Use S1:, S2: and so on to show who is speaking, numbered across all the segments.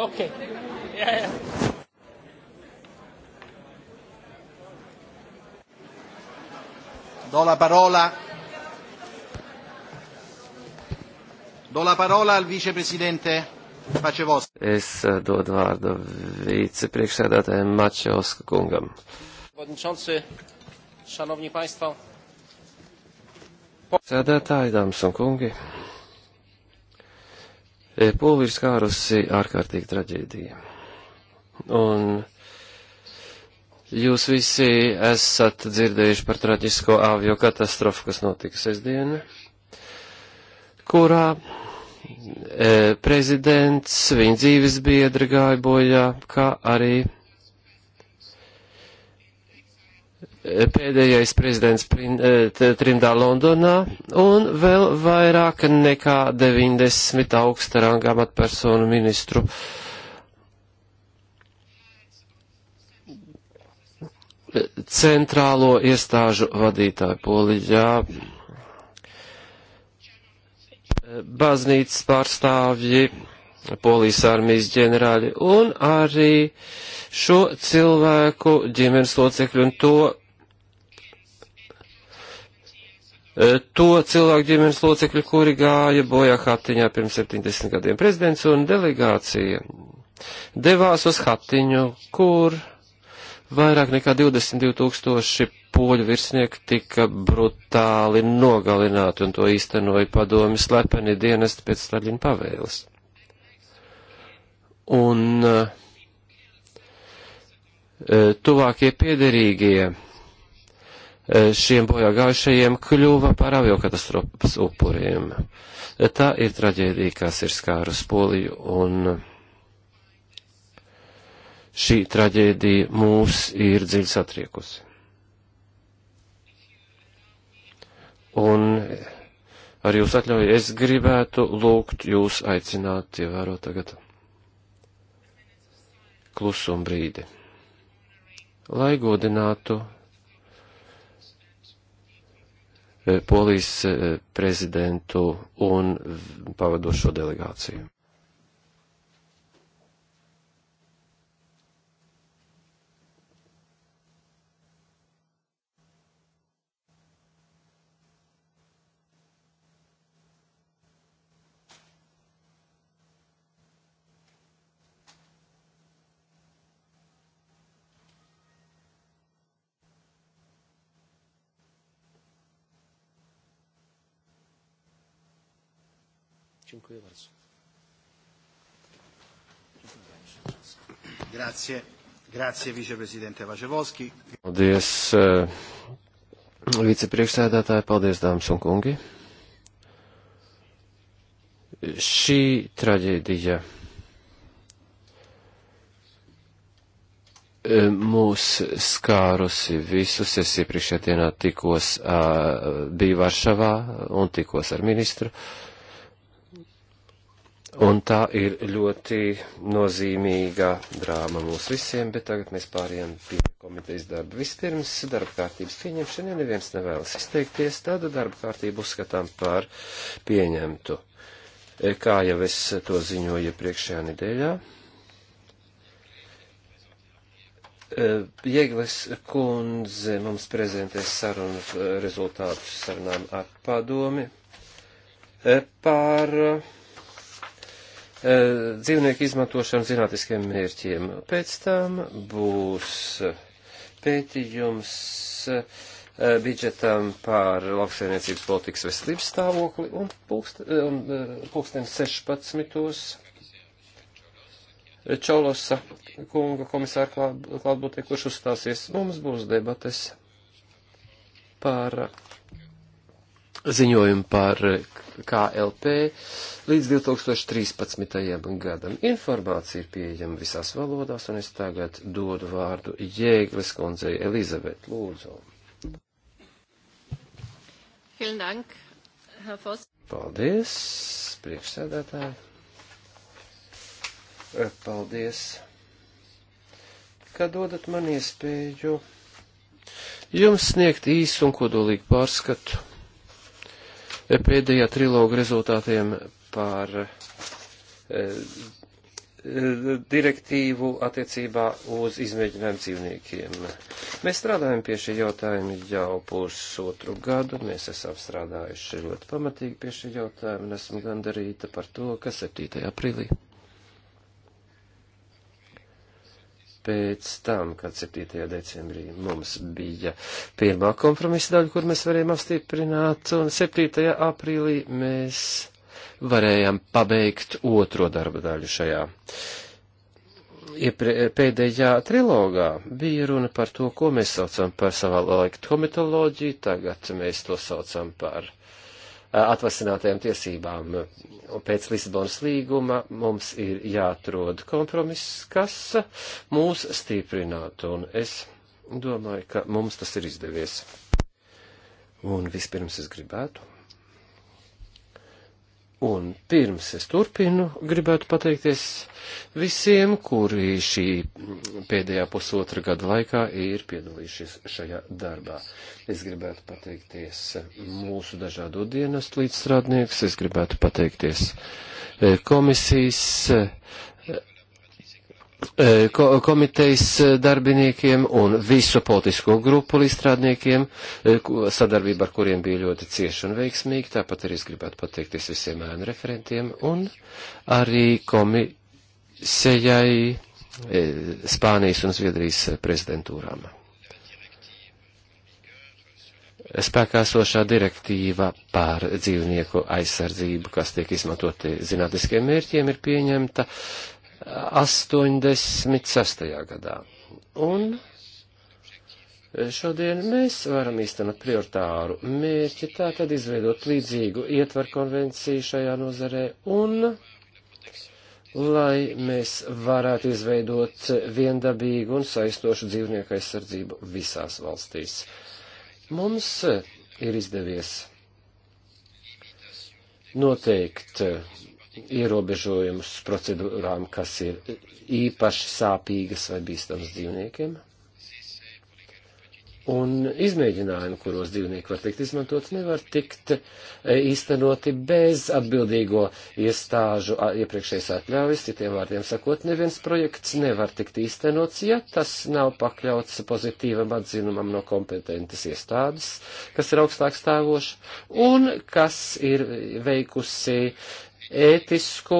S1: Okay. Yeah, yeah. Do la parola. Do la parola al vicepresidente Pacevos. Es eh, dodu vārdu vicepriekšsēdētājiem Mačevska kungam. Przewodniczący, Szanowni Państwo. Sēdētāji, dāmas un kungi. E, Pūli ir skārusi ārkārtīgi traģēdija. Un jūs visi esat dzirdējuši par traģisko avio katastrofu, kas notika sestdien, kurā e, prezidents, viņa dzīves biedri gāja bojā, kā arī pēdējais prezidents eh, trimdā Londonā un vēl vairāk nekā 90 augsta rangā matpersonu ministru. Centrālo iestāžu vadītāju Polijā, baznīcas pārstāvji, polijas armijas ģenerāļi un arī šo cilvēku ģimenes locekļu un to E, to cilvēku ģimenes locekļu, kuri gāja bojā Hatiņā pirms 70 gadiem. Prezidents un delegācija devās uz Hatiņu, kur vairāk nekā 22 tūkstoši poļu virsnieku tika brutāli nogalināti un to īstenoja padomi slepeni dienesti pēc Staļina pavēles. Un uh, tuvākie piederīgie Eh, šiem bojāgājušajiem kļuva par aviokatastrofas upuriem. Eh, tā ir traģēdija, kas ir skārus Poliju, un šī traģēdija mūs ir dziļi satriekusi. Un ar jūs atļauju es gribētu lūgt jūs aicināt ievērot tagad klusum brīdi, lai godinātu Eh, Polijas eh, prezidentu un pavadošo delegāciju. Grazie. Grazie, viceprezidente Vacevolski. Paldies, eh, vicepriekšsēdētāji, paldies, dāmas un kungi. Šī traģēdija eh, mūs skārusi visus. Es iepriekšējā dienā tikos, eh, biju Varšavā un tikos ar ministru. Uh, Un tā ir ļoti nozīmīga drāma mums visiem, bet tagad mēs pārējām pie komitejas darba. Vispirms darba kārtības pieņemšana, ja neviens nevēlas izteikties, tad darba kārtību uzskatām par pieņemtu. E, kā jau es to ziņoju priekšējā nedēļā, e, Jēglis kundze mums prezentēs sarunu e, rezultātus sarunām ar padomi par Eh, dzīvnieku izmantošanu zinātniskiem mērķiem. Pēc tam būs pētījums eh, budžetam par lauksaimniecības politikas veselības stāvokli un, pulkst, eh, un pulksten 16. Čolosa kunga komisāra klāt, klātbūtē, kurš uzstāsies. Mums būs debates par ziņojumu par KLP līdz 2013. gadam. Informācija ir pieejama visās valodās, un es tagad dodu vārdu Jēgles kundzei Elizabet Lūdzu. Paldies, priekšsēdētāji. Eh, paldies, ka dodat man iespēju jums sniegt īsu un kodolīgu pārskatu eh, pēdējā trilogu rezultātiem par eh, eh, direktīvu attiecībā uz izmēģinājumu dzīvniekiem. Mēs strādājam pie šī jautājuma jau pusotru gadu, mēs esam strādājuši ļoti pamatīgi pie šī jautājuma un esmu gandarīta par to, ka 7. aprīlī. Pēc tam, kad 7. decembrī mums bija pirmā kompromisa daļa, kur mēs varējām apstiprināt, un 7. aprīlī mēs varējām pabeigt otro darba daļu šajā. Iepre, pēdējā trilogā bija runa par to, ko mēs saucam par savā laika komitoloģiju, tagad mēs to saucam par atvasinātajām tiesībām. Un pēc Lisabonas līguma mums ir jāatrod kompromiss, kas mūs stiprinātu, un es domāju, ka mums tas ir izdevies. Un vispirms es gribētu Un pirms es turpinu, gribētu pateikties visiem, kuri šī pēdējā pusotra gada laikā ir piedalījušies šajā darbā. Es gribētu pateikties mūsu dažādo dienestu līdzstrādnieks, es gribētu pateikties eh, komisijas eh, E, komitejas e, darbiniekiem un visu politisko grupu līdzstrādniekiem, e, sadarbība ar kuriem bija ļoti cieša un veiksmīga. Tāpat arī es gribētu pateikties visiem ēnu referentiem un arī komisijai Spānijas un Zviedrijas prezidentūrām. Spēkā sošā direktīva par dzīvnieku aizsardzību, kas tiek izmantoti zinātniskiem mērķiem, ir pieņemta uh, 86. gadā. Un šodien mēs varam īstenot prioritāru mērķi, tā tad izveidot līdzīgu ietvaru konvenciju šajā nozarē un lai mēs varētu izveidot viendabīgu un saistošu dzīvnieku aizsardzību visās valstīs. Mums ir izdevies noteikt ierobežojumus procedūrām, kas ir īpaši sāpīgas vai bīstamas dzīvniekiem. Un izmēģinājumi, kuros dzīvnieki var tikt izmantot, nevar tikt e, īstenoti bez atbildīgo iestāžu iepriekšējais atļaujas. Citiem vārdiem sakot, neviens projekts nevar tikt īstenots, ja tas nav pakļauts pozitīvam atzinumam no kompetentas iestādes, kas ir augstāk stāvoša un kas ir veikusi ētisku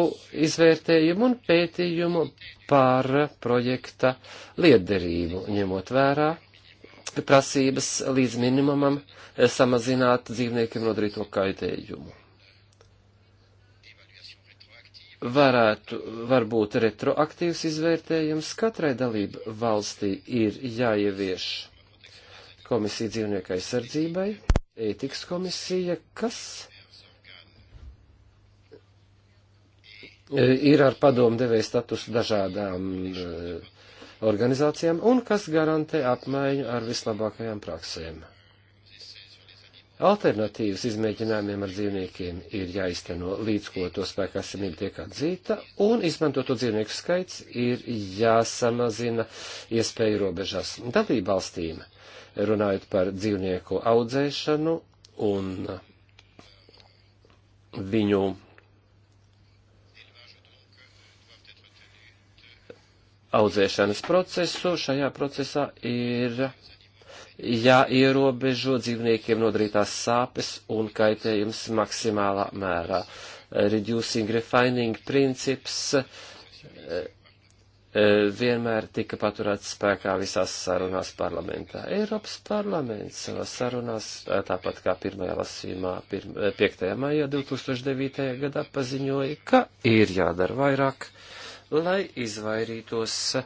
S1: izvērtējumu un pētījumu par projekta liederību, ņemot vērā prasības līdz minimumam samazināt dzīvniekiem nodarīto kaitējumu. Varētu, varbūt retroaktīvs izvērtējums katrai dalību valstī ir jāievieš komisija dzīvnieku aizsardzībai, ētikas komisija, kas E, ir ar padomdevēju statusu dažādām e, organizācijām un kas garantē apmaiņu ar vislabākajām praksēm. Alternatīvas izmēģinājumiem ar dzīvniekiem ir jāizteno līdz, ko to spēkā esamība tiek atzīta, un izmantoto dzīvnieku skaits ir jāsamazina iespēju robežās. Dalība valstīm, runājot par dzīvnieku audzēšanu un viņu audzēšanas procesu. Šajā procesā ir jāierobežo dzīvniekiem nodarītās sāpes un kaitējums maksimālā mērā. Reducing refining princips eh, eh, vienmēr tika paturēts spēkā visās sarunās parlamentā. Eiropas parlaments savās sarunās, eh, tāpat kā pirmajā lasījumā, 5. maijā 2009. gadā paziņoja, ka ir jādara vairāk, uh, lai izvairītos eh,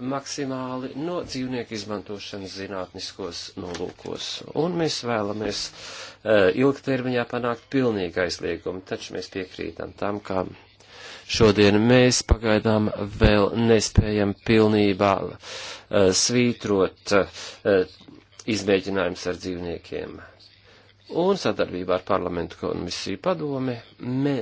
S1: maksimāli no dzīvnieku izmantošanas zinātniskos nolūkos. Un mēs vēlamies eh, ilgtermiņā panākt pilnīgu aizliegumu, taču mēs piekrītam tam, kā šodien mēs pagaidām vēl nespējam pilnībā eh, svītrot izmēģinājums ar dzīvniekiem. Un sadarbībā ar parlamentu komisiju padome, me,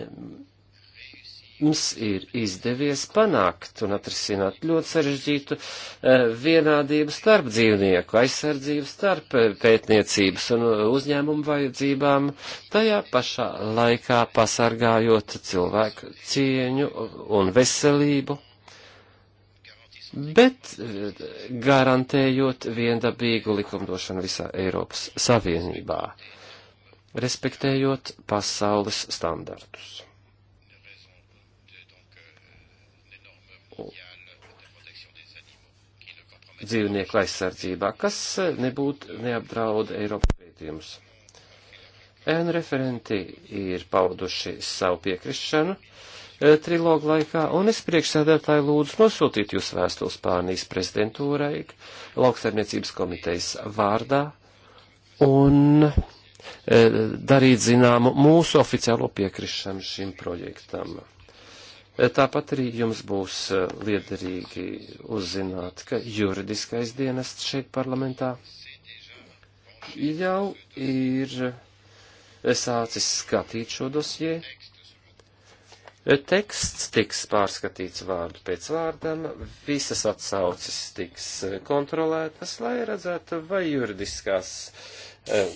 S1: mums ir izdevies panākt un atrisināt ļoti sarežģītu eh, vienādību starp dzīvnieku aizsardzību, starp eh, pētniecības un eh, uzņēmumu vajadzībām, tajā pašā laikā pasargājot cilvēku cieņu un veselību, bet garantējot viendabīgu likumdošanu visā Eiropas Savienībā, respektējot pasaules standartus. dzīvnieku aizsardzībā, kas eh, nebūtu neapdraud Eiropas pētījumus. Ēnu referenti ir pauduši savu piekrišanu e, trilogu laikā, un es priekšsēdētāju lūdzu nosūtīt jūs vēstules Spānijas prezidentūrai, lauksaimniecības komitejas vārdā, un e, darīt zināmu mūsu oficiālo piekrišanu šim projektam. Tāpat arī jums būs eh, liederīgi uzzināt, ka juridiskais dienests šeit parlamentā jau ir sācis skatīt šo dosiju. Teksts tiks pārskatīts vārdu pēc vārdam, visas atsaucis tiks eh, kontrolētas, lai redzētu, vai juridiskās eh,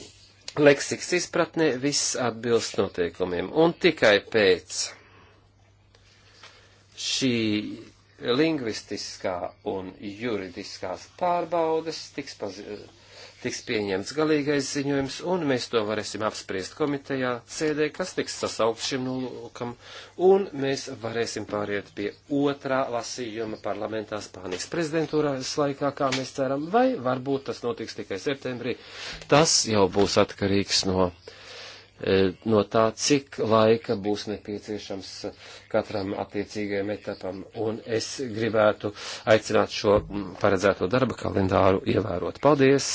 S1: leksikas izpratnē viss atbilst noteikumiem. Un tikai pēc šī lingvistiskā un juridiskās pārbaudes tiks, paz... tiks pieņemts galīgais ziņojums, un mēs to varēsim apspriest komitejā CD, kas tiks sasaukts šim nolūkam, un mēs varēsim pāriet pie otrā lasījuma parlamentā Spānijas prezidentūras laikā, kā mēs ceram, vai varbūt tas notiks tikai septembrī. Tas jau būs atkarīgs no E, no tā, cik laika būs nepieciešams katram attiecīgajam etapam. Un es gribētu aicināt šo paredzēto darba kalendāru ievērot. Paldies!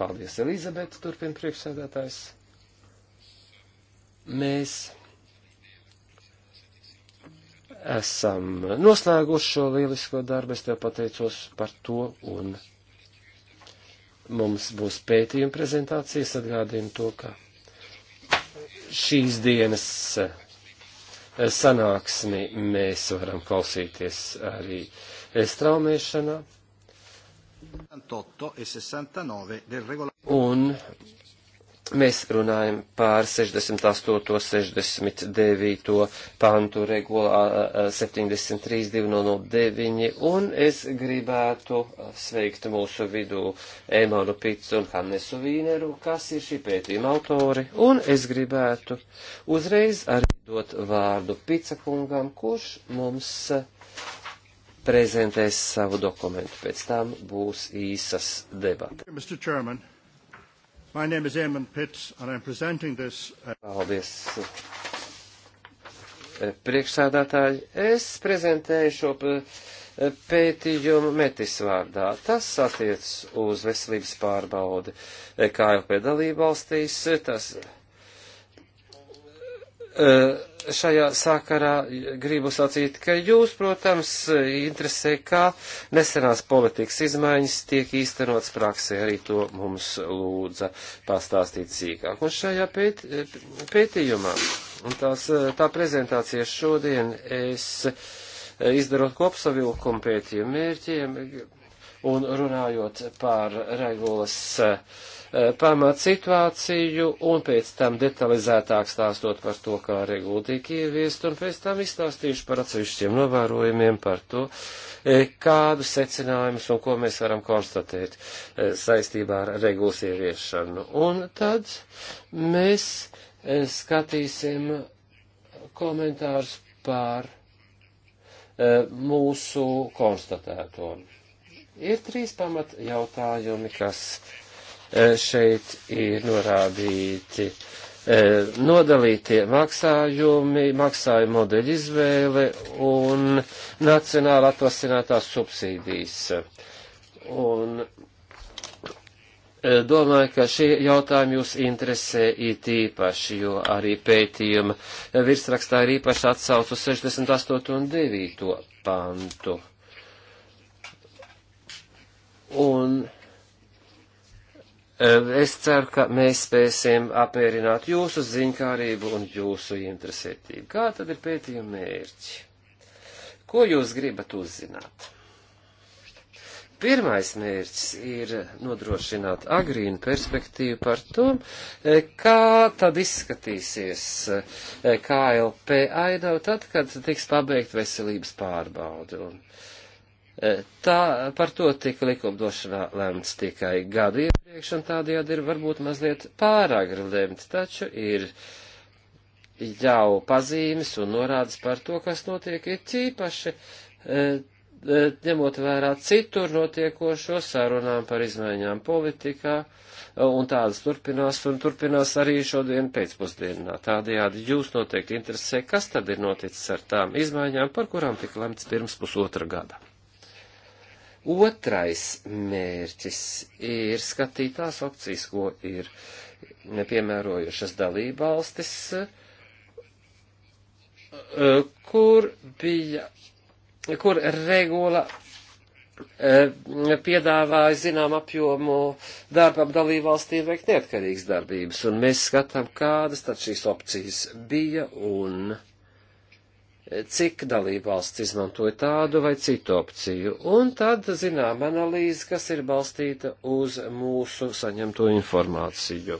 S1: Paldies, Elizabete, turpina priekšsēdētājs. Mēs esam noslēguši šo lielisko darbu. Es tev pateicos par to un mums būs pētījuma prezentācijas. Atgādījumi to, ka šīs dienas eh, sanāksmi mēs varam klausīties arī eh, straumēšanā. E Un Mēs runājam par 68, 69 pantu regulā 73, eh, 209, un es gribētu sveikt mūsu vidū Emanu Pitsu un Hannesu Vīneru, kas ir šī pētījuma autori, un es gribētu uzreiz arī dot vārdu Pitsa kungam, kurš mums eh, prezentēs savu dokumentu. Pēc tam būs īsas debatas. My name is Eamon Pitts and I'm presenting this. Uh, Paldies. Eh, priekšsēdētāji, es prezentēju šo eh, pētījumu metis vārdā. Tas attiec uz veselības pārbaudi eh, KLP dalībvalstīs. Tas, Eh, šajā sakarā gribu sacīt, ka jūs, protams, interesē, kā nesenās politikas izmaiņas tiek īstenots praksē, arī to mums lūdza pastāstīt sīkāk. Un šajā pēt, pētījumā, un tās, tā prezentācija šodien, es eh, izdarot kopsavilkumu pētījumu mērķiem, Un runājot par regulas eh, pamat situāciju un pēc tam detalizētāk stāstot par to, kā regula tiek ieviest, un pēc tam izstāstīšu par atsevišķiem novērojumiem par to, eh, kādu secinājumus un ko mēs varam konstatēt eh, saistībā ar regulas ieviešanu. Un tad mēs skatīsim komentārus par mūsu konstatēto. Ir trīs pamat jautājumi, kas e, šeit ir norādīti. E, nodalītie maksājumi, maksājuma modeļa izvēle un nacionāli atvasinātās subsīdijas. Un e, Domāju, ka šie jautājumi jūs interesē it īpaši, jo arī pētījuma virsrakstā ir īpaši atsaucu 68. un 9. pantu. Un eh, es ceru, ka mēs spēsim apmierināt jūsu ziņkārību un jūsu interesētību. Kā tad ir pētījuma mērķi? Ko jūs gribat uzzināt? Pirmais mērķis ir nodrošināt agrīnu perspektīvu par to, eh, kā tad izskatīsies eh, KLP ainava tad, kad tiks pabeigt veselības pārbauda. Un, uh, E, tā par to tika likumdošanā lemts tikai gadu iepriekš, un tādējādi ir varbūt mazliet pārāk lemt, taču ir jau pazīmes un norādes par to, kas notiek, ir tīpaši e, e, ņemot vērā citur notiekošo sarunām par izmaiņām politikā, un tādas turpinās, un turpinās arī šodien pēcpusdienā. Tādējādi jūs noteikti interesē, kas tad ir noticis ar tām izmaiņām, par kurām tika lemts pirms pusotra gada. Otrais mērķis ir skatīt tās opcijas, ko ir nepiemērojušas dalībvalstis, eh, kur bija, kur regula eh, piedāvāja zinām apjomu darbam dalībvalstīm veikt neatkarīgas darbības, un mēs skatām, kādas tad šīs opcijas bija, un cik dalībvalsts izmantoja tādu vai citu opciju, un tad zinām analīze, kas ir balstīta uz mūsu saņemto informāciju.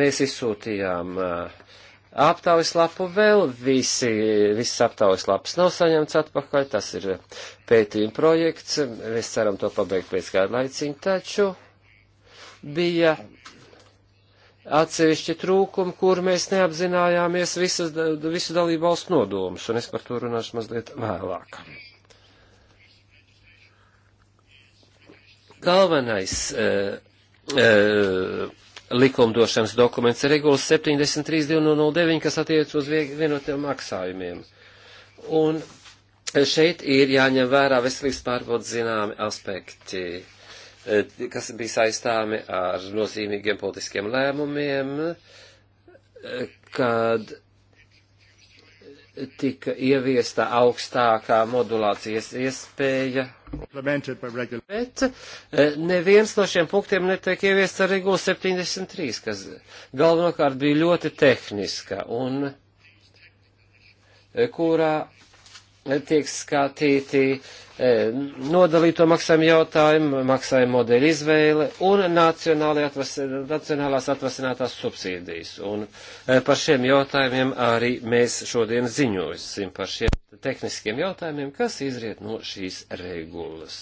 S1: Mēs izsūtījām aptaujas lapu vēl, visi, visas aptaujas lapas nav saņemts atpakaļ, tas ir pētījuma projekts, mēs ceram to pabeigt pēc kāda laiciņa, taču bija atsevišķi trūkumi, kur mēs neapzinājāmies visas, visu dalību valstu nodomus, un es par to runāšu mazliet vēlāk. Galvenais uh, uh, likumdošanas dokuments ir regulas 73.209, kas attiec uz vienotiem maksājumiem. Un šeit ir jāņem vērā veselības pārbaudas zināmi aspekti. Eh, kas bija saistāmi ar nozīmīgiem politiskiem lēmumiem, eh, kad tika ieviesta augstākā modulācijas iespēja, bet eh, neviens no šiem punktiem netiek ieviests ar regulu 73, kas galvenokārt bija ļoti tehniska un kurā tiek skatīti e, nodalīto maksājumu jautājumu, maksājumu modeļu izvēle un atvas, nacionālās atvasinātās subsīdijas. Un e, par šiem jautājumiem arī mēs šodien ziņosim par šiem tehniskiem jautājumiem, kas izriet no šīs regulas.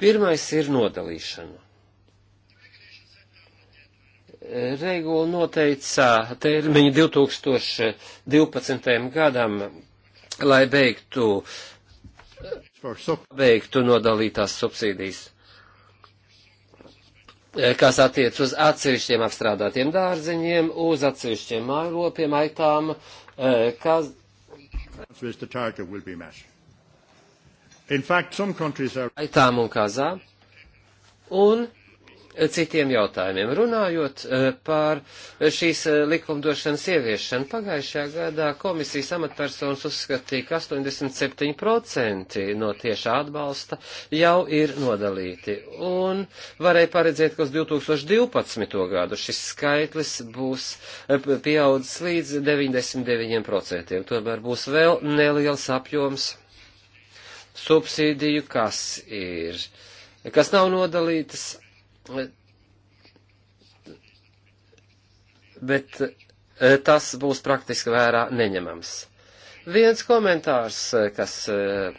S1: Pirmais ir nodalīšana. Regula noteica termiņu 2012. gadam lai beigtu, beigtu nodalītās subsīdijas, eh, kas attiec uz atsevišķiem apstrādātiem dārziņiem, uz atsevišķiem mājlopiem, aitām, eh, kas. Aitām un kazām. Un citiem jautājumiem. Runājot eh, par šīs eh, likumdošanas ieviešanu, pagājušajā gadā komisijas amatpersonas uzskatīja, ka 87% no tiešā atbalsta jau ir nodalīti. Un varēja paredzēt, ka uz 2012. gadu šis skaitlis būs eh, pieaudzis līdz 99%. Tomēr būs vēl neliels apjoms subsīdiju, kas ir, kas nav nodalītas bet eh, tas būs praktiski vērā neņemams. Viens komentārs, eh, kas eh,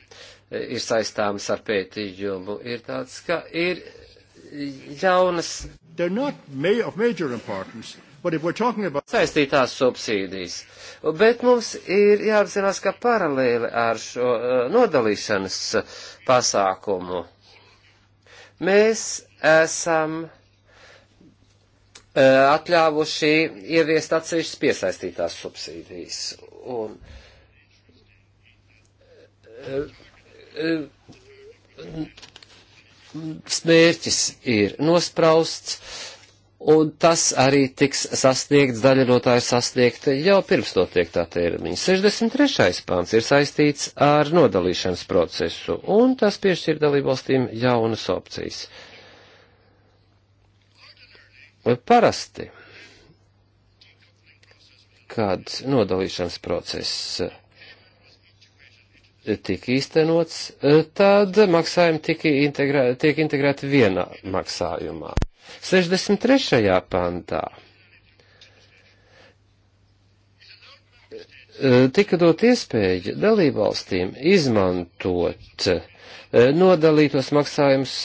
S1: ir saistāms ar pētījumu, ir tāds, ka ir jaunas. About... Saistītās subsīdijas. Bet mums ir jāapzinās, ka paralēli ar šo nodalīšanas pasākumu mēs esam eh, atļāvuši ieviest atsevišķas piesaistītās subsīdijas. Un, smērķis eh, eh, ir nosprausts, un tas arī tiks sasniegts, daļa no tā ir sasniegta jau pirms notiek tā termiņa. 63. pāns ir saistīts ar nodalīšanas procesu, un tas piešķir dalībvalstīm jaunas opcijas. Uh, Parasti, kad nodalīšanas process eh, tika īstenots, eh, tad maksājumi tika integrē, tiek integrēti vienā maksājumā. 63. pantā eh, tika dot iespēja dalībvalstīm izmantot nodalītos maksājumus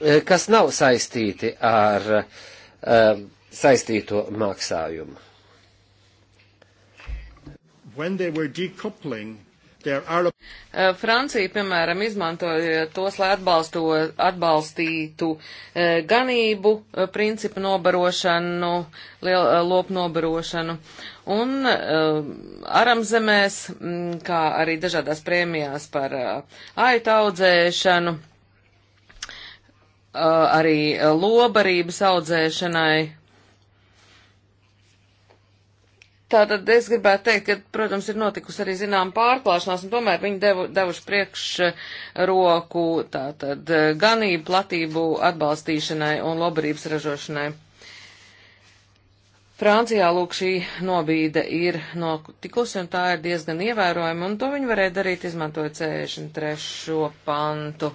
S1: Eh, kas nav saistīti ar um, saistīto maksājumu.
S2: Are... Eh, Francija, piemēram, izmantoja tos, lai atbalsto, atbalstītu ganību principu nobarošanu, lopu nobarošanu. Un aramzemēs, mm, kā arī dažādās prēmijās par aitu audzēšanu Uh, arī lobarības audzēšanai. Tātad es gribētu teikt, ka, protams, ir notikusi arī zinām pārklāšanās, un tomēr viņi devu, devuši priekšroku tātad uh, ganību platību atbalstīšanai un lobarības ražošanai. Francijā, lūk, šī nobīde ir notikusi, un tā ir diezgan ievērojama, un to viņi varēja darīt, izmantojot 63. pantu.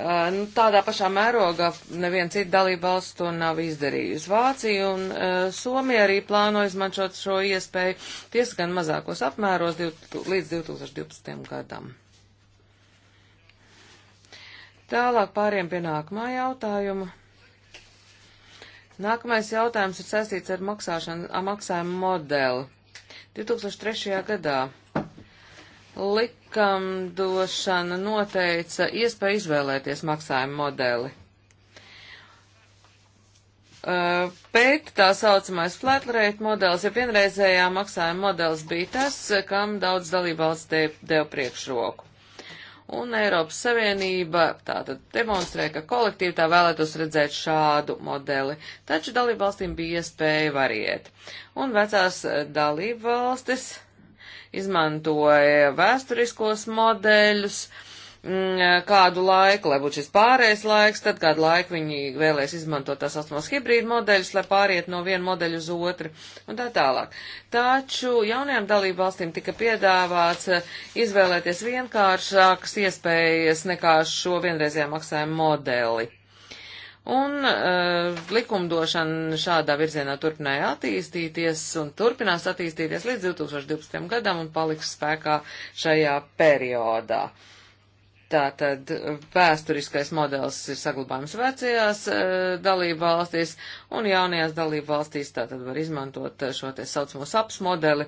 S2: Eh, nu, tādā pašā mērogā neviena cita dalībvalsts to nav izdarījusi. Vācija un uh, Somija arī plāno izmantot šo iespēju, tiesa gan mazākos apmēros div, līdz 2012. gadam. Tālāk pāriem pie nākamā jautājuma. Nākamais jautājums ir saistīts ar maksājumu modeli. 2003. gadā likumdošana noteica iespēju izvēlēties maksājumu modeli. Uh, bet tā saucamais flat rate modelis, ja vienreizējā maksājuma modelis bija tas, kam daudz dalībvalsts deva priekšroku. Un Eiropas Savienība tātad demonstrē, ka kolektīvi tā vēlētos redzēt šādu modeli, taču dalībvalstīm bija iespēja variet. Un vecās dalībvalstis valstis izmantoja vēsturiskos modeļus mm, kādu laiku, lai būtu šis pārējais laiks, tad kādu laiku viņi vēlēs izmantot tās astmos hibrīdu modeļus, lai pāriet no viena modeļa uz otru un tā tālāk. Taču jaunajām dalībvalstīm tika piedāvāts eh, izvēlēties vienkāršākas iespējas nekā šo vienreizējā maksājuma modeli. Un uh, likumdošana šādā virzienā turpināja attīstīties un turpinās attīstīties līdz 2012. gadam un paliks spēkā šajā periodā. Tātad eh, vēsturiskais modelis ir saglabājums vecajās uh, dalību valstīs un jaunajās dalību valstīs tātad var izmantot šo te saucamo SAPS modeli.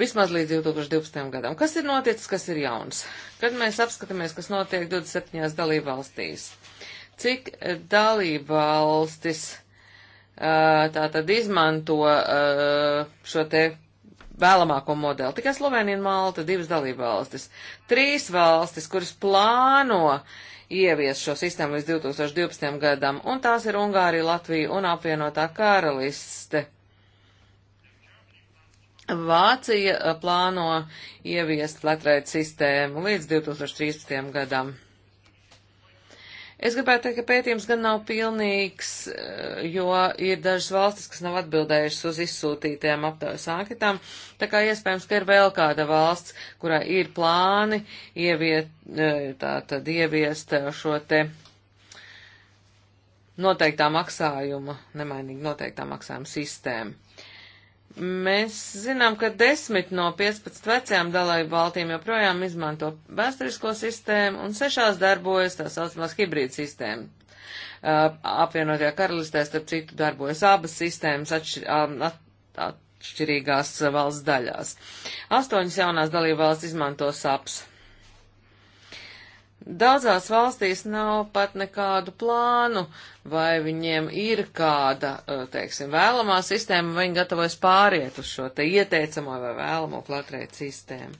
S2: Vismaz līdz 2012. gadam. Kas ir noticis, kas ir jauns? Kad mēs apskatāmies, kas notiek 27. dalību valstīs? Uh, cik eh, dalībvalstis eh, tātad izmanto eh, šo te vēlamāko modeli. Tikai Slovenija un Malta, divas dalībvalstis. Trīs valstis, kuras plāno ievies šo sistēmu līdz 2012. gadam, un tās ir Ungārija, Latvija un apvienotā karaliste. Vācija plāno ieviest flatrate sistēmu līdz 2013. gadam. Es gribētu teikt, ka pētījums gan nav pilnīgs, eh, jo ir dažas valstis, kas nav atbildējušas uz izsūtītajām aptaujas anketām, tā kā iespējams, ka ir vēl kāda valsts, kurā ir plāni ieviet, eh, tātad ieviest eh, šo te noteiktā maksājuma, nemainīgi noteiktā maksājuma sistēmu. Mēs zinām, ka 10 no 15 vecajām dalību valstīm joprojām izmanto vēsturisko sistēmu un sešās darbojas tā saucamās hibrīd sistēma. Uh, apvienotajā karalistē, starp citu, darbojas abas sistēmas atšķir, at, um, at, atšķirīgās valsts daļās. Astoņas jaunās dalību valsts izmanto SAPS Daudzās valstīs nav pat nekādu plānu, vai viņiem ir kāda, eh, teiksim, vēlamā sistēma, vai viņi gatavojas pāriet uz šo te ieteicamo vai vēlamo klātrēt sistēmu.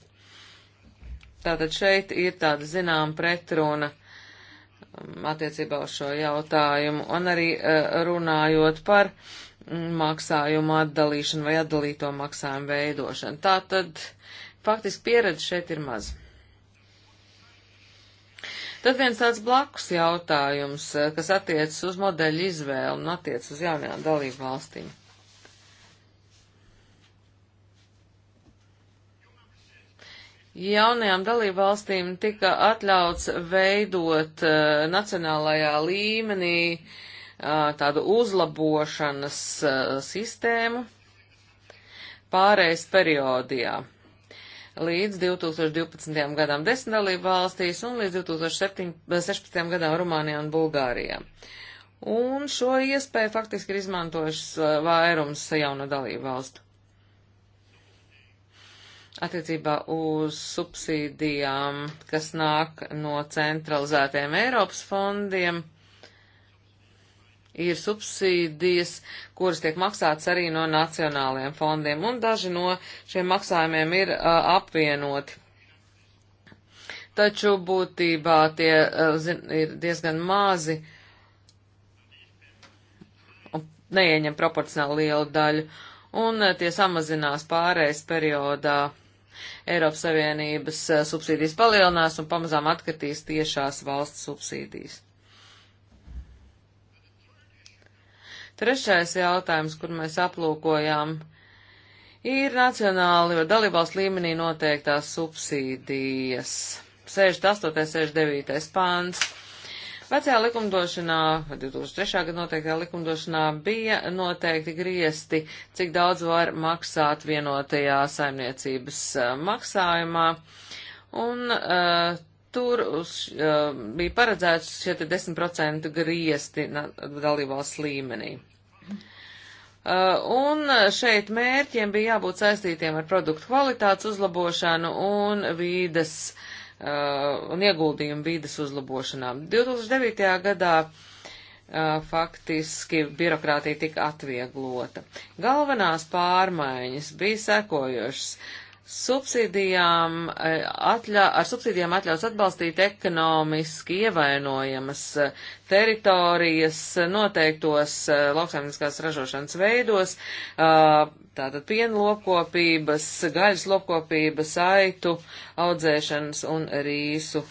S2: Tātad šeit ir tāda zinām pretruna um, attiecībā uz šo jautājumu, un arī eh, runājot par mm, maksājumu atdalīšanu vai atdalīto maksājumu veidošanu. Tātad faktiski pieredze šeit ir maza. Tad viens tāds blakus jautājums, eh, kas attiecas uz modeļu izvēlu un attiecas uz jaunajām dalību valstīm. Jaunajām dalību valstīm tika atļauts veidot uh, nacionālajā līmenī uh, tādu uzlabošanas uh, sistēmu pārējais periodijā līdz 2012. gadam 10 dalību valstīs un līdz 2016. gadam Rumānijā un Bulgārijā. Un šo iespēju faktiski ir izmantojušas uh, vairums jauno dalību valstu. Attiecībā uz subsīdijām, kas nāk no centralizētiem Eiropas fondiem, uh, ir subsīdijas, kuras tiek maksātas arī no nacionālajiem fondiem, un daži no šiem maksājumiem ir uh, apvienoti. Taču būtībā tie uh, zin, ir diezgan mazi un neieņem proporcionāli lielu daļu, un uh, tie samazinās pārējais periodā. Eiropas Savienības subsīdijas palielinās un pamazām atkritīs tiešās valsts subsīdijas. Trešais jautājums, kur mēs aplūkojām, ir nacionāli vai dalībvalsts līmenī noteiktās subsīdijas. 68. 69. pāns. Vecajā likumdošanā, 2003. gada noteiktajā likumdošanā bija noteikti griesti, cik daudz var maksāt vienotajā saimniecības eh, maksājumā. Un uh, tur uz, uh, bija paredzēts šie 10% griesti dalībvalsts līmenī. Uh, un šeit mērķiem bija jābūt saistītiem ar produktu kvalitātes uzlabošanu un vīdes uh, un ieguldījumu vīdes uzlabošanā. 2009. gadā uh, faktiski birokrātija tika atvieglota. Galvenās pārmaiņas bija sekojošas. Subsīdijām eh, atļa, ar subsīdijām atļaus atbalstīt ekonomiski ievainojamas eh, teritorijas eh, noteiktos lauksaimniskās ražošanas veidos, tātad piena lopkopības, gaļas lopkopības, aitu audzēšanas un rīsu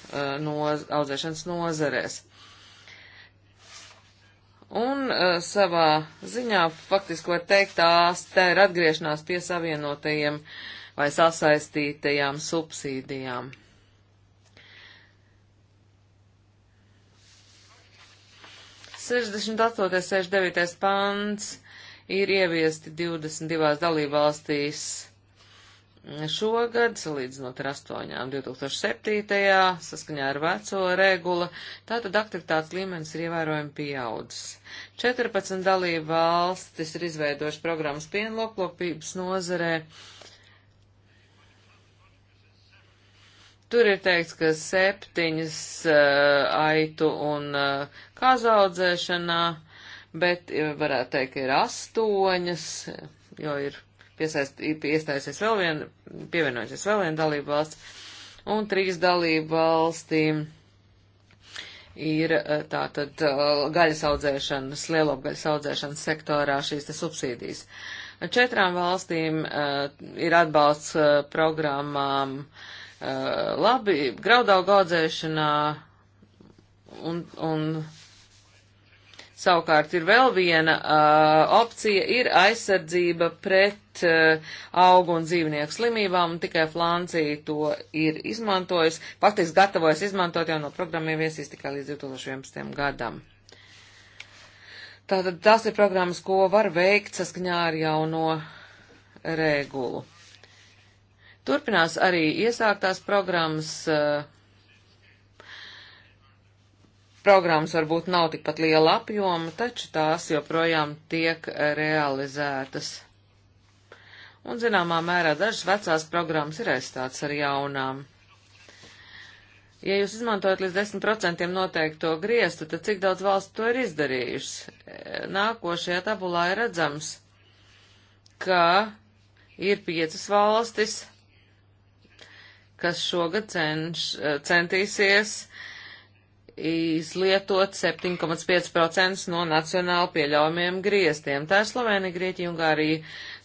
S2: noz, audzēšanas nozarēs. Un uh, savā ziņā faktiski var teikt, tās tā ir atgriešanās pie savienotajiem uh, vai sasaistītajām subsīdijām. Sešdesmit astotais, sešdesmit devītais pants ir ieviesti 22 dalībvalstīs šogad, salīdzinot ar astoņām 2007. saskaņā ar veco regula, tātad aktivitātes līmenis ir ievērojami pieaudzis. 14 dalību valstis ir izveidojuši programmas pienloklopības nozarē Tur ir teikts, ka septiņas uh, aitu un uh, kazaudzēšanā, bet eh, varētu teikt, ka ir astoņas, jo ir iestājusies vēl viena, pievienojusies vēl viena dalība valsts, un trīs dalība valstīm ir uh, tātad uh, gaļas audzēšanas, lielopgaļas audzēšanas sektorā šīs te subsīdijas. Četrām valstīm uh, ir atbalsts uh, programmām uh, Eh, labi graudaugu audzēšanā un, un savukārt ir vēl viena eh, opcija - ir aizsardzība pret eh, augu un dzīvnieku slimībām, un tikai Flancija to ir izmantojusi, faktiski gatavojas izmantot jau no programmiem viesīs tikai līdz 2011. gadam. Tātad tās ir programmas, ko var veikt saskaņā ar jauno regulu. Turpinās arī iesāktās programmas. Eh, programmas varbūt nav tikpat liela apjoma, taču tās joprojām tiek realizētas. Un zināmā mērā dažas vecās programmas ir aizstāts ar jaunām. Ja jūs izmantojat līdz 10% noteikto griestu, tad cik daudz valsts to ir izdarījušas? Eh, nākošajā tabulā ir redzams, ka ir piecas valstis, kas šogad cenš, eh, centīsies izlietot 7,5% no nacionāli pieļaujamiem griestiem. Tā ir Slovenija, Grieķija, Ungārija,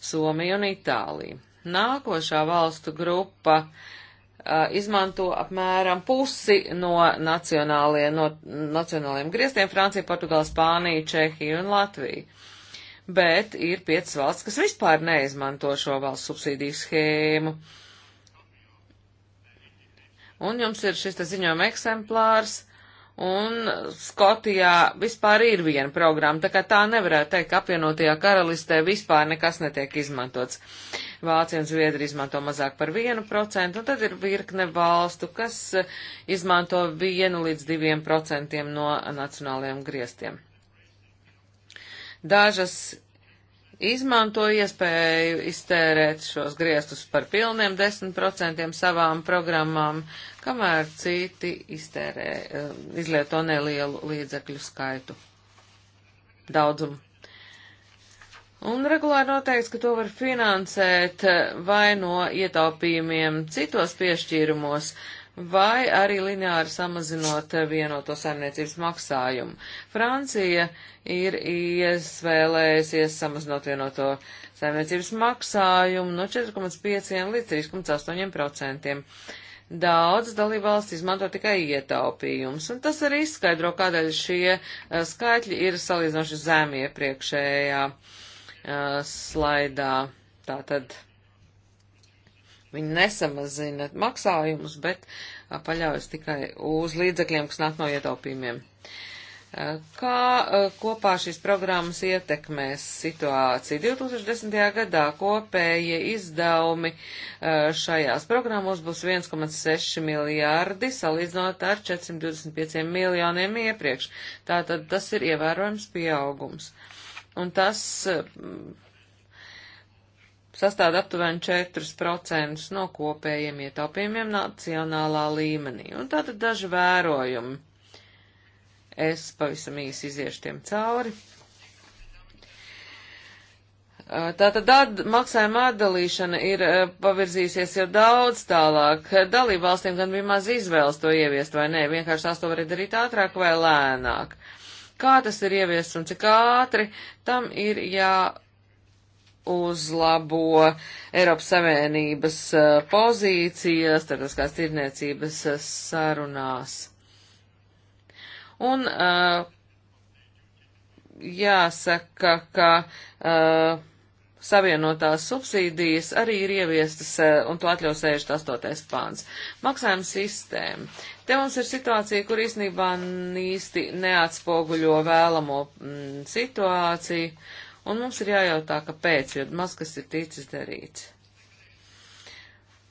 S2: Somija un Itālija. Nākošā valstu grupa eh, izmanto apmēram pusi no, nacionālie, no nacionāliem griestiem - Francija, Portugāla, Spānija, Čehija un Latvija. Bet ir piecas valsts, kas vispār neizmanto šo valsts subsīdiju schēmu. Uh, Un jums ir šis ziņojuma eksemplārs, un Skotijā vispār ir viena programma, tā kā tā nevarētu teikt, ka apvienotajā karalistē vispār nekas netiek izmantots. Vācija un Zviedri izmanto mazāk par vienu procentu, un tad ir virkne valstu, kas eh, izmanto vienu līdz diviem procentiem no nacionālajiem griestiem. Dažas izmanto iespēju iztērēt šos griestus par pilniem 10% savām programmām, kamēr citi iztērē, eh, izlieto nelielu līdzekļu skaitu daudzumu. Un regulāri noteikts, ka to var finansēt eh, vai no ietaupījumiem citos piešķīrumos, vai arī lineāri samazinot vienoto saimniecības maksājumu. Francija ir iesvēlējusies samazinot vienoto saimniecības maksājumu no 4,5 līdz 3,8 procentiem. Daudz dalībvalsts izmanto tikai ietaupījums, un tas arī izskaidro, kādēļ šie eh, skaitļi ir salīdzinoši zemi iepriekšējā uh, slaidā. Tātad Viņi nesamazina maksājumus, bet paļaujas tikai uz līdzekļiem, kas nāk no ietaupījumiem. Kā kopā šīs programmas ietekmēs situāciju? 2010. gadā kopējie izdevumi šajās programmās būs 1,6 miljārdi, salīdzinot ar 425 miljoniem iepriekš. Tātad tas ir ievērojams pieaugums. Un tas sastāda aptuveni 4% no kopējiem ietaupījumiem nacionālā līmenī. Un tātad daži vērojumi. Es pavisam īsi iziešu tiem cauri. Tātad at, maksājuma atdalīšana ir pavirzīsies jau daudz tālāk. Dalībvalstīm gan bija maz izvēles to ieviest vai nē, vienkārši tās to varēja darīt ātrāk vai lēnāk. Kā tas ir ieviests un cik ātri, tam ir jā uzlabo Eiropas Savienības eh, pozīcijas starptautiskās tirniecības eh, sarunās. Un uh, jāsaka, ka uh, savienotās subsīdijas arī ir ieviestas, uh, un to atļaus 68. pāns. Maksājuma sistēma. Te mums ir situācija, kur īstenībā īsti neatspoguļo vēlamo mm, situāciju. Uh, un mums ir jājautā, kāpēc, jo maz kas ir ticis darīts.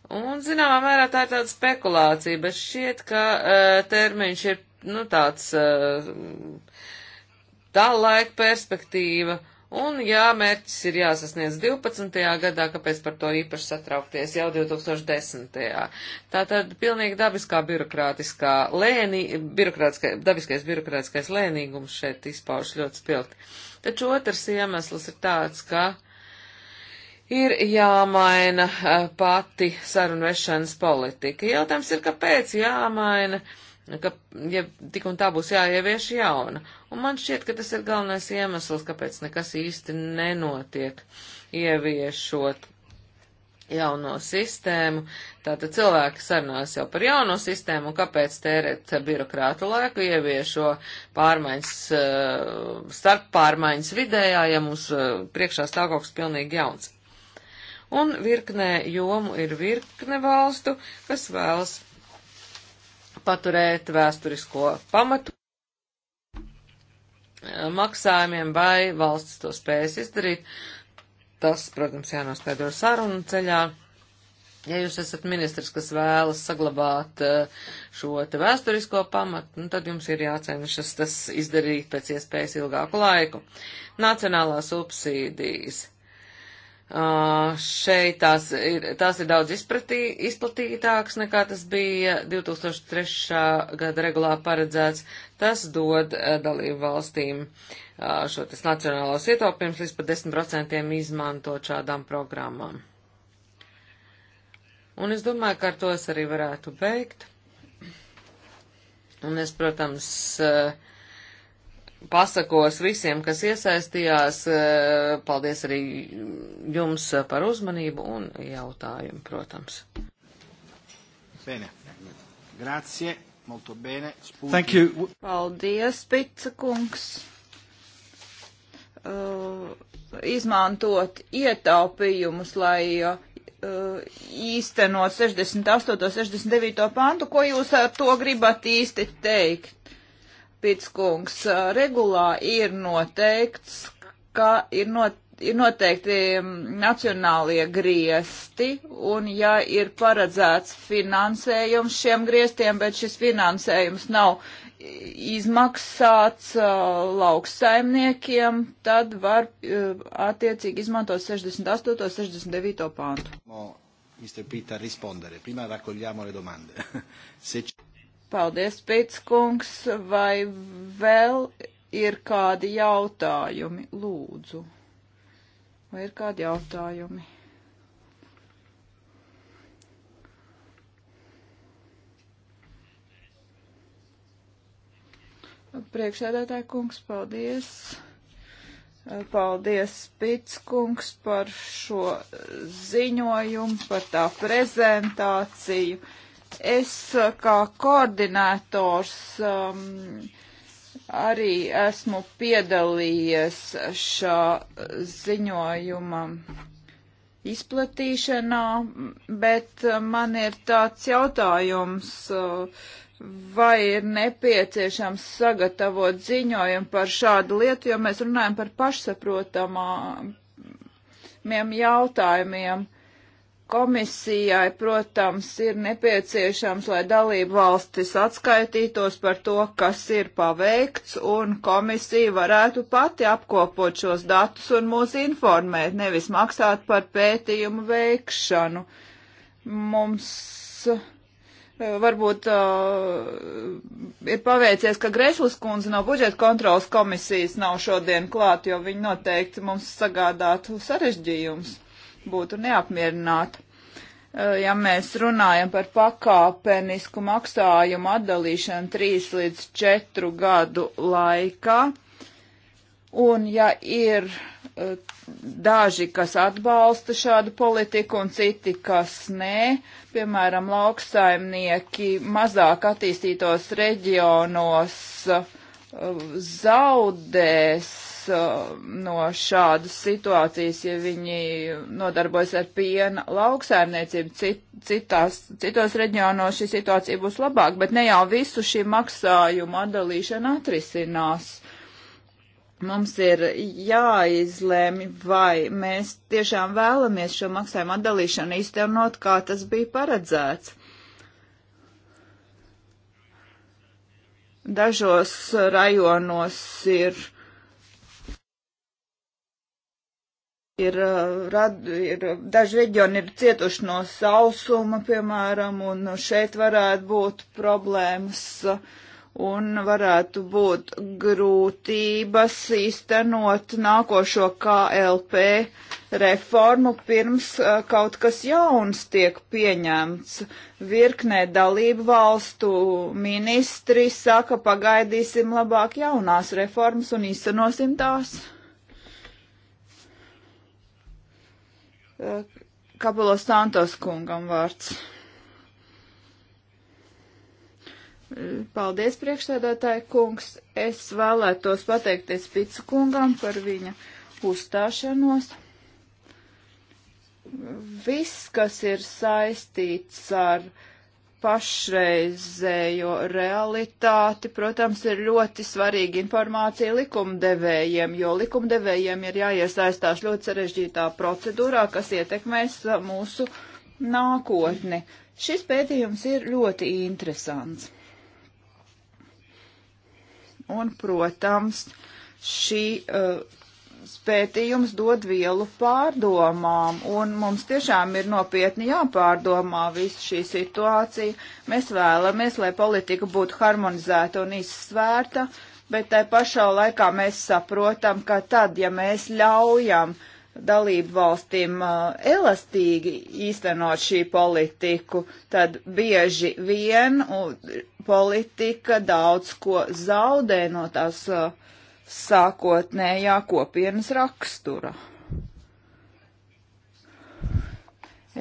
S2: Un, zināmā mērā, tā ir tāda spekulācija, bet šķiet, ka uh, termiņš ir, nu, tāds uh, eh, tā laika perspektīva, un, jā, mērķis ir jāsasniedz 12. gadā, kāpēc par to īpaši satraukties jau 2010. Tā tad pilnīgi dabiskā birokrātiskā lēnī, birokrātiskais, dabiskais birokrātiskais lēnīgums šeit izpauž ļoti spilgti. Uh, Taču otrs iemesls ir tāds, ka ir jāmaina e, pati sarunvešanas politika. Jautājums ir, kāpēc jāmaina, ka ja tik un tā būs jāievieš jauna. Un man šķiet, ka tas ir galvenais iemesls, kāpēc nekas īsti nenotiek ieviešot jauno sistēmu. Tātad cilvēki sarunās jau par jauno sistēmu un kāpēc tērēt birokrātu laiku, ieviešo pārmaiņas, eh, starp pārmaiņas vidējā, ja mums eh, priekšā stāv kaut kas pilnīgi jauns. Un virknē jomu ir virkne valstu, kas vēlas paturēt vēsturisko pamatu eh, maksājumiem, vai valsts to spējas izdarīt, tas, protams, jānoskaidro sarunu ceļā. Ja jūs esat ministrs, kas vēlas saglabāt eh, šo te vēsturisko pamatu, nu, tad jums ir jācenšas tas izdarīt pēc iespējas ilgāku laiku. Nacionālās subsīdijas. Uh, šeit tās ir, tās ir daudz izpratī, izplatītākas nekā tas bija 2003. gada regulā paredzēts. Tas dod uh, dalību valstīm uh, šo tas nacionālos ietaupījums līdz pat 10% izmantot šādām programmām. Un es domāju, ka ar to es arī varētu beigt. Un es, protams, uh, pasakos visiem, kas iesaistījās. Eh, paldies arī jums par uzmanību un jautājumu, protams.
S1: Bene. Grazie. Molto bene. Spūti. Thank you.
S3: Paldies, Pica kungs. Uh, izmantot ietaupījumus, lai uh, īstenot 68. 69. pantu, ko jūs ar to gribat īsti teikt? Pitskungs, regulā ir noteikts, ka ir, not, ir noteikti nacionālie griesti, un ja ir paredzēts finansējums šiem griestiem, bet šis finansējums nav izmaksāts uh, lauksaimniekiem, tad var uh, attiecīgi izmantot 68. 69. pāntu.
S1: Mr. Pita rispondere. Prima raccogliamo le domande. Se...
S3: Paldies, Pitskungs, vai vēl ir kādi jautājumi? Lūdzu, vai ir kādi jautājumi? Priekšsēdētāji kungs, paldies. Paldies, Pitskungs, par šo ziņojumu, par tā prezentāciju. Es eh, kā koordinators um, arī esmu piedalījies šā ziņojuma izplatīšanā, bet eh, man ir tāds jautājums. Uh, vai ir nepieciešams sagatavot ziņojumu par šādu lietu, jo mēs runājam par pašsaprotamiem jautājumiem. Komisijai, protams, ir nepieciešams, lai dalību valstis atskaitītos par to, kas ir paveikts, un komisija varētu pati apkopot šos datus un mūs informēt, nevis maksāt par pētījumu veikšanu. Mums eh, varbūt uh, ir paveicies, ka Greslis kundze no budžeta kontrolas komisijas nav šodien klāt, jo viņi noteikti mums sagādātu sarežģījumus būtu neapmierināti. Eh, ja mēs runājam par pakāpenisku maksājumu atdalīšanu 3 līdz 4 gadu laikā, un ja ir eh, daži, kas atbalsta šādu politiku un citi, kas nē, piemēram, lauksaimnieki mazāk attīstītos reģionos eh, zaudēs Uh, no šādas situācijas, ja viņi nodarbojas ar piena lauksaimniecību. Cit, citās, citos reģionos šī situācija būs labāka, bet ne jau visu šī maksājuma atdalīšana atrisinās. Mums ir jāizlēmi, vai mēs tiešām vēlamies šo maksājumu atdalīšanu īstenot, kā tas bija paredzēts. dažos rajonos ir ir, uh, rad, ir daži reģioni ir cietuši no sausuma, piemēram, un šeit varētu būt problēmas uh, un varētu būt grūtības īstenot nākošo KLP reformu pirms uh, kaut kas jauns tiek pieņemts. Virknē dalību valstu ministri saka, pagaidīsim labāk jaunās reformas un īstenosim tās. Eh, Kapulo Santos kungam vārds. Eh, paldies, priekšsēdētāji kungs. Es vēlētos pateikties Picu kungam par viņa uzstāšanos. Viss, kas ir saistīts ar uh, pašreizējo realitāti, protams, ir ļoti svarīga informācija likumdevējiem, jo likumdevējiem ir jāiesaistās ļoti sarežģītā procedūrā, kas ietekmēs uh, mūsu nākotni. Šis pētījums ir ļoti interesants. Un, protams, šī uh, pētījums dod vielu pārdomām, un mums tiešām ir nopietni jāpārdomā visu šī situācija. Mēs vēlamies, lai politika būtu harmonizēta un izsvērta, bet tai pašā laikā mēs saprotam, ka tad, ja mēs ļaujam dalību valstīm uh, elastīgi īstenot šī politiku, tad bieži vien politika daudz ko zaudē no tās uh, sākotnējā kopienas rakstura.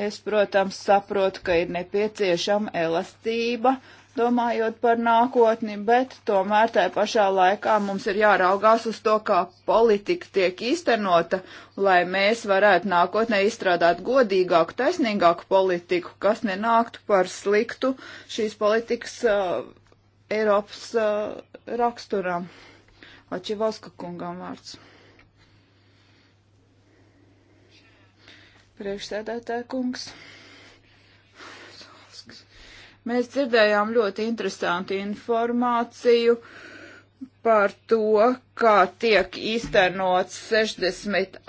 S3: Es, protams, saprotu, ka ir nepieciešama elastība, domājot par nākotni, bet tomēr tajā pašā laikā mums ir jāraugās uz to, kā politika tiek īstenota, lai mēs varētu nākotnē izstrādāt godīgāku, taisnīgāku politiku, kas nenāktu par sliktu šīs politikas uh, Eiropas uh, raksturam. Ačevalska kungam vārds. Priekšsēdētāja kungs. Mēs dzirdējām ļoti interesantu informāciju par to, kā tiek īstenots 68.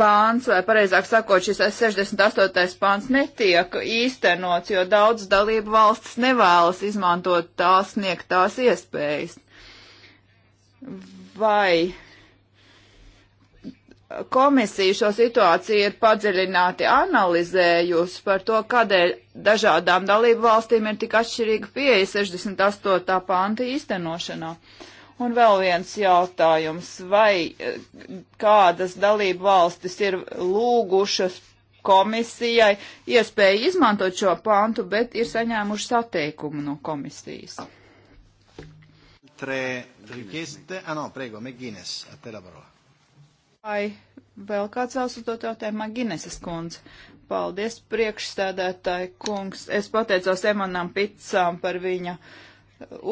S3: pāns, vai pareizāk sakot, šis 68. pāns netiek īstenots, jo daudz dalību valsts nevēlas izmantot tās sniegtās iespējas vai komisija šo situāciju ir padziļināti analizējusi par to, kādēļ dažādām dalību valstīm ir tik atšķirīga pieeja 68. panta īstenošanā. Un vēl viens jautājums, vai eh, kādas dalību valstis ir lūgušas komisijai iespēju izmantot šo pantu, bet ir saņēmušas atteikumu no komisijas?
S1: altre richieste? Ah no, prego, McGuinness, a te la parola.
S3: Vai vēl kāds vēlas uzdot jautājumu? McGuinnesses kundze. Paldies, priekšstādātāji kungs. Es pateicos Emanam Pitsām par viņa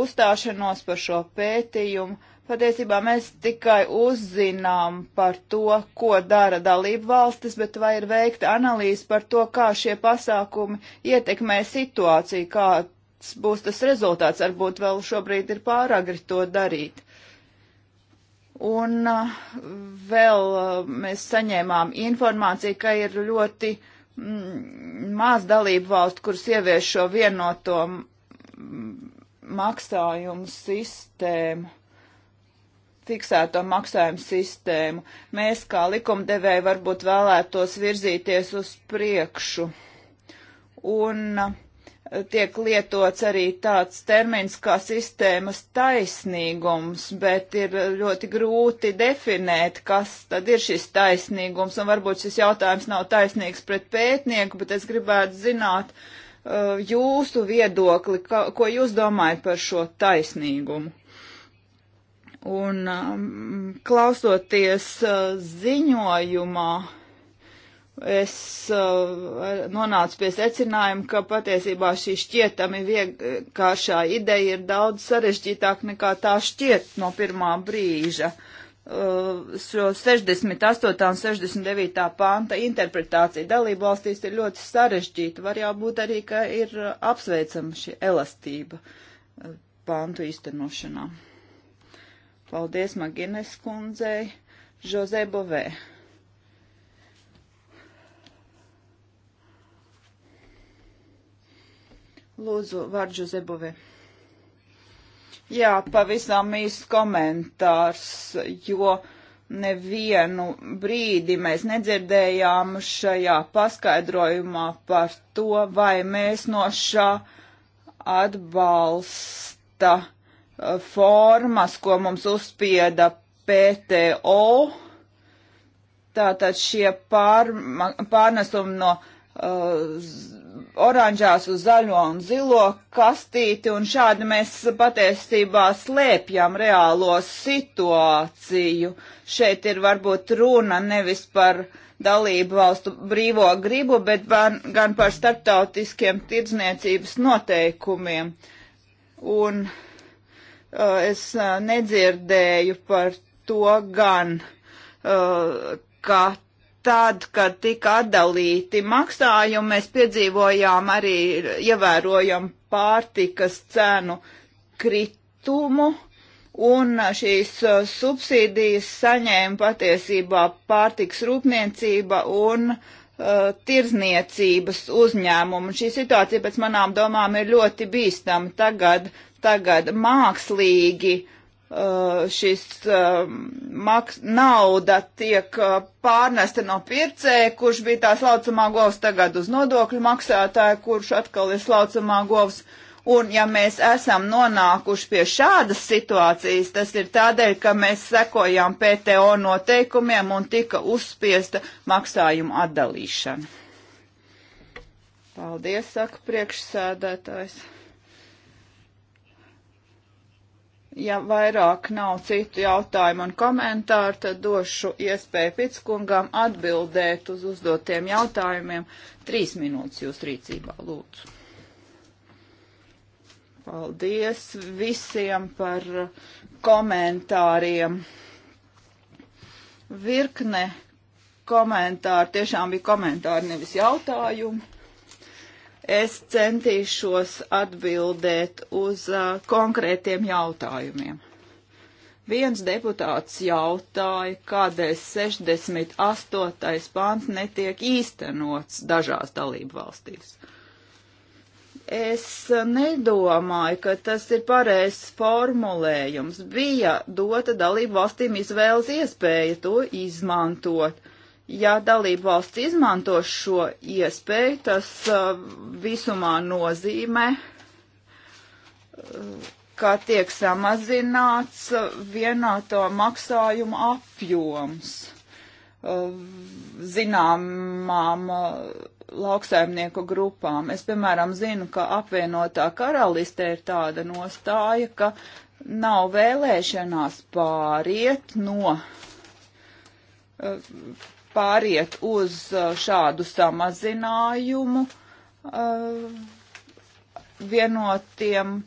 S3: uzstāšanos par šo pētījumu. Patiesībā mēs tikai uzzinām par to, ko dara dalību valstis, bet vai ir veikta analīze par to, kā šie pasākumi ietekmē situāciju, kā kāds būs tas rezultāts. Varbūt vēl šobrīd ir pāragri to darīt. Un uh, vēl uh, mēs saņēmām informāciju, ka ir ļoti mm, maz dalību valstu, kuras ievieš šo vienoto mm, maksājumu sistēmu, fiksēto maksājumu sistēmu. Mēs kā likumdevēji varbūt vēlētos virzīties uz priekšu. Un uh, tiek lietots arī tāds termins kā sistēmas taisnīgums, bet ir ļoti grūti definēt, kas tad ir šis taisnīgums, un varbūt šis jautājums nav taisnīgs pret pētnieku, bet es gribētu zināt uh, jūsu viedokli, ka, ko jūs domājat par šo taisnīgumu. Un um, klausoties uh, ziņojumā, es uh, nonācu pie secinājuma, ka patiesībā šī šķietami vienkāršā ideja ir daudz sarežģītāk nekā tā šķiet no pirmā brīža. Uh, šo 68. un 69. panta interpretācija dalību valstīs ir ļoti sarežģīta. Var jau būt arī, ka ir apsveicama šī elastība uh, pantu īstenošanā. Paldies Magines kundzei, Žozebovē. Lūdzu, vārdu Zebove. Jā, pavisam īsts komentārs, jo nevienu brīdi mēs nedzirdējām šajā paskaidrojumā par to, vai mēs no šā atbalsta uh, formas, ko mums uzspieda PTO, tātad šie pār, pārnesumi no uh, oranžās uz zaļo un zilo kastīti, un šādi mēs patiesībā slēpjam reālo situāciju. Šeit ir varbūt runa nevis par dalību valstu brīvo gribu, bet gan, gan par starptautiskiem tirdzniecības noteikumiem. Un uh, es uh, nedzirdēju par to gan, uh, ka tad, kad tika atdalīti maksājumi, mēs piedzīvojām arī ievērojam pārtikas cenu kritumu, un šīs uh, subsīdijas saņēma patiesībā pārtiks rūpniecība un uh, tirzniecības uzņēmumu. Šī situācija pēc manām domām ir ļoti bīstama. Tagad, tagad mākslīgi uh, Uh, šis uh, maks, nauda tiek uh, pārnesta no pircēja, kurš bija tā slaucamā govs tagad uz nodokļu maksātāju, kurš atkal ir slaucamā govs. Un ja mēs esam nonākuši pie šādas situācijas, tas ir tādēļ, ka mēs sekojām PTO noteikumiem un tika uzspiesta maksājuma atdalīšana. Paldies, saka priekšsēdētājs. Ja vairāk nav citu jautājumu un komentāru, tad došu iespēju Pitskungam atbildēt uz uzdotiem jautājumiem. Trīs minūtes jūs rīcībā, lūdzu. Paldies visiem par komentāriem. Virkne komentāri, tiešām bija komentāri, nevis jautājumi. Es centīšos atbildēt uz uh, konkrētiem jautājumiem. Viens deputāts jautāja, kādēļ 68. pāns netiek īstenots dažās dalību valstīs. Es nedomāju, ka tas ir pareizs formulējums. Bija dota dalību valstīm izvēles iespēja to izmantot Ja dalību valsts izmanto šo iespēju, tas uh, visumā nozīmē, uh, ka tiek samazināts uh, vienāto maksājumu apjoms uh, zināmām uh, lauksaimnieku grupām. Es, piemēram, zinu, ka apvienotā karalistē ir tāda nostāja, ka nav vēlēšanās pāriet no uh, pāriet uz uh, šādu samazinājumu uh, vienotiem um,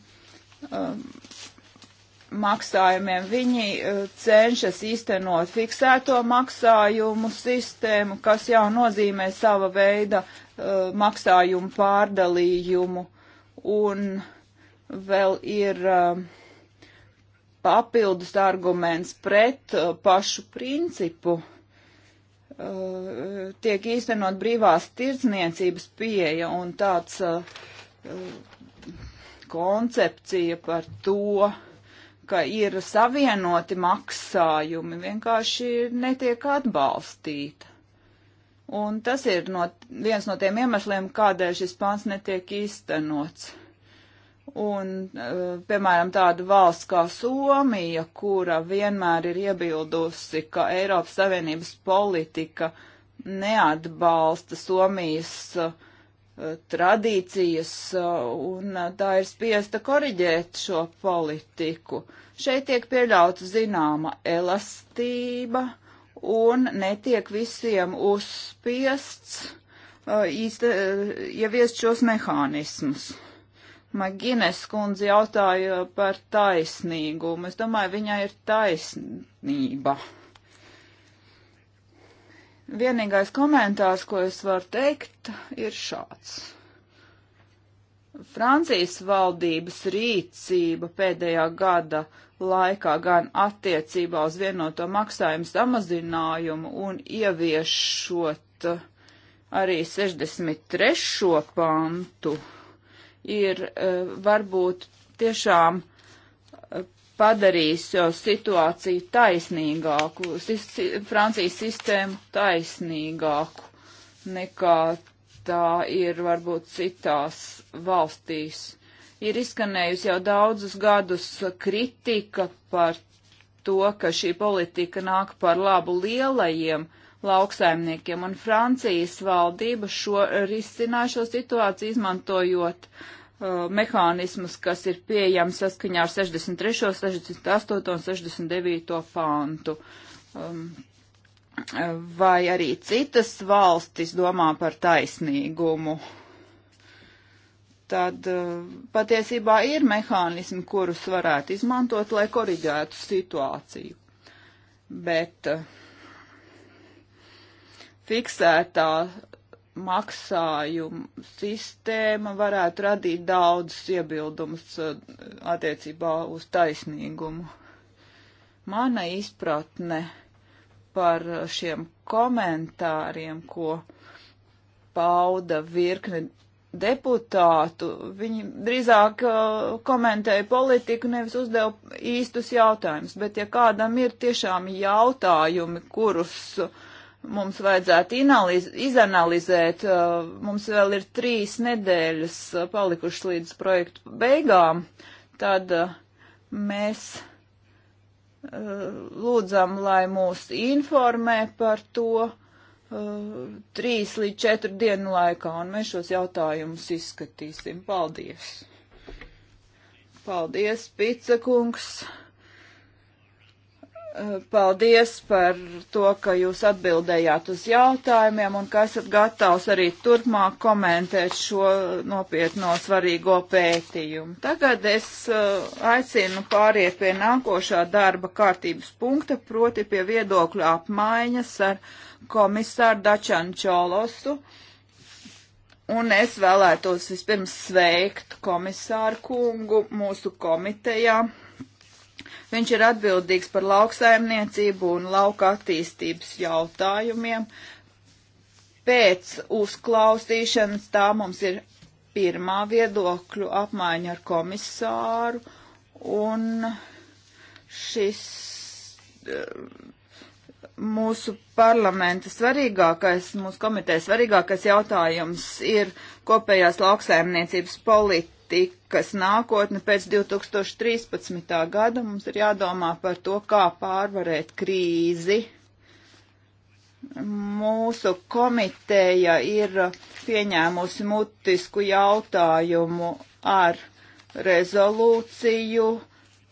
S3: maksājumiem. Viņi uh, cenšas īstenot fiksēto maksājumu sistēmu, kas jau nozīmē sava veida maksājumu pārdalījumu. Un vēl ir um, papildus arguments pret pašu principu Uh, tiek īstenot brīvās tirdzniecības pieeja un tāds uh, uh, koncepcija par to, ka ir savienoti maksājumi, vienkārši netiek atbalstīta. Un tas ir no, viens no tiem iemesliem, kādēļ šis pāns netiek īstenots. Un, eh, piemēram, tāda valsts kā Somija, kura vienmēr ir iebildusi, ka Eiropas Savienības politika neatbalsta Somijas uh, tradīcijas, eh, un tā ir spiesta koriģēt šo politiku. Šeit tiek pieļauta zināma elastība, un netiek visiem uzspiests uh, īsti, uh, ieviest šos mehānismus. Magines kundze jautāja par taisnīgumu. Es domāju, viņai ir taisnība. Vienīgais komentārs, ko es varu teikt, ir šāds. Francijas valdības rīcība pēdējā gada laikā gan attiecībā uz vienoto maksājumu samazinājumu un ieviešot arī 63. pantu ir e, varbūt tiešām e, padarījis e, situāciju taisnīgāku, sis, Francijas sistēmu taisnīgāku nekā tā ir varbūt citās valstīs. Ir izskanējusi jau daudzus gadus kritika par to, ka šī politika nāk par labu lielajiem uh, lauksaimniekiem. Un Francijas valdība šo risināja šo situāciju, izmantojot uh, mehānismus, kas ir pieejami saskaņā ar 63., 68. un 69. pāntu. Um, vai arī citas valstis domā par taisnīgumu? Tad uh, patiesībā ir mehānismi, kurus varētu izmantot, lai koriģētu situāciju. Bet uh, fiksētā maksājuma sistēma varētu radīt daudzus iebildumus eh, attiecībā uz taisnīgumu. Mana izpratne par šiem komentāriem, ko pauda virkne deputātu, viņi drīzāk uh, komentēja politiku, nevis uzdeva īstus jautājumus, bet ja kādam ir tiešām jautājumi, kurus uh, mums vajadzētu inaliz, izanalizēt. Uh, mums vēl ir trīs nedēļas uh, palikušas līdz projektu beigām. Tad uh, mēs lūdzam, lai mūs informē par to trīs līdz četru dienu laikā, un mēs šos jautājumus izskatīsim. Paldies! Paldies, Pica kungs! Eh, paldies par to, ka jūs atbildējāt uz jautājumiem un ka esat gatavs arī turpmāk komentēt šo nopietno svarīgo pētījumu. Tagad es eh, aicinu pāriet pie nākošā darba kārtības punkta, proti pie viedokļu apmaiņas ar komisāru Dačanu Čolosu. Un es vēlētos vispirms sveikt komisāru kungu mūsu komitejā Viņš ir atbildīgs par lauksaimniecību un lauka attīstības jautājumiem. Pēc uzklausīšanas tā mums ir pirmā viedokļu apmaiņa ar komisāru, un šis eh, mūsu parlamenta svarīgākais, mūsu komiteja svarīgākais jautājums ir kopējās lauksaimniecības politika politikas nākotne pēc 2013. gada. Mums ir jādomā par to, kā pārvarēt krīzi. Mūsu komiteja ir pieņēmusi mutisku jautājumu ar rezolūciju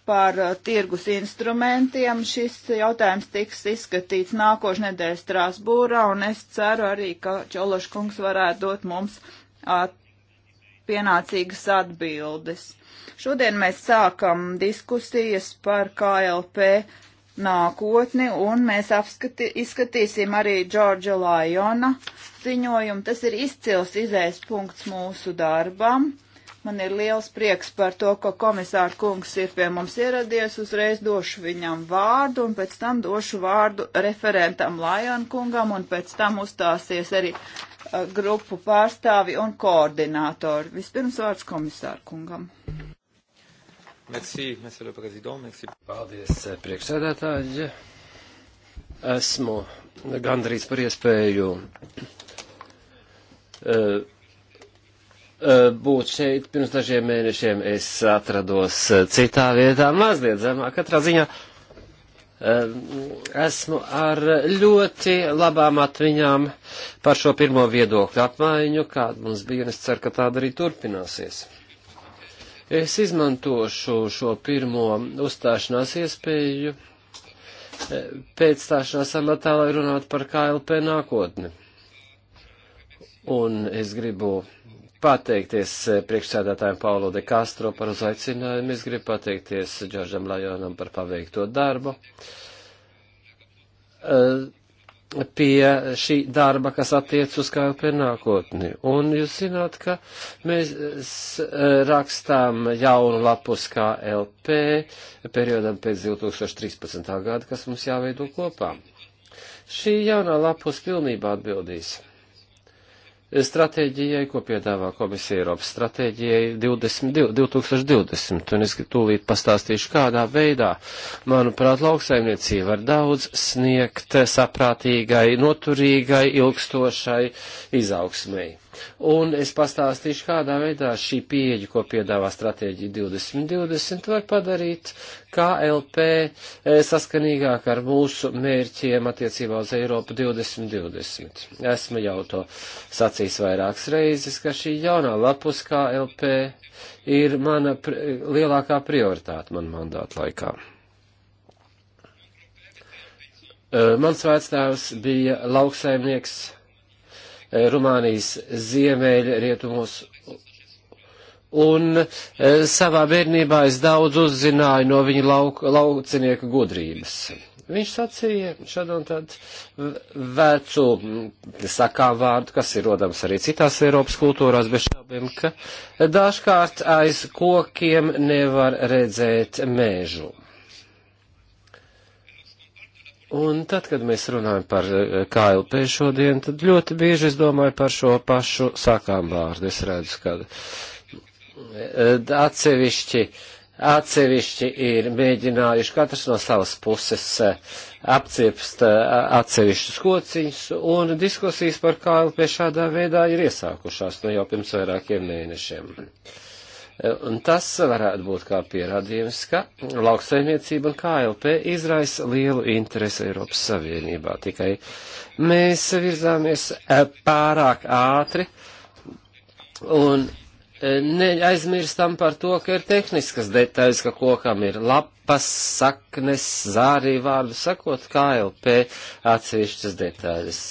S3: par tirgus instrumentiem. Šis jautājums tiks izskatīts nākošais nedēļa Strasbūrā, un es ceru arī, ka Čološkungs varētu dot mums at pienācīgas atbildes. Šodien mēs sākam diskusijas par KLP nākotni, un mēs apskati, izskatīsim arī Džordža Lajona ziņojumu. Tas ir izcils izējas punkts mūsu darbam. Man ir liels prieks par to, ka komisāra kungs ir pie mums ieradies. Uzreiz došu viņam vārdu, un pēc tam došu vārdu referentam Lajona kungam, un pēc tam uzstāsies arī grupu pārstāvi un koordinātori. Vispirms vārds komisāru kungam.
S1: Merci, monsieur le président, merci. Paldies, eh, priekšsēdētāji. Esmu gandrīz par iespēju uh, būt šeit. Pirms dažiem mēnešiem es atrados citā vietā, mazliet zemāk, katrā ziņā. Uh, esmu ar ļoti labām atmiņām par šo pirmo viedokļu apmaiņu, kāda mums bija, un es ceru, ka tāda arī turpināsies. Es izmantošu šo pirmo uzstāšanās iespēju e, pēc stāšanās amatā, lai runātu par KLP nākotni. Un es gribu pateikties eh, priekšsēdētājiem Paulo de Castro par uzaicinājumu. Es gribu pateikties Džordžam Lajonam par paveikto darbu. Eh, pie šī darba, kas attiec uz KLP nākotni. Un jūs zināt, ka mēs eh, rakstām jaunu lapus KLP periodam pēc 2013. gada, kas mums jāveido kopā. Šī jaunā lapus pilnībā atbildīs stratēģijai, ko piedāvā komisija Eiropas stratēģijai 20, 2020, un es tūlīt pastāstīšu, kādā veidā, manuprāt, lauksaimniecība var daudz sniegt saprātīgai, noturīgai, ilgstošai izaugsmēji un es pastāstīšu, kādā veidā šī pieeja, ko piedāvā stratēģija 2020, var padarīt KLP eh, saskanīgāk ar mūsu mērķiem attiecībā uz Eiropu 2020. Esmu jau to sacījis vairākas reizes, ka šī jaunā lapus KLP ir mana pri lielākā prioritāte man mandāta laikā. Eh, mans vectēvs bija lauksaimnieks Rumānijas ziemeļa rietumos. Un e, savā bērnībā es daudz uzzināju no viņa lauk, laucinieka gudrības. Viņš sacīja šādu un tādu vecu mm, sakām vārdu, kas ir rodams arī citās Eiropas kultūrās, bez šaubiem, ka dažkārt aiz kokiem nevar redzēt mēžu. Un tad, kad mēs runājam par eh, KLP šodien, tad ļoti bieži es domāju par šo pašu sakām vārdu. Es redzu, ka eh, atsevišķi, atsevišķi ir mēģinājuši katrs no savas puses eh, apciepst atsevišķus kociņus, un diskusijas par KLP šādā veidā ir iesākušās nu, jau pirms vairākiem mēnešiem. Uh, Un tas varētu būt kā pierādījums, ka lauksaimniecība un KLP izraisa lielu interesi Eiropas Savienībā. Tikai mēs virzāmies eh, pārāk ātri un eh, neaizmirstam par to, ka ir tehniskas detaļas, ka kokam ir lapas, saknes, zārī vārdu sakot, KLP atsevišķas detaļas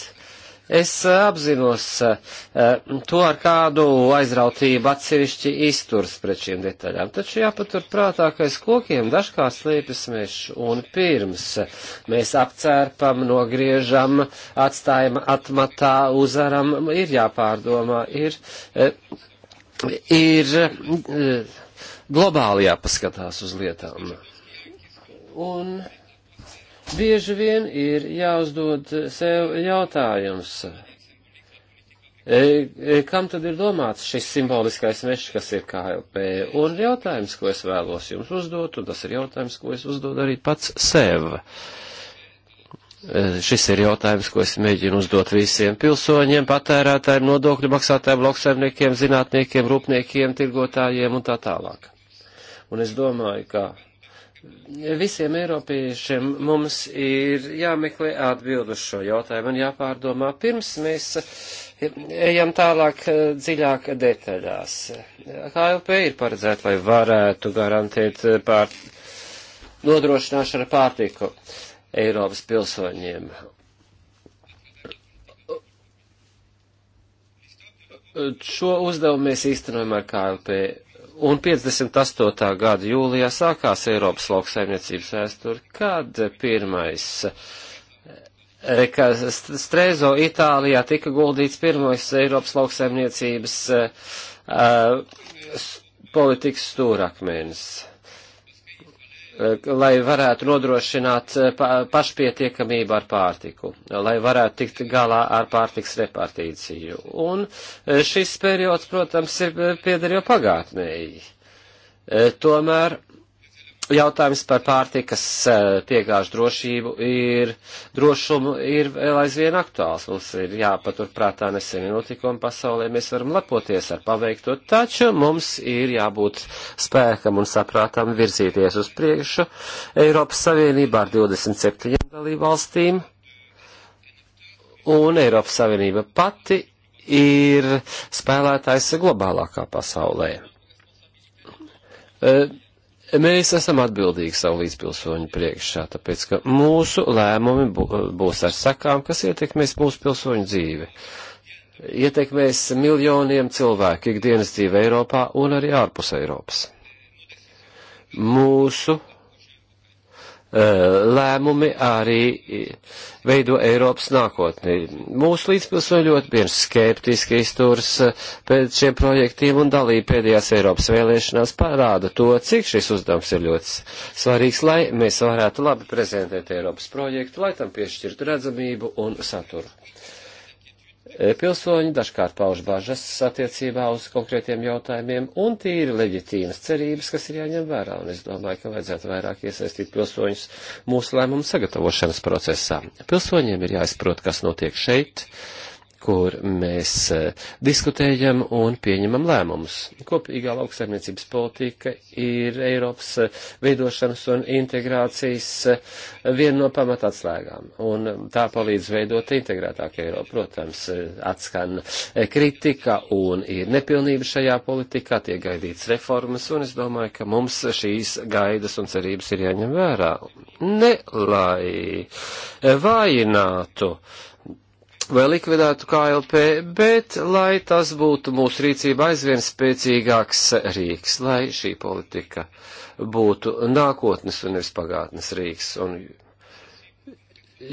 S1: Es eh, apzinos eh, to, ar kādu aizrautību atsevišķi izturs pret šīm detaļām, taču jāpatur prātā, ka aiz kokiem dažkārt slīpes mežs un pirms mēs apcērpam, nogriežam, atstājam atmatā, uzaram, ir jāpārdomā, ir, eh, ir globāli jāpaskatās uz lietām. Un Bieži vien ir jāuzdod sev jautājums, e, e, kam tad ir domāts šis simboliskais mešs, kas ir KLP? Un jautājums, ko es vēlos jums uzdot, un tas ir jautājums, ko es uzdodu arī pats sev. E, šis ir jautājums, ko es mēģinu uzdot visiem pilsoņiem, patērētājiem, nodokļu maksātājiem, lauksaimniekiem, zinātniekiem, rūpniekiem, tirgotājiem un tā tālāk. Un es domāju, ka visiem eiropiešiem mums ir jāmeklē atbild uz šo jautājumu un jāpārdomā pirms mēs ejam tālāk eh, dziļāk detaļās. KLP ir paredzēta, lai varētu garantēt eh, pār nodrošināšanu ar pārtiku Eiropas pilsoņiem. Šo uzdevumu mēs īstenojam ar KLP Un 58. gada jūlijā sākās Eiropas lauksaimniecības vēsture, kad pirmais eh, ka Strezo Itālijā tika guldīts pirmais Eiropas lauksaimniecības uh, politikas stūrakmenis lai varētu nodrošināt eh, pašpietiekamību ar pārtiku, lai varētu tikt galā ar pārtiks repartīciju. Un eh, šis periods, protams, ir pieder jau pagātnēji. Eh, tomēr jautājums par pārtikas eh, piegāžu drošību ir, drošumu ir vēl aizvien aktuāls. Mums ir jāpaturprātā neseni notikumi pasaulē, mēs varam lepoties ar paveikto, taču mums ir jābūt spēkam un saprātam virzīties uz priekšu Eiropas Savienībā ar 27 dalību valstīm. Un Eiropas Savienība pati ir spēlētājs globālākā pasaulē eh, Mēs esam atbildīgi savu līdzpilsoņu priekšā, tāpēc, ka mūsu lēmumi būs ar sakām, kas ietekmēs mūsu pilsoņu dzīvi. Ietekmēs miljoniem cilvēku ikdienas dzīve Eiropā un arī ārpus Eiropas. Mūsu Eh, lēmumi arī veido Eiropas nākotni. Mūsu līdzpilsoņi ļoti bieži skeptiski izturs eh, pēc šiem projektiem un dalība pēdējās Eiropas vēlēšanās parāda to, cik šis uzdevums ir ļoti svarīgs, lai mēs varētu labi prezentēt Eiropas projektu, lai tam piešķirtu redzamību un saturu. E, pilsoņi dažkārt pauž bažas attiecībā uz konkrētiem jautājumiem un tīri leģitīmas cerības, kas ir jāņem vērā, un es domāju, ka vajadzētu vairāk iesaistīt pilsoņus mūsu lēmumu sagatavošanas procesā. Pilsoņiem ir jāizprot, kas notiek šeit, kur mēs e, diskutējam un pieņemam lēmumus. Kopīgā lauksaimniecības politika ir Eiropas e, veidošanas un integrācijas e, viena no pamatslēgām. Un tā palīdz veidot integrētāku Eiropu. Protams, atskan kritika un ir nepilnība šajā politikā, tiek gaidīts reformas, un es domāju, ka mums šīs gaidas un cerības ir jāņem vērā. Ne lai vājinātu uh, vai likvidētu KLP, bet lai tas būtu mūsu rīcība aizvien spēcīgāks rīks, lai šī politika būtu nākotnes un nevis pagātnes rīks. Un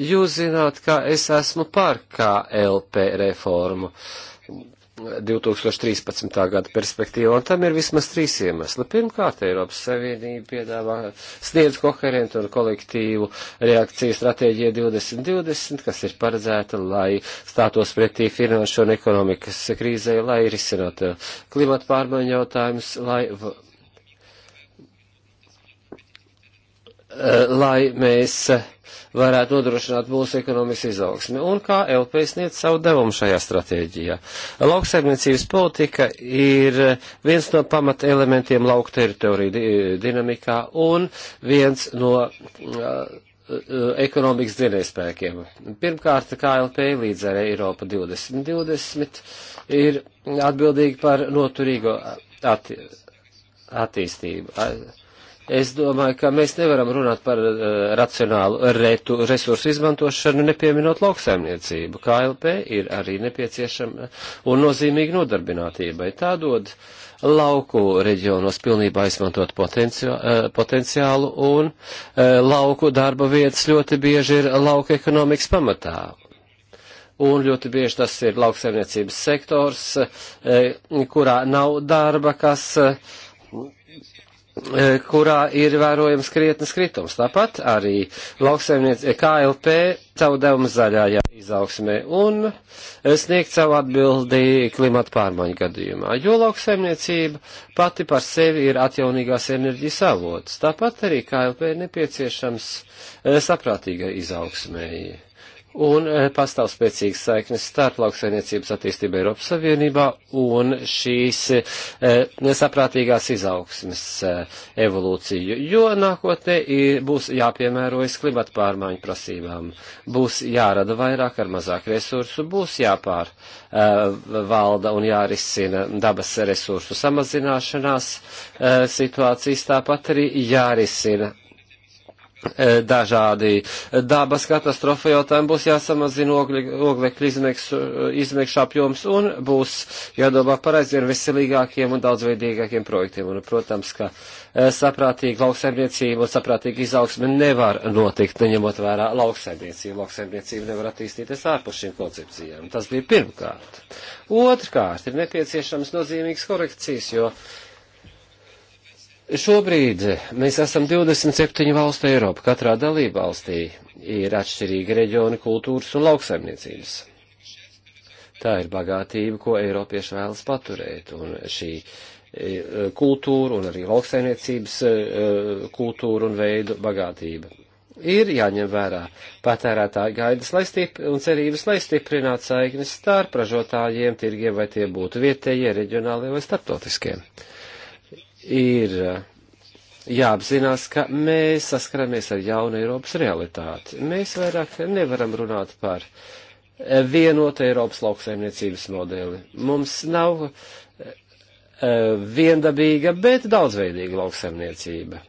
S1: jūs zināt, ka es esmu par KLP reformu. Uh, 2013. gada perspektīvu, un tam ir vismaz trīs iemesli. Pirmkārt, Eiropas Savienība piedāvā sniedz koherentu un kolektīvu reakciju stratēģiju 2020, kas ir paredzēta, lai stātos pretī finanšu un ekonomikas krīzē, lai risinātu klimatu pārmaiņu jautājumus, lai, eh, lai mēs varētu nodrošināt mūsu ekonomikas izaugsmi un kā LP sniedz savu devumu šajā stratēģijā. Lauksaimniecības politika ir viens no pamata elementiem lauku teritoriju dinamikā un viens no uh, uh ekonomikas dzinējspēkiem. Pirmkārt, KLP līdz ar Eiropa 2020 ir atbildīgi par noturīgo atti attīstību. Es domāju, ka mēs nevaram runāt par uh, racionālu retu, resursu izmantošanu, nepieminot lauksaimniecību. KLP ir arī nepieciešama un nozīmīga nodarbinātībai. Tā dod lauku reģionos pilnībā izmantot potenciālu, uh, eh, potenciālu un uh, lauku darba vietas ļoti bieži ir lauka ekonomikas pamatā. Un ļoti bieži tas ir lauksaimniecības sektors, kurā nav darba, kas E, kurā ir vērojams krietnes kritums. Tāpat arī lauksaimniecība e, KLP savu devumu zaļājā izaugsmē un e, sniegt savu atbildi klimata pārmaiņu gadījumā, jo lauksaimniecība pati par sevi ir atjaunīgās enerģijas avots. Tāpat arī KLP ir nepieciešams saprātīgai izaugsmēji un eh, pastāv spēcīgas saiknes starp lauksainiecības attīstību Eiropas Savienībā un šīs eh, nesaprātīgās izaugsmes eh, evolūciju, jo nākotnē būs jāpiemērojas klimata pārmaiņu prasībām, būs jārada vairāk ar mazāk resursu, būs jāpārvalda un jārisina dabas resursu samazināšanās situācijas, tāpat arī jārisina Eh, dažādi dabas katastrofa jautājumi, būs jāsamazina oglekļa izmēkšu eh, apjoms un būs jādomā par aizvien veselīgākiem un daudzveidīgākiem projektiem. Un, protams, ka eh, saprātīga lauksaimniecība un saprātīga izaugsme nevar notikt, neņemot vērā lauksaimniecību. Lauksaimniecība nevar attīstīties ārpus šīm koncepcijām. Tas bija pirmkārt. Otrkārt, ir nepieciešams nozīmīgs korekcijas, jo Šobrīd mēs esam 27 valstu Eiropa. Katrā dalība valstī ir atšķirīga reģiona kultūras un lauksaimniecības. Tā ir bagātība, ko Eiropieši vēlas paturēt, un šī e, kultūra un arī lauksaimniecības e, kultūra un veidu bagātība. Ir jāņem vērā patērētāju gaidas lai stipri, un cerības, lai stiprinātu saiknes starp ražotājiem, tirgiem, vai tie būtu vietējie, reģionālie vai starptautiskie ir eh, jāapzinās, ka mēs saskaramies ar jaunu Eiropas realitāti. Mēs vairāk nevaram runāt par eh, vienotu Eiropas lauksaimniecības modeli. Mums nav eh, viendabīga, bet daudzveidīga lauksaimniecība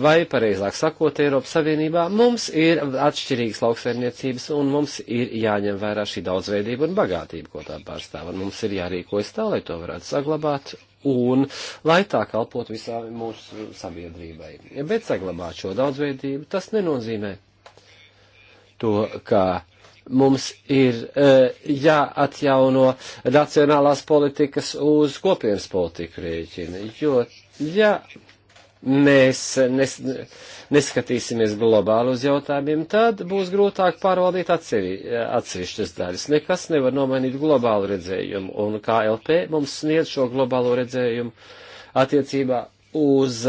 S1: vai pareizāk sakot, Eiropas Savienībā, mums ir atšķirīgas lauksaimniecības un mums ir jāņem vērā šī daudzveidība un bagātība, ko tā pārstāv, un mums ir jārīkojas tā, lai to varētu saglabāt un lai tā kalpot visā mūsu sabiedrībai. Bet saglabāt šo daudzveidību tas nenozīmē to, ka mums ir eh, jāatjauno nacionālās politikas uz kopienas politiku rēķina, jo, ja mēs nes, neskatīsimies globāli uz jautājumiem, tad būs grūtāk pārvaldīt atsevi, atsevišķas daļas. Nekas nevar nomainīt globālu redzējumu, un KLP mums sniedz šo globālo redzējumu attiecībā uz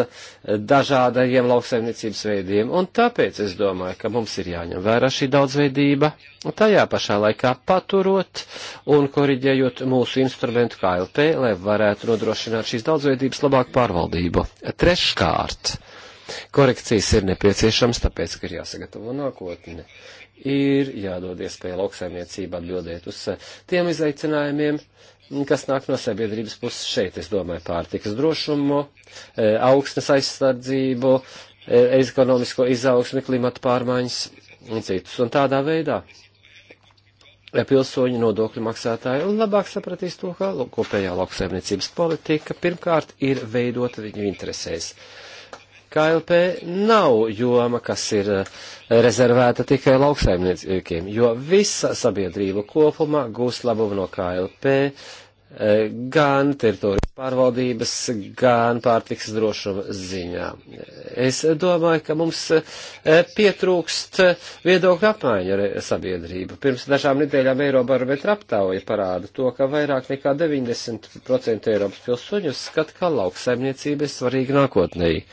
S1: dažādajiem lauksaimniecības veidiem. Un tāpēc es domāju, ka mums ir jāņem vērā šī daudzveidība, un tajā pašā laikā paturot un koriģējot mūsu instrumentu KLP, lai varētu nodrošināt šīs daudzveidības labāku pārvaldību. Treškārt, korekcijas ir nepieciešams, tāpēc, ka ir jāsagatavo nākotne ir jādod iespēja lauksaimniecība atbildēt uz tiem izaicinājumiem, kas nāk no sabiedrības puses šeit, es domāju, pārtikas drošumu, e, augstnes aizsardzību, e, ekonomisko izaugsmi, klimata pārmaiņas un citus. Un tādā veidā e, pilsoņu nodokļu maksātāji labāk sapratīs to, ka kopējā lauksaimniecības politika pirmkārt ir veidota viņu interesēs. Uh, KLP nav joma, kas ir eh, rezervēta tikai lauksaimniekiem, jo visa sabiedrība kopumā gūs labumu no KLP, eh, gan teritorijas pārvaldības, gan pārtiks drošuma ziņā. Es domāju, ka mums eh, pietrūkst viedokļu apmaiņa ar sabiedrību. Pirms dažām nedēļām Eirobarometra aptauja parāda to, ka vairāk nekā 90% Eiropas pilsoņu uzskata, ka lauksaimniecība ir svarīga nākotnēji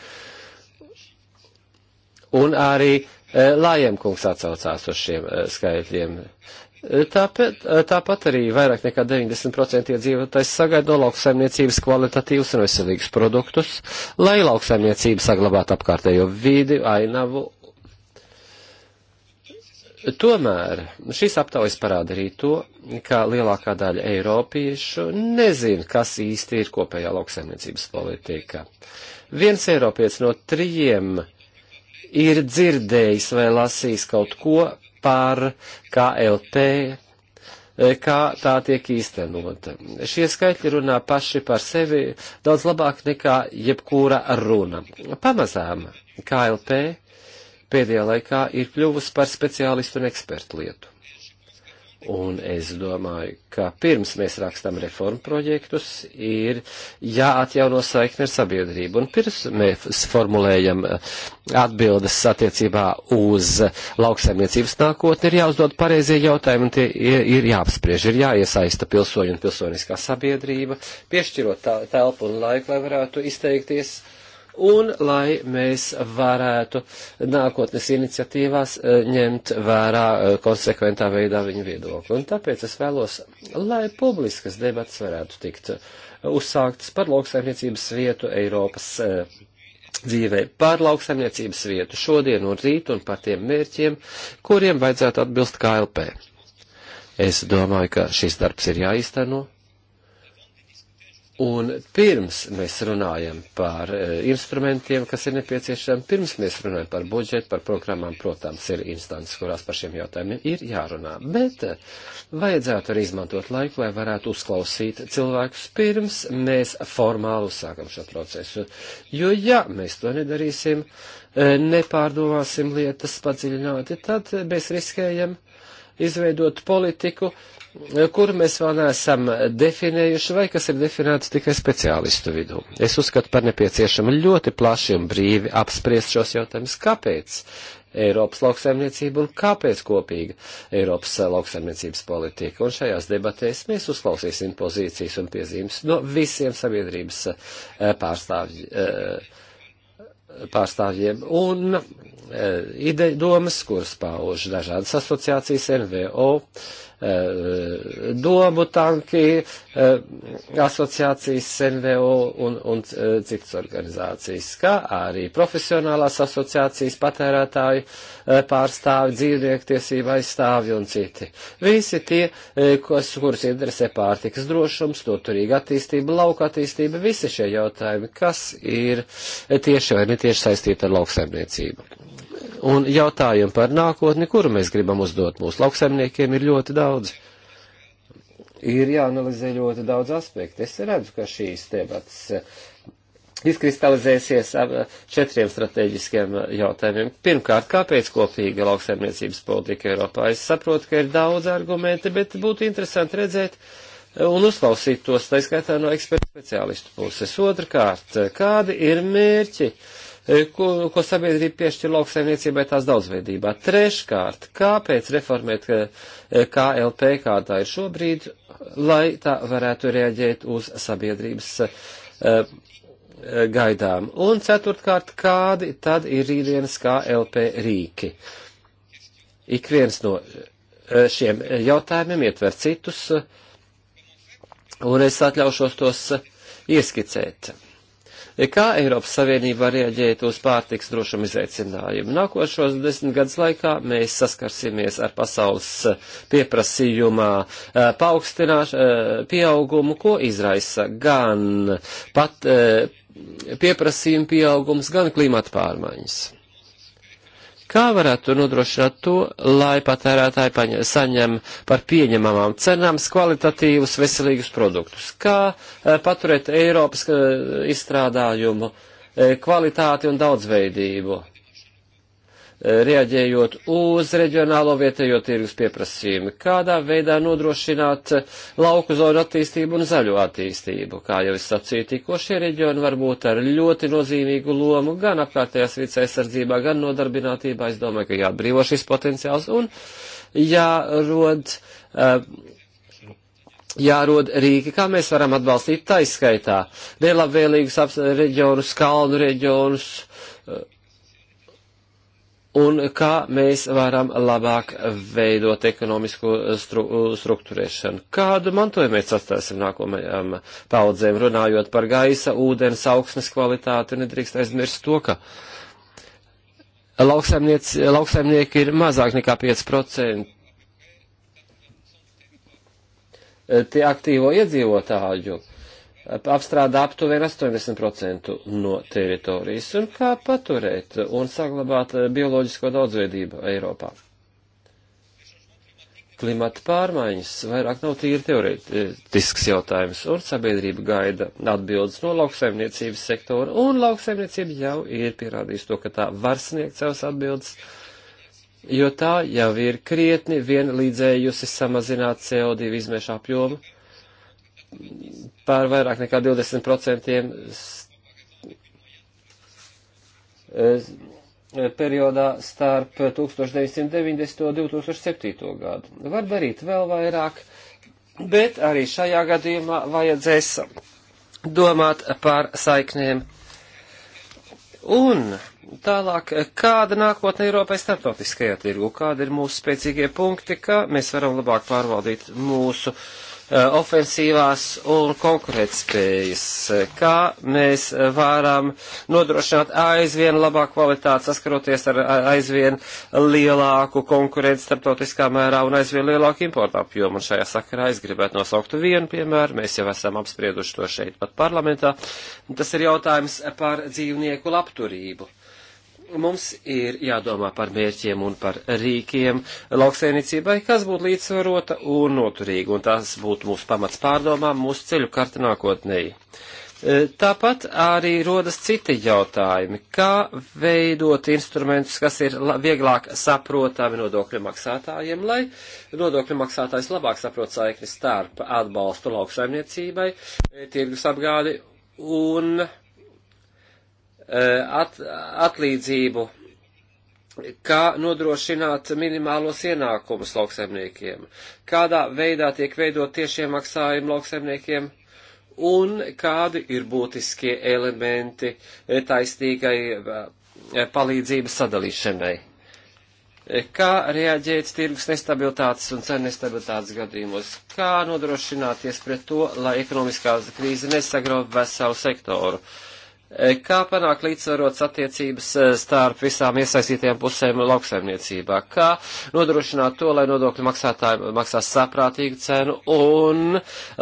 S1: un arī e, Lājemkungs atsaucās uz šiem e, skaitļiem. E, tāpēc, tāpat arī vairāk nekā 90% iedzīvotājs sagaida no lauksaimniecības kvalitatīvus un veselīgus produktus, lai lauksaimniecība saglabātu apkārtējo vidi, ainavu. Tomēr šīs aptaujas parāda arī to, ka lielākā daļa eiropiešu nezina, kas īsti ir kopējā lauksaimniecības politika. Viens eiropietis no trījiem uh, ir dzirdējis vai lasījis kaut ko par KLP, eh, kā tā tiek īstenota. Šie skaitļi runā paši par sevi daudz labāk nekā jebkura runa. Pamazām KLP pēdējā laikā ir kļuvusi par speciālistu un ekspertu lietu. Un es domāju, ka pirms mēs rakstam reformu projektus, ir jāatjauno saikni ar sabiedrību. Un pirms mēs formulējam eh, atbildes attiecībā uz lauksaimniecības nākotni, ir jāuzdod pareizie jautājumi, un tie ir jāapspriež, ir jāiesaista pilsoņu un pilsoniskā sabiedrība, piešķirot telpu un laiku, lai varētu izteikties un lai mēs varētu nākotnes iniciatīvās eh, ņemt vērā eh, konsekventā veidā viņa viedokli. Un tāpēc es vēlos, lai publiskas debats varētu tikt eh, uzsāktas par lauksaimniecības vietu Eiropas dzīvē par lauksaimniecības vietu šodien un rīt un par tiem mērķiem, kuriem vajadzētu atbilst KLP. Es domāju, ka šis darbs ir jāizteno, Un pirms mēs runājam par eh, instrumentiem, kas ir nepieciešami, pirms mēs runājam par budžetu, par programmām, protams, ir instances, kurās par šiem jautājumiem ir jārunā. Bet eh, vajadzētu arī izmantot laiku, lai varētu uzklausīt cilvēkus pirms mēs formāli uzsākam šo procesu. Jo ja mēs to nedarīsim, eh, nepārdomāsim lietas padziļināti, tad mēs riskējam izveidot politiku, uh, kur mēs vēl neesam definējuši, vai kas ir definēts tikai speciālistu vidū. Es uzskatu par nepieciešamu ļoti plaši un brīvi apspriest šos jautājumus, kāpēc Eiropas lauksaimniecība un kāpēc kopīga Eiropas lauksaimniecības politika. Un šajās debatēs mēs uzklausīsim pozīcijas un piezīmes no visiem sabiedrības eh, pārstāvji, eh, pārstāvjiem. Un Eh, ideja domas, kuras pauž dažādas asociācijas, NVO, eh, domu tanki, eh, asociācijas NVO un, un citas organizācijas, kā arī profesionālās asociācijas patērētāju pārstāvi, dzīvniektiesība aizstāvi un citi. Visi tie, kas, kurus interesē pārtikas drošums, noturīga attīstība, lauka attīstība, visi šie jautājumi, kas ir tieši vai netieši saistīti ar lauksaimniecību. Un jautājumu par nākotni, kuru mēs gribam uzdot mūsu lauksaimniekiem, ir ļoti daudz. Ir jāanalizē ļoti daudz aspektu. Es redzu, ka šīs debats eh, izkristalizēsies ar eh, četriem strateģiskiem eh, jautājumiem. Pirmkārt, kāpēc kopīga lauksaimniecības politika Eiropā? Es saprotu, ka ir daudz argumenti, bet būtu interesanti redzēt un uzklausīt tos, tā skaitā no ekspertu speciālistu puses. Otrakārt, kādi ir mērķi? Uh, Eh, ko, ko sabiedrība piešķir lauksaimniecībai tās daudzveidībā. Treškārt, kāpēc reformēt eh, KLP, kā tā ir šobrīd, lai tā varētu reaģēt uz sabiedrības uh, gaidām? Un ceturtkārt, kādi tad ir rītdienas KLP rīki? Ik viens no šiem jautājumiem ietver citus, un es atļaušos tos ieskicēt. Kā Eiropas Savienība var rieģēt uz pārtiks drošumu izaicinājumu? Nākošos desmit gadus laikā mēs saskarsimies ar pasaules eh, pieprasījumā eh, paaugstināšanu, eh, pieaugumu, ko izraisa gan pat pieprasījumu pieaugums, gan klimata pārmaiņas kā varētu nodrošināt to, lai patērētāji paņem, saņem par pieņemamām cenām kvalitatīvus, veselīgus produktus, kā e, paturēt Eiropas e, izstrādājumu e, kvalitāti un daudzveidību reaģējot uz reģionālo vietējo tirgus pieprasījumu, kādā veidā nodrošināt lauku zonu attīstību un zaļo attīstību. Kā jau es sacīju, tikko šie reģioni var būt ar ļoti nozīmīgu lomu gan apkārtējās vidas aizsardzībā, gan nodarbinātībā. Es domāju, ka jāatbrīvo šis potenciāls un jārod. Uh, jārod rīki, kā mēs varam atbalstīt taiskaitā nelabvēlīgus reģionus, kalnu reģionus, uh, un kā mēs varam labāk veidot ekonomisko stru, struktūrēšanu. Kādu mantojumu mēs atstāsim nākamajām paudzēm, runājot par gaisa, ūdens, augsnes kvalitāti, nedrīkst aizmirst to, ka lauksaimnieki ir mazāk nekā 5%. Tie aktīvo iedzīvotāju uh, apstrādā aptuveni 80% no teritorijas un kā paturēt un saglabāt bioloģisko daudzveidību Eiropā. Klimata pārmaiņas vairāk nav tīri teoretisks jautājums, un sabiedrība gaida atbildes no lauksaimniecības sektora, un lauksaimniecība jau ir pierādījusi to, ka tā var sniegt savas atbildes, jo tā jau ir krietni vienlīdzējusi samazināt CO2 izmešu apjomu par vairāk nekā 20% periodā starp 1990. un 2007. gadu. Var darīt vēl vairāk, bet arī šajā gadījumā vajadzēs domāt par saiknēm. Un tālāk, kāda nākotne Eiropai starptautiskajā tirgu, kādi ir mūsu spēcīgie punkti, kā mēs varam labāk pārvaldīt mūsu uh, Eh, ofensīvās un konkurētspējas, kā mēs varam nodrošināt aizvien labāku kvalitāti, saskaroties ar aizvien lielāku konkurenci starptautiskā mērā un aizvien lielāku importu apjomu. Un šajā sakarā es gribētu nosaukt vienu piemēru, mēs jau esam apsprieduši to šeit pat parlamentā. Tas ir jautājums par dzīvnieku labturību mums ir jādomā par mērķiem un par rīkiem lauksainicībai, kas būtu līdzsvarota un noturīga, un tas būtu mūsu pamats pārdomām, mūsu ceļu karta nākotnēji. E, tāpat arī rodas citi jautājumi, kā veidot instrumentus, kas ir vieglāk saprotami nodokļu maksātājiem, lai nodokļu maksātājs labāk saprot saikni starp atbalstu lauksaimniecībai, tirgus apgādi un uh, Eh, at, atlīdzību, kā nodrošināt minimālos ienākumus lauksaimniekiem, kādā veidā tiek veidot tiešie maksājumi lauksaimniekiem un kādi ir būtiskie elementi eh, taistīgai eh, palīdzības sadalīšanai. Kā reaģēt tirgus nestabilitātes un cenu nestabilitātes gadījumos? Kā nodrošināties pret to, lai ekonomiskā krīze nesagrauj veselu sektoru? Uh, Eh, kā panākt līdzsvarots attiecības eh, starp visām iesaistītajām pusēm lauksaimniecībā? Kā nodrošināt to, lai nodokļu maksātāji maksās saprātīgu cenu un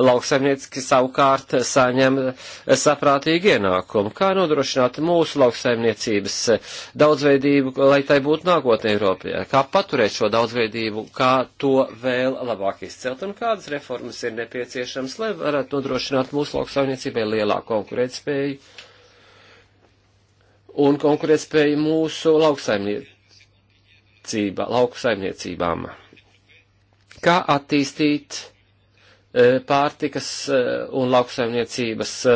S1: lauksaimnieki savukārt saņem eh, saprātīgu ienākumu? Kā nodrošināt mūsu lauksaimniecības daudzveidību, lai tai būtu nākotnē Eiropā? Kā paturēt šo daudzveidību, kā to vēl labāk izcelt un kādas reformas ir nepieciešams, lai varētu nodrošināt mūsu lauksaimniecībai lielāku konkurētspēju? un konkurētspēju mūsu lauksaimniecībā, lauksaimniecībām. Kā attīstīt e, pārtikas e, un lauksaimniecības e,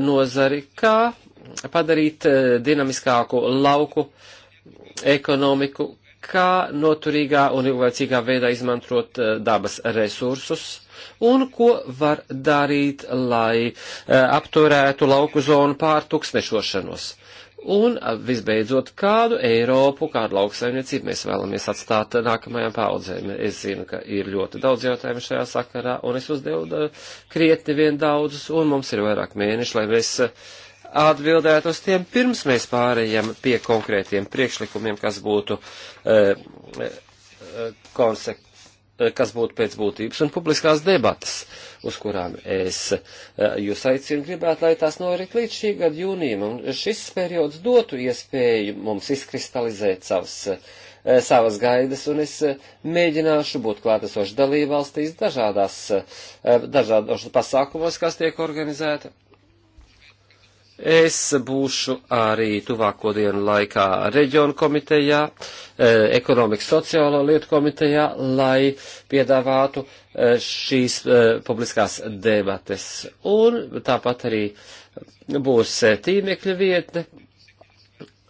S1: nozari, kā padarīt dinamiskāku lauku ekonomiku, kā noturīgā un ilglaicīgā veidā izmantot dabas resursus un ko var darīt, lai apturētu lauku zonu pārtuksnešošanos. Un visbeidzot, kādu Eiropu, kādu lauksaimniecību mēs vēlamies atstāt nākamajām paudzēm? Es zinu, ka ir ļoti daudz jautājumu šajā sakarā, un es uzdevu krietni vien daudzus, un mums ir vairāk mēneši, lai mēs atbildētu uz tiem, pirms mēs pārējām pie konkrētiem priekšlikumiem, kas būtu, eh, konsek, kas būtu pēc būtības un publiskās debatas. Eh, uz kurām es eh, jūs aicinu, gribētu, lai tās norit līdz šī gada jūnijam, un šis periods dotu iespēju mums izkristalizēt savas, eh, savas gaidas, un es eh, mēģināšu būt klātesoši dalībvalstīs dažādās, dažādos pasākumos, kas tiek organizēti Es būšu arī tuvāko dienu laikā reģionu komitejā, e, ekonomikas sociālo lietu komitejā, lai piedāvātu e, šīs e, publiskās debates. Un tāpat arī būs tīmekļa vietne,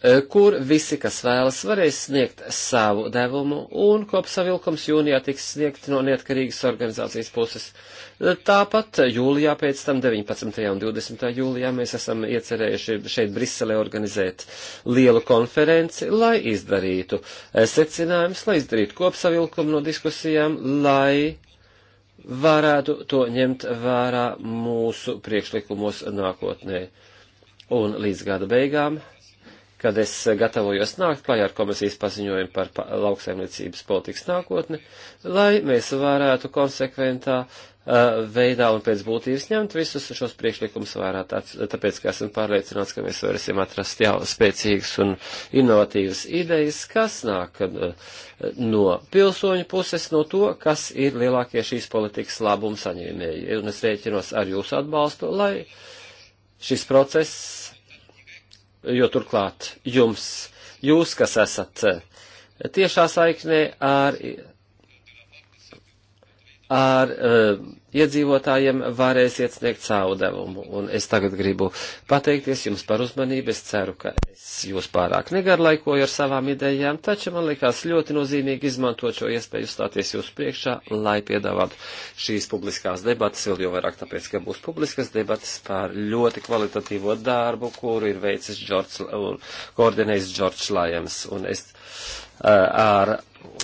S1: Eh, kur visi, kas vēlas, varēs sniegt savu devumu, un kopsavilkums jūnijā tiks sniegt no neatkarīgas organizācijas puses. Eh, tāpat jūlijā pēc tam 19. un 20. jūlijā mēs esam iecerējuši šeit Briselē organizēt lielu konferenci, lai izdarītu eh, secinājumus, lai izdarītu kopsavilkumu no diskusijām, lai varētu to ņemt vērā mūsu priekšlikumos nākotnē. Un līdz gada beigām kad es gatavojos nākt klajā ar komisijas paziņojumu par lauksaimniecības politikas nākotni, lai mēs varētu konsekventā uh, veidā un pēc būtības ņemt visus šos priekšlikumus vērā, tāpēc, ka esam pārliecināts, ka mēs varēsim atrast jau spēcīgas un inovatīvas idejas, kas nāk uh, no pilsoņu puses, no to, kas ir lielākie šīs politikas labumu saņēmēji. Un es rēķinos ar jūsu atbalstu, lai šis process jo turklāt jums, jūs, kas esat tiešā saiknē ar ar uh, iedzīvotājiem varēs iesniegt savu devumu. Un es tagad gribu pateikties jums par uzmanību. Es ceru, ka es jūs pārāk negarlaikoju ar savām idejām, taču man likās ļoti nozīmīgi izmantot šo iespēju stāties jūsu priekšā, lai piedāvātu šīs publiskās debatas, vēl jau vairāk tāpēc, ka būs publiskas debatas par ļoti kvalitatīvo darbu, kuru ir veicis Džordžs un koordinējis Džordžs Lajams. Un es Eh, ar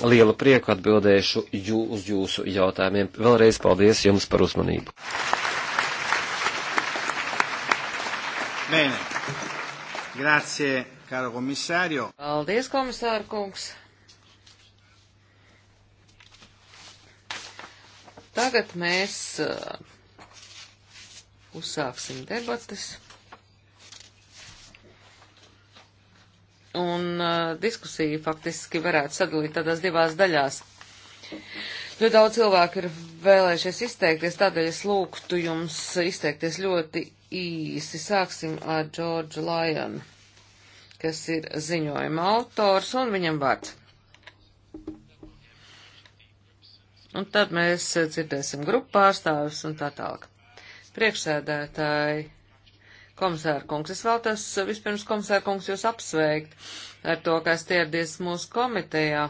S1: lielu prieku atbildēšu jū, uz jūsu jautājumiem. Vēlreiz paldies jums par uzmanību. Bene. Grazie, caro komisārio. Paldies,
S2: komisāra kungs. Tagad mēs uh, uzsāksim debatas. un uh, eh, diskusiju faktiski varētu sadalīt tādās divās daļās. Ļoti daudz cilvēku ir vēlējušies izteikties, tādēļ es lūgtu jums izteikties ļoti īsi. Sāksim ar Džordžu Lajonu, kas ir ziņojuma autors, un viņam vārds. Un tad mēs eh, dzirdēsim grupu pārstāvis un tā tālāk. Priekšsēdētāji, Komisārkungs, es vēltos eh, vispirms komisārkungs jūs apsveikt ar to, ka esat ieradies mūsu komitejā.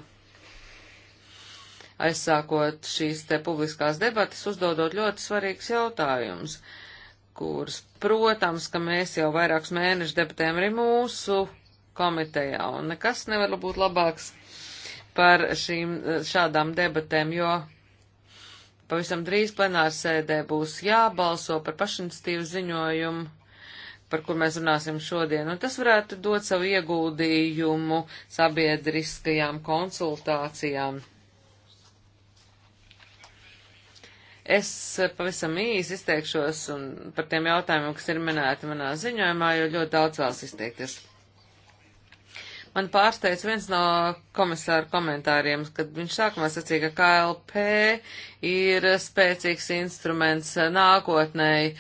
S2: Aizsākot šīs te publiskās debatas, uzdodot ļoti svarīgs jautājums, kurus, protams, ka mēs jau vairākus mēnešus debatējam arī mūsu komitejā, un nekas nevar būt labāks par šīm šādām debatēm, jo pavisam drīz plenārsēdē būs jābalso par pašinstīvu ziņojumu par kur mēs runāsim šodien, un tas varētu dot savu ieguldījumu sabiedriskajām konsultācijām. Es pavisam īsi izteikšos par tiem jautājumiem, kas ir minēti manā ziņojumā, jo ļoti daudz vēlas izteikties. Man pārsteidz viens no komisāra komentāriem, kad viņš sākumā sacīja, ka KLP ir spēcīgs instruments nākotnēji,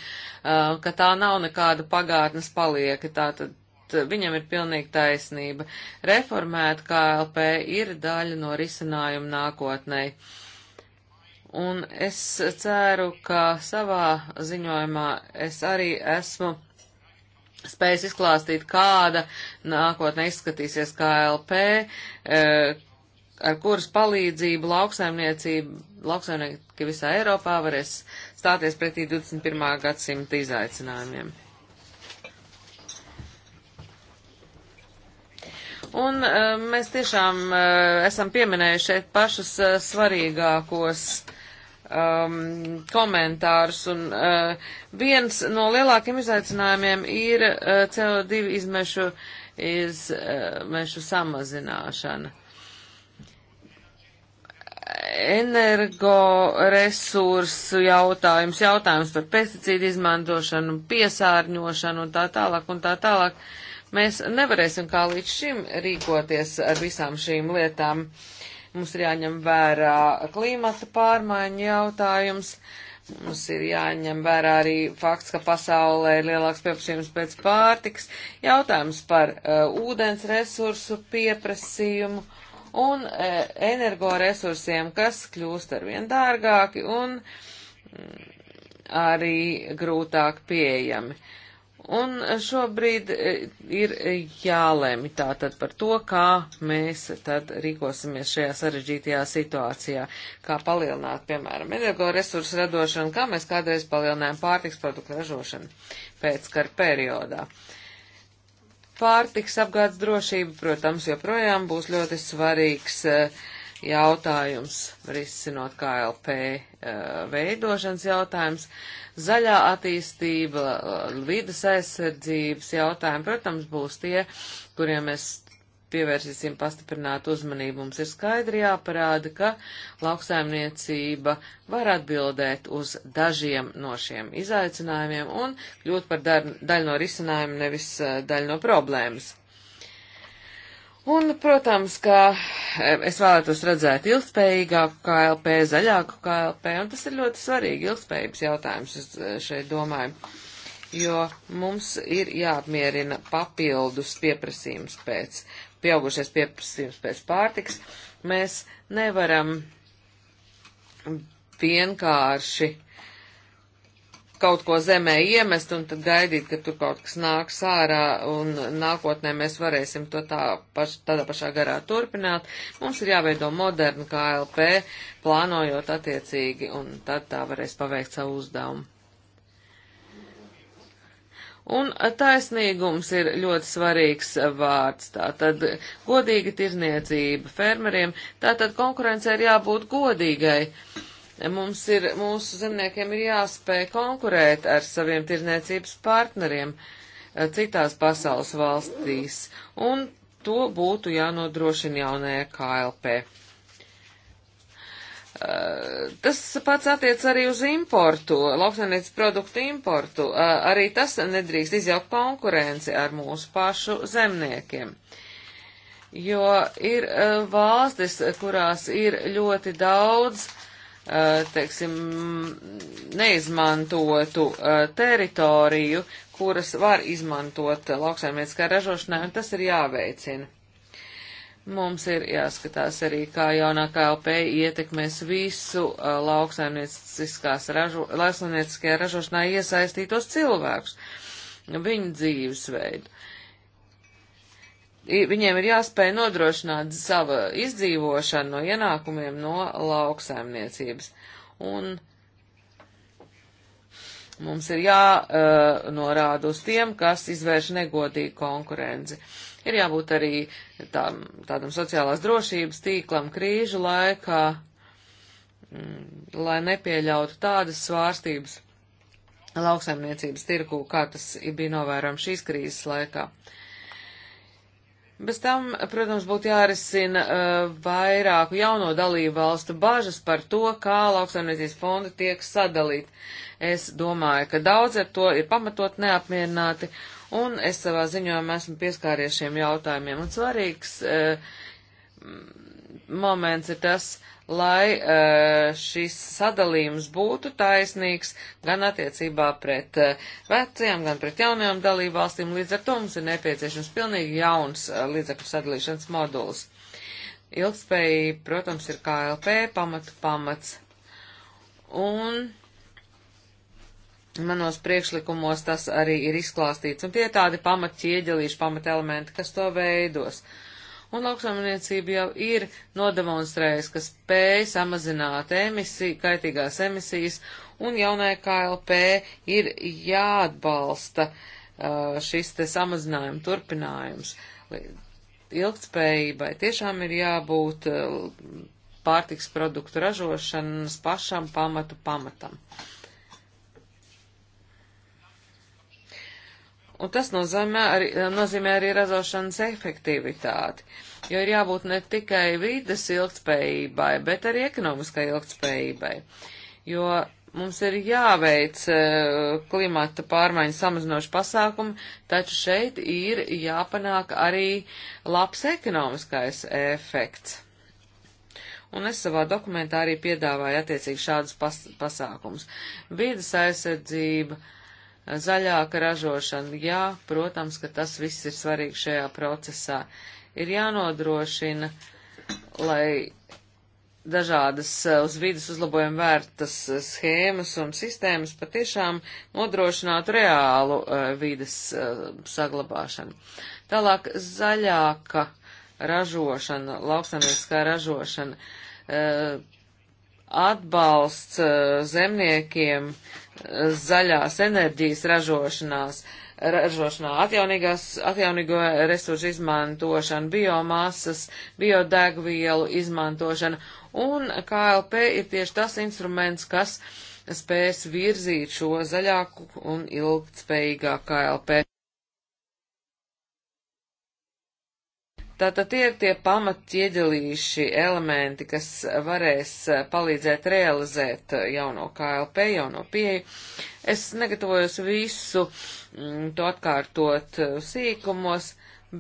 S2: ka tā nav nekāda pagātnes palieka. Tātad viņam ir pilnīgi taisnība. Reformēt KLP ir daļa no risinājuma nākotnē. Un es ceru, ka savā ziņojumā es arī esmu spējas izklāstīt, kāda nākotnē izskatīsies KLP, e, ar kuras palīdzību lauksaimniecība, lauksaimnieki visā Eiropā varēs stāties pretī 21. gadsimta izaicinājumiem. Un e, mēs tiešām e, esam pieminējuši šeit pašus svarīgākos uh, um, komentārus. Un uh, viens no lielākiem izaicinājumiem ir uh, CO2 izmešu, izmešu samazināšana. Energoresursu jautājums, jautājums par pesticīdu izmantošanu, piesārņošanu un tā tālāk un tā tālāk. Mēs nevarēsim kā līdz šim rīkoties ar visām šīm lietām. Uh, Mums ir jāņem vērā klimata pārmaiņu jautājums. Mums ir jāņem vērā arī fakts, ka pasaulē ir lielāks pieprasījums pēc pārtiks, jautājums par uh, ūdens resursu pieprasījumu un uh, energoresursiem, kas kļūst arvien dārgāki un mm, arī grūtāk pieejami. Uh, Un šobrīd e, ir e, jālēmi tātad par to, kā mēs tad rīkosimies šajā sarežģītajā situācijā, kā palielināt, piemēram, energoresursu radošanu, kā mēs kādreiz palielinājām pārtiks produktu ražošanu pēc kara periodā. Pārtiks apgādes drošība, protams, joprojām būs ļoti svarīgs uh, jautājums, risinot KLP eh, veidošanas jautājums, zaļā attīstība, eh, vidas aizsardzības jautājumi, protams, būs tie, kuriem mēs pievērsīsim pastiprinātu uzmanību. Mums ir skaidri jāparāda, ka lauksaimniecība var atbildēt uz dažiem no šiem izaicinājumiem un kļūt par daļu no risinājuma, nevis eh, daļu no problēmas. Un, protams, ka e, es vēlētos redzēt ilgspējīgāku KLP, zaļāku KLP, un tas ir ļoti svarīgi ilgspējības jautājums, es e, šeit domāju, jo mums ir jāapmierina papildus pieprasījums pēc, pieaugušais pieprasījums pēc pārtiks. Mēs nevaram vienkārši kaut ko zemē iemest un tad gaidīt, ka tur kaut kas nāks ārā un nākotnē mēs varēsim to tā paš, tādā pašā garā turpināt. Mums ir jāveido modernu KLP, plānojot attiecīgi, un tad tā varēs paveikt savu uzdevumu. Un taisnīgums ir ļoti svarīgs vārds. Tātad godīga tirniecība fermeriem, tātad konkurence ir jābūt godīgai. Uh, Mums ir, mūsu zemniekiem ir jāspēj konkurēt ar saviem tirniecības partneriem eh, citās pasaules valstīs, un to būtu jānodrošina jaunajā KLP. Eh, tas pats attiec arī uz importu, lauksaimniecības produktu importu. Eh, arī tas nedrīkst izjaukt konkurenci ar mūsu pašu zemniekiem. Jo ir valstis, kurās ir ļoti daudz uh, Eh, teiksim, neizmantotu eh, teritoriju, kuras var izmantot lauksaimnieciskā ražošanā, un tas ir jāveicina. Mums ir jāskatās arī, kā jaunā KLP ietekmēs visu eh, lauksaimnieciskajā ražošanā iesaistītos cilvēkus, viņu dzīvesveidu viņiem ir jāspēj nodrošināt savu izdzīvošanu no ienākumiem no lauksaimniecības. Un mums ir jānorāda uh, uz tiem, kas izvērš negodīgu konkurenci. Ir jābūt arī tā, tādam sociālās drošības tīklam krīžu laikā, mm, lai nepieļautu tādas svārstības lauksaimniecības tirku, kā tas bija novērojams šīs krīzes laikā. Uh, Bez tam, protams, būtu jārisina uh, vairāku jauno dalību valstu bažas par to, kā lauksaimniecības fondi tiek sadalīti. Es domāju, ka daudz ar to ir pamatot neapmierināti, un es savā ziņojumā esmu pieskāries šiem jautājumiem. Un svarīgs uh, moments ir tas, uh, lai e, šis sadalījums būtu taisnīgs gan attiecībā pret e, vecajām, gan pret jaunajām dalībvalstīm. Līdz ar to mums ir nepieciešams pilnīgi jauns e, līdzekļu sadalīšanas moduls. Ilgspēja, protams, ir KLP pamatu pamats. Un manos priekšlikumos tas arī ir izklāstīts, un tie tādi pamatķieģelīši, pamatelementi, kas to veidos. Uh, Un lauksaimniecība jau ir nodemonstrējusi, ka spēj samazināt emisiju, kaitīgās emisijas, un jaunai KLP ir jāatbalsta uh, šis te samazinājuma turpinājums. Ilgtspējībai tiešām ir jābūt uh, pārtiks produktu ražošanas pašam pamatu pamatam. Un tas nozīmē arī, nozīmē arī ražošanas efektivitāti, jo ir jābūt ne tikai vidas ilgtspējībai, bet arī ekonomiskai ilgtspējībai. Jo mums ir jāveic e, klimata pārmaiņu samazinoši pasākumi, taču šeit ir jāpanāk arī labs ekonomiskais efekts. Un es savā dokumentā arī piedāvāju attiecīgi šādus pas pasākumus. Vīdas aizsardzība, uh, zaļāka ražošana, jā, protams, ka tas viss ir svarīgi šajā procesā. Ir jānodrošina, lai dažādas eh, uz vidas uzlabojumu vērtas eh, schēmas un sistēmas patiešām nodrošinātu reālu uh, vidas uh, saglabāšanu. Tālāk zaļāka ražošana, lauksamnieciskā ražošana. Uh, atbalsts eh, zemniekiem eh, zaļās enerģijas ražošanās, ražošanā atjaunīgās, atjaunīgo resursu izmantošana, biomasas, biodegvielu izmantošana, un KLP ir tieši tas instruments, kas spēs virzīt šo zaļāku un ilgtspējīgāku KLP. Tātad tie ir tie pamatieģelīši elementi, kas varēs eh, palīdzēt realizēt eh, jauno KLP, jauno pieeju. Es negatavojos visu mm, to atkārtot eh, sīkumos,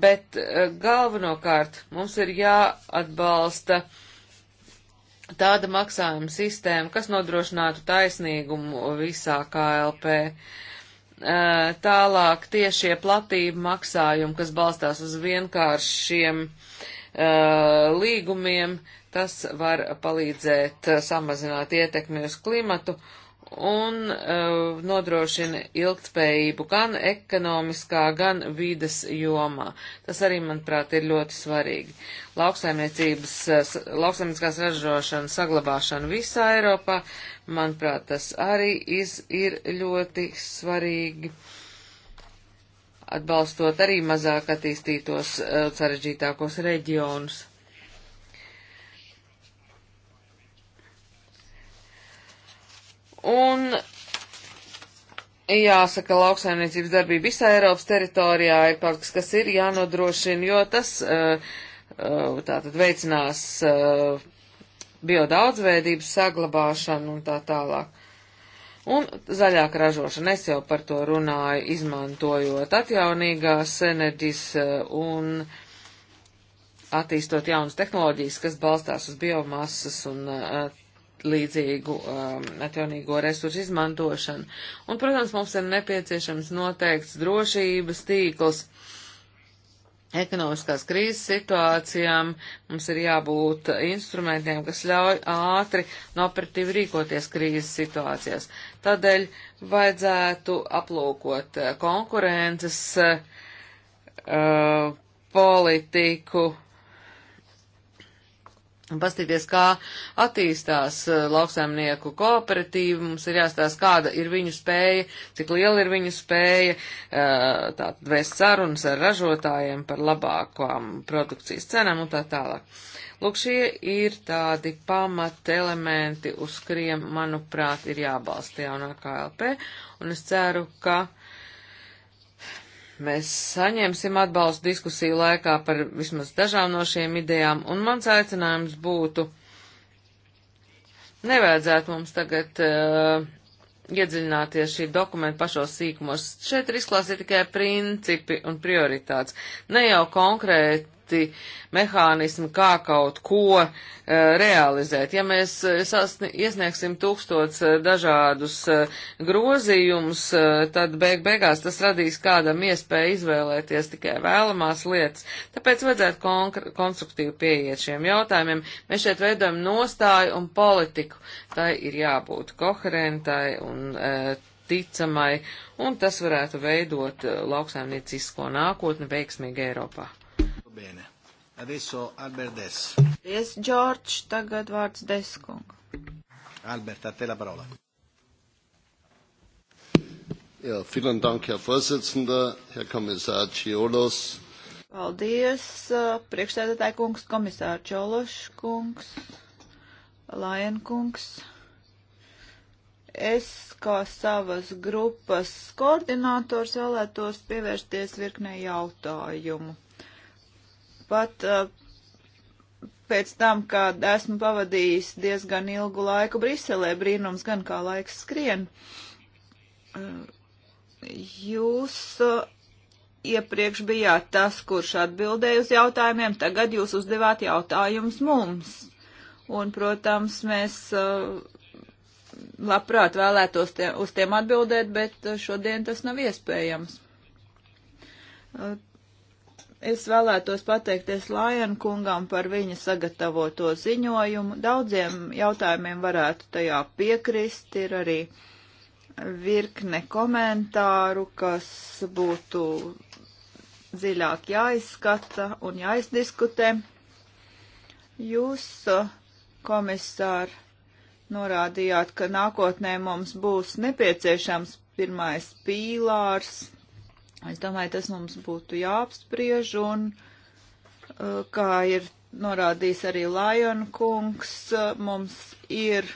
S2: bet galvenokārt mums ir jāatbalsta tāda maksājuma sistēma, kas nodrošinātu taisnīgumu visā KLP. Uh, Eh, tālāk tiešie platība maksājumi, kas balstās uz vienkāršiem uh, līgumiem, tas var palīdzēt eh, samazināt ietekmi uz klimatu un uh, nodrošina ilgtspējību gan ekonomiskā, gan vides jomā. Tas arī, manuprāt, ir ļoti svarīgi. Lauksaimniecības, uh, lauksaimnieciskās ražošanas saglabāšana visā Eiropā, manuprāt, tas arī iz, ir ļoti svarīgi atbalstot arī mazāk attīstītos uh, sarežģītākos reģionus. Un jāsaka, lauksaimniecības darbība visā Eiropas teritorijā ir kaut kas, kas ir jānodrošina, jo tas uh, eh, uh, eh, tātad veicinās uh, biodaudzveidības saglabāšanu un tā tālāk. Un zaļāk ražošana, es jau par to runāju, izmantojot atjaunīgās enerģijas un attīstot jaunas tehnoloģijas, kas balstās uz biomasas un uh, līdzīgu um, atjaunīgo resursu izmantošanu. Un, protams, mums ir nepieciešams noteikts drošības tīkls. Ekonomiskās krīzes situācijām mums ir jābūt instrumentiem, kas ļauj ātri un operatīvi rīkoties krīzes situācijās. Tādēļ vajadzētu aplūkot uh, konkurences uh, politiku, Un paskatīties, kā attīstās eh, lauksaimnieku kooperatīva, mums ir jāstāsta, kāda ir viņu spēja, cik liela ir viņu spēja, eh, tātad vēst sarunas ar ražotājiem par labākām produkcijas cenām un tā tālāk. Lūk, šie ir tādi pamata elementi, uz kuriem, manuprāt, ir jābalsta jaunā KLP, un es ceru, ka Mēs saņemsim atbalstu diskusiju laikā par vismaz dažām no šiem idejām, un mans aicinājums būtu, nevajadzētu mums tagad uh, iedziļināties šī dokumenta pašos sīkumos. Šeit ir izklāstīti tikai principi un prioritātes, ne jau konkrēti citi mehānismi, kā kaut ko uh, realizēt. Ja mēs eh, sasni, iesniegsim tūkstots eh, dažādus uh, grozījumus, uh, tad beig beigās tas radīs kādam iespēju izvēlēties tikai vēlamās lietas. Tāpēc vajadzētu konstruktīvi pieiet šiem jautājumiem. Mēs šeit veidojam nostāju un politiku. Tai ir jābūt koherentai un ticamai, un tas varētu veidot lauksaimniecisko nākotni veiksmīgi Eiropā.
S1: Bene. Adesso Albert Dess.
S3: Yes, George, tagad vārds Deskung.
S1: Albert, a te la parola. Ja, vielen Dank, Herr Vorsitzender, Herr Kommissar Ciolos.
S3: Paldies, priekšsēdētāji kungs, komisār Čološ kungs, Lajen kungs es kā savas grupas koordinators vēlētos pievērsties virknei jautājumu pat uh, pēc tam, kad esmu pavadījis diezgan ilgu laiku Briselē, brīnums gan kā laiks skrien. Uh, jūs uh, iepriekš bijāt tas, kurš atbildēja uz jautājumiem, tagad jūs uzdevāt jautājumus mums. Un, protams, mēs uh, labprāt vēlētos tie, uz tiem atbildēt, bet šodien tas nav iespējams. Es vēlētos pateikties Lajana kungam par viņa sagatavoto ziņojumu. Daudziem jautājumiem varētu tajā piekrist. Ir arī virkne komentāru, kas būtu dziļāk jāizskata un jāizdiskutē. Jūs, komisār, norādījāt, ka nākotnē mums būs nepieciešams pirmais pīlārs Es domāju, tas mums būtu jāapspriež un, uh, kā ir norādījis arī Lajona kungs, uh, mums ir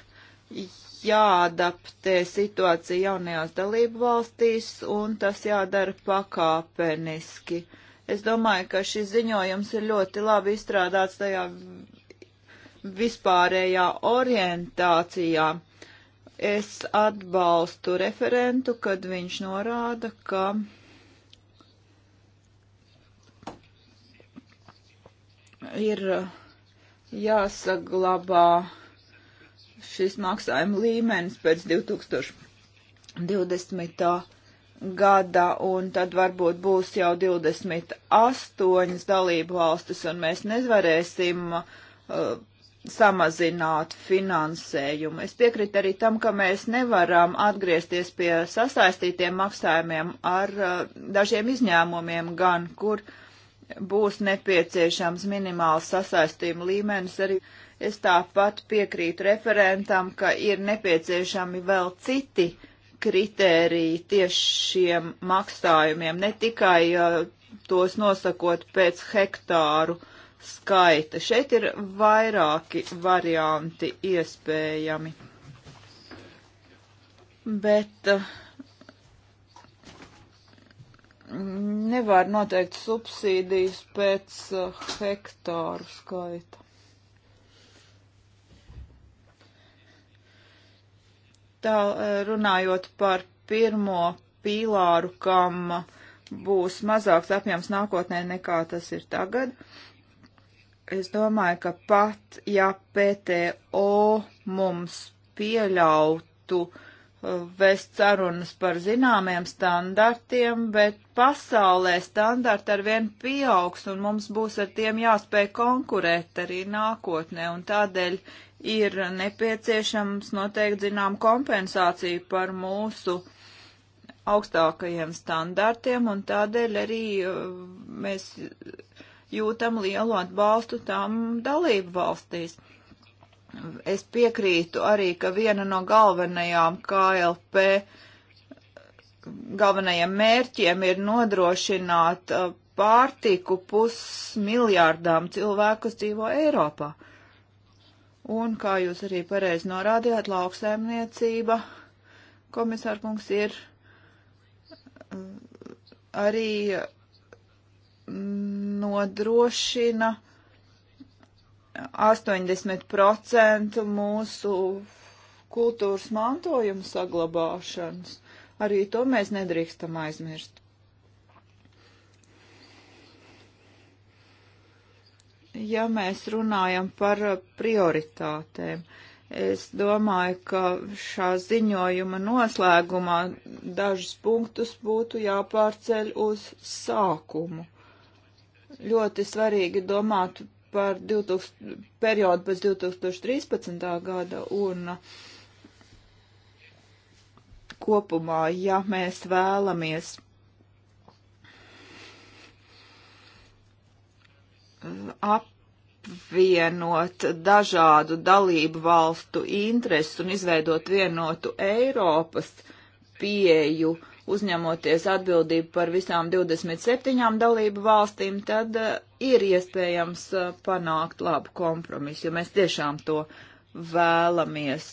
S3: jāadaptē situācija jaunajās dalību valstīs un tas jādara pakāpeniski. Es domāju, ka šis ziņojums ir ļoti labi izstrādāts tajā vispārējā orientācijā. Es atbalstu referentu, kad viņš norāda, ka ir uh, jāsaglabā šis maksājuma līmenis pēc 2020. gada, un tad varbūt būs jau 28 dalību valstis, un mēs nevarēsim uh, samazināt finansējumu. Es piekrītu arī tam, ka mēs nevaram atgriezties pie sasaistītiem maksājumiem ar uh, dažiem izņēmumiem gan, kur uh, būs nepieciešams minimāls sasaistījuma līmenis. Arī es tāpat piekrītu referentam, ka ir nepieciešami vēl citi kritēriji tieši šiem maksājumiem, ne tikai uh, tos nosakot pēc hektāru skaita. Šeit ir vairāki varianti iespējami. Bet uh, nevar noteikt subsīdijas pēc uh, hektāru skaita. Tā uh, runājot par pirmo pīlāru, kam būs mazāks apjoms nākotnē nekā tas ir tagad, es domāju, ka pat ja PTO mums pieļautu uh, vest sarunas par zināmiem standartiem, bet pasaulē standarti ar vien pieaugs un mums būs ar tiem jāspēj konkurēt arī nākotnē un tādēļ ir nepieciešams noteikti zinām kompensācija par mūsu augstākajiem standartiem un tādēļ arī uh, mēs jūtam lielu atbalstu tam dalību valstīs. Es piekrītu arī, ka viena no galvenajām KLP galvenajiem mērķiem ir nodrošināt uh, pārtiku pusmiljārdām cilvēku, kas dzīvo Eiropā. Un, kā jūs arī pareizi norādījāt, lauksēmniecība, komisārkungs, ir uh, arī mm, nodrošina uh, 80% mūsu kultūras mantojuma saglabāšanas. Arī to mēs nedrīkstam aizmirst. Ja mēs runājam par prioritātēm, es domāju, ka šā ziņojuma noslēgumā dažus punktus būtu jāpārceļ uz sākumu. Ļoti svarīgi domāt par 2000, periodu pēc 2013. gada un kopumā, ja mēs vēlamies uh, apvienot dažādu dalību valstu intereses un izveidot vienotu Eiropas pieju, uzņemoties atbildību par visām 27 dalību valstīm, tad uh, ir iespējams uh, panākt labu kompromisu, jo mēs tiešām to vēlamies.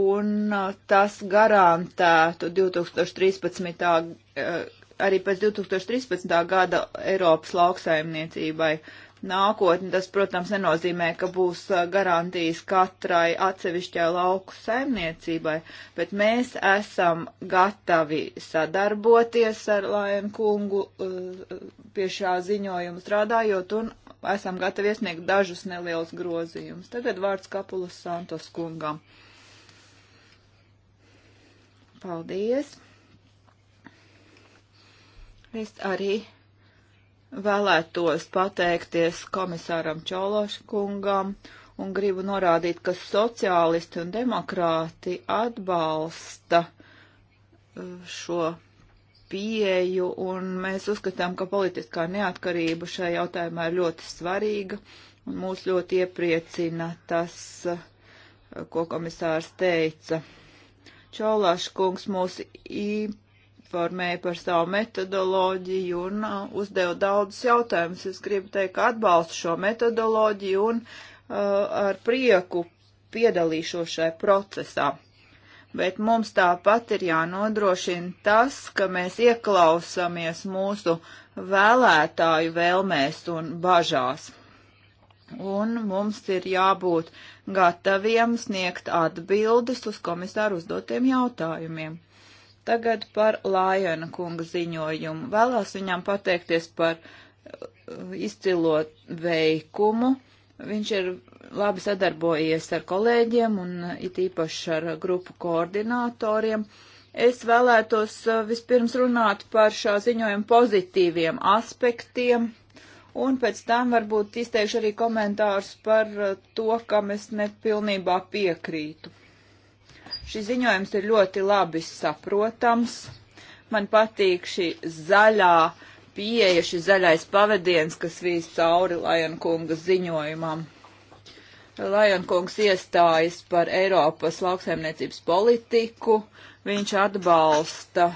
S3: Un uh, tas garantētu 2013. Uh, arī pēc 2013. gada Eiropas lauksaimniecībai nākotni. Tas, protams, nenozīmē, ka būs uh, garantijas katrai atsevišķai lauku saimniecībai, bet mēs esam gatavi sadarboties ar Lainu kungu uh, pie šā ziņojuma strādājot un esam gatavi iesniegt dažus nelielus grozījumus. Tagad vārds Kapulas Santos kungam. Paldies! Es arī vēlētos pateikties komisāram Čološkungam un gribu norādīt, ka sociālisti un demokrāti atbalsta uh, šo pieeju un mēs uzskatām, ka politiskā neatkarība šajā jautājumā ir ļoti svarīga un mūs ļoti iepriecina tas, uh, ko komisārs teica. Čaulāškungs mūs īpaši informēja par savu metodoloģiju un uh, uzdeva daudzus jautājumus. Es gribu teikt, ka atbalstu šo metodoloģiju un uh, ar prieku piedalīšos šajā procesā. Bet mums tāpat ir jānodrošina tas, ka mēs ieklausāmies mūsu vēlētāju vēlmēs un bažās. Un mums ir jābūt gataviem sniegt atbildes uz komisāru uzdotiem jautājumiem. Tagad par Lajona kunga ziņojumu. Vēlos viņam pateikties par uh, izcilo veikumu. Viņš ir labi sadarbojies ar kolēģiem un uh, it īpaši ar grupu koordinatoriem. Es vēlētos uh, vispirms runāt par šā ziņojuma pozitīviem aspektiem, un pēc tam varbūt izteikšu arī komentārus par to, kam es nepilnībā piekrītu. Šis ziņojums ir ļoti labi saprotams. Man patīk šī zaļā pieeja, šis zaļais pavadiens, kas vīz cauri Lajankunga ziņojumam. Lajankungs iestājas par Eiropas lauksaimniecības politiku, viņš atbalsta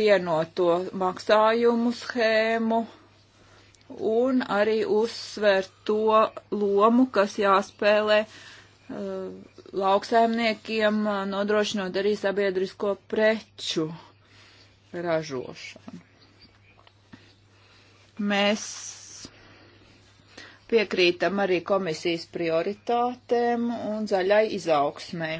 S3: vienoto maksājumu schēmu un arī uzsver to lomu, kas jāspēlē uh, lauksaimniekiem nodrošinot arī sabiedrisko preču ražošanu. Mēs piekrītam arī komisijas prioritātēm un zaļai izaugsmē.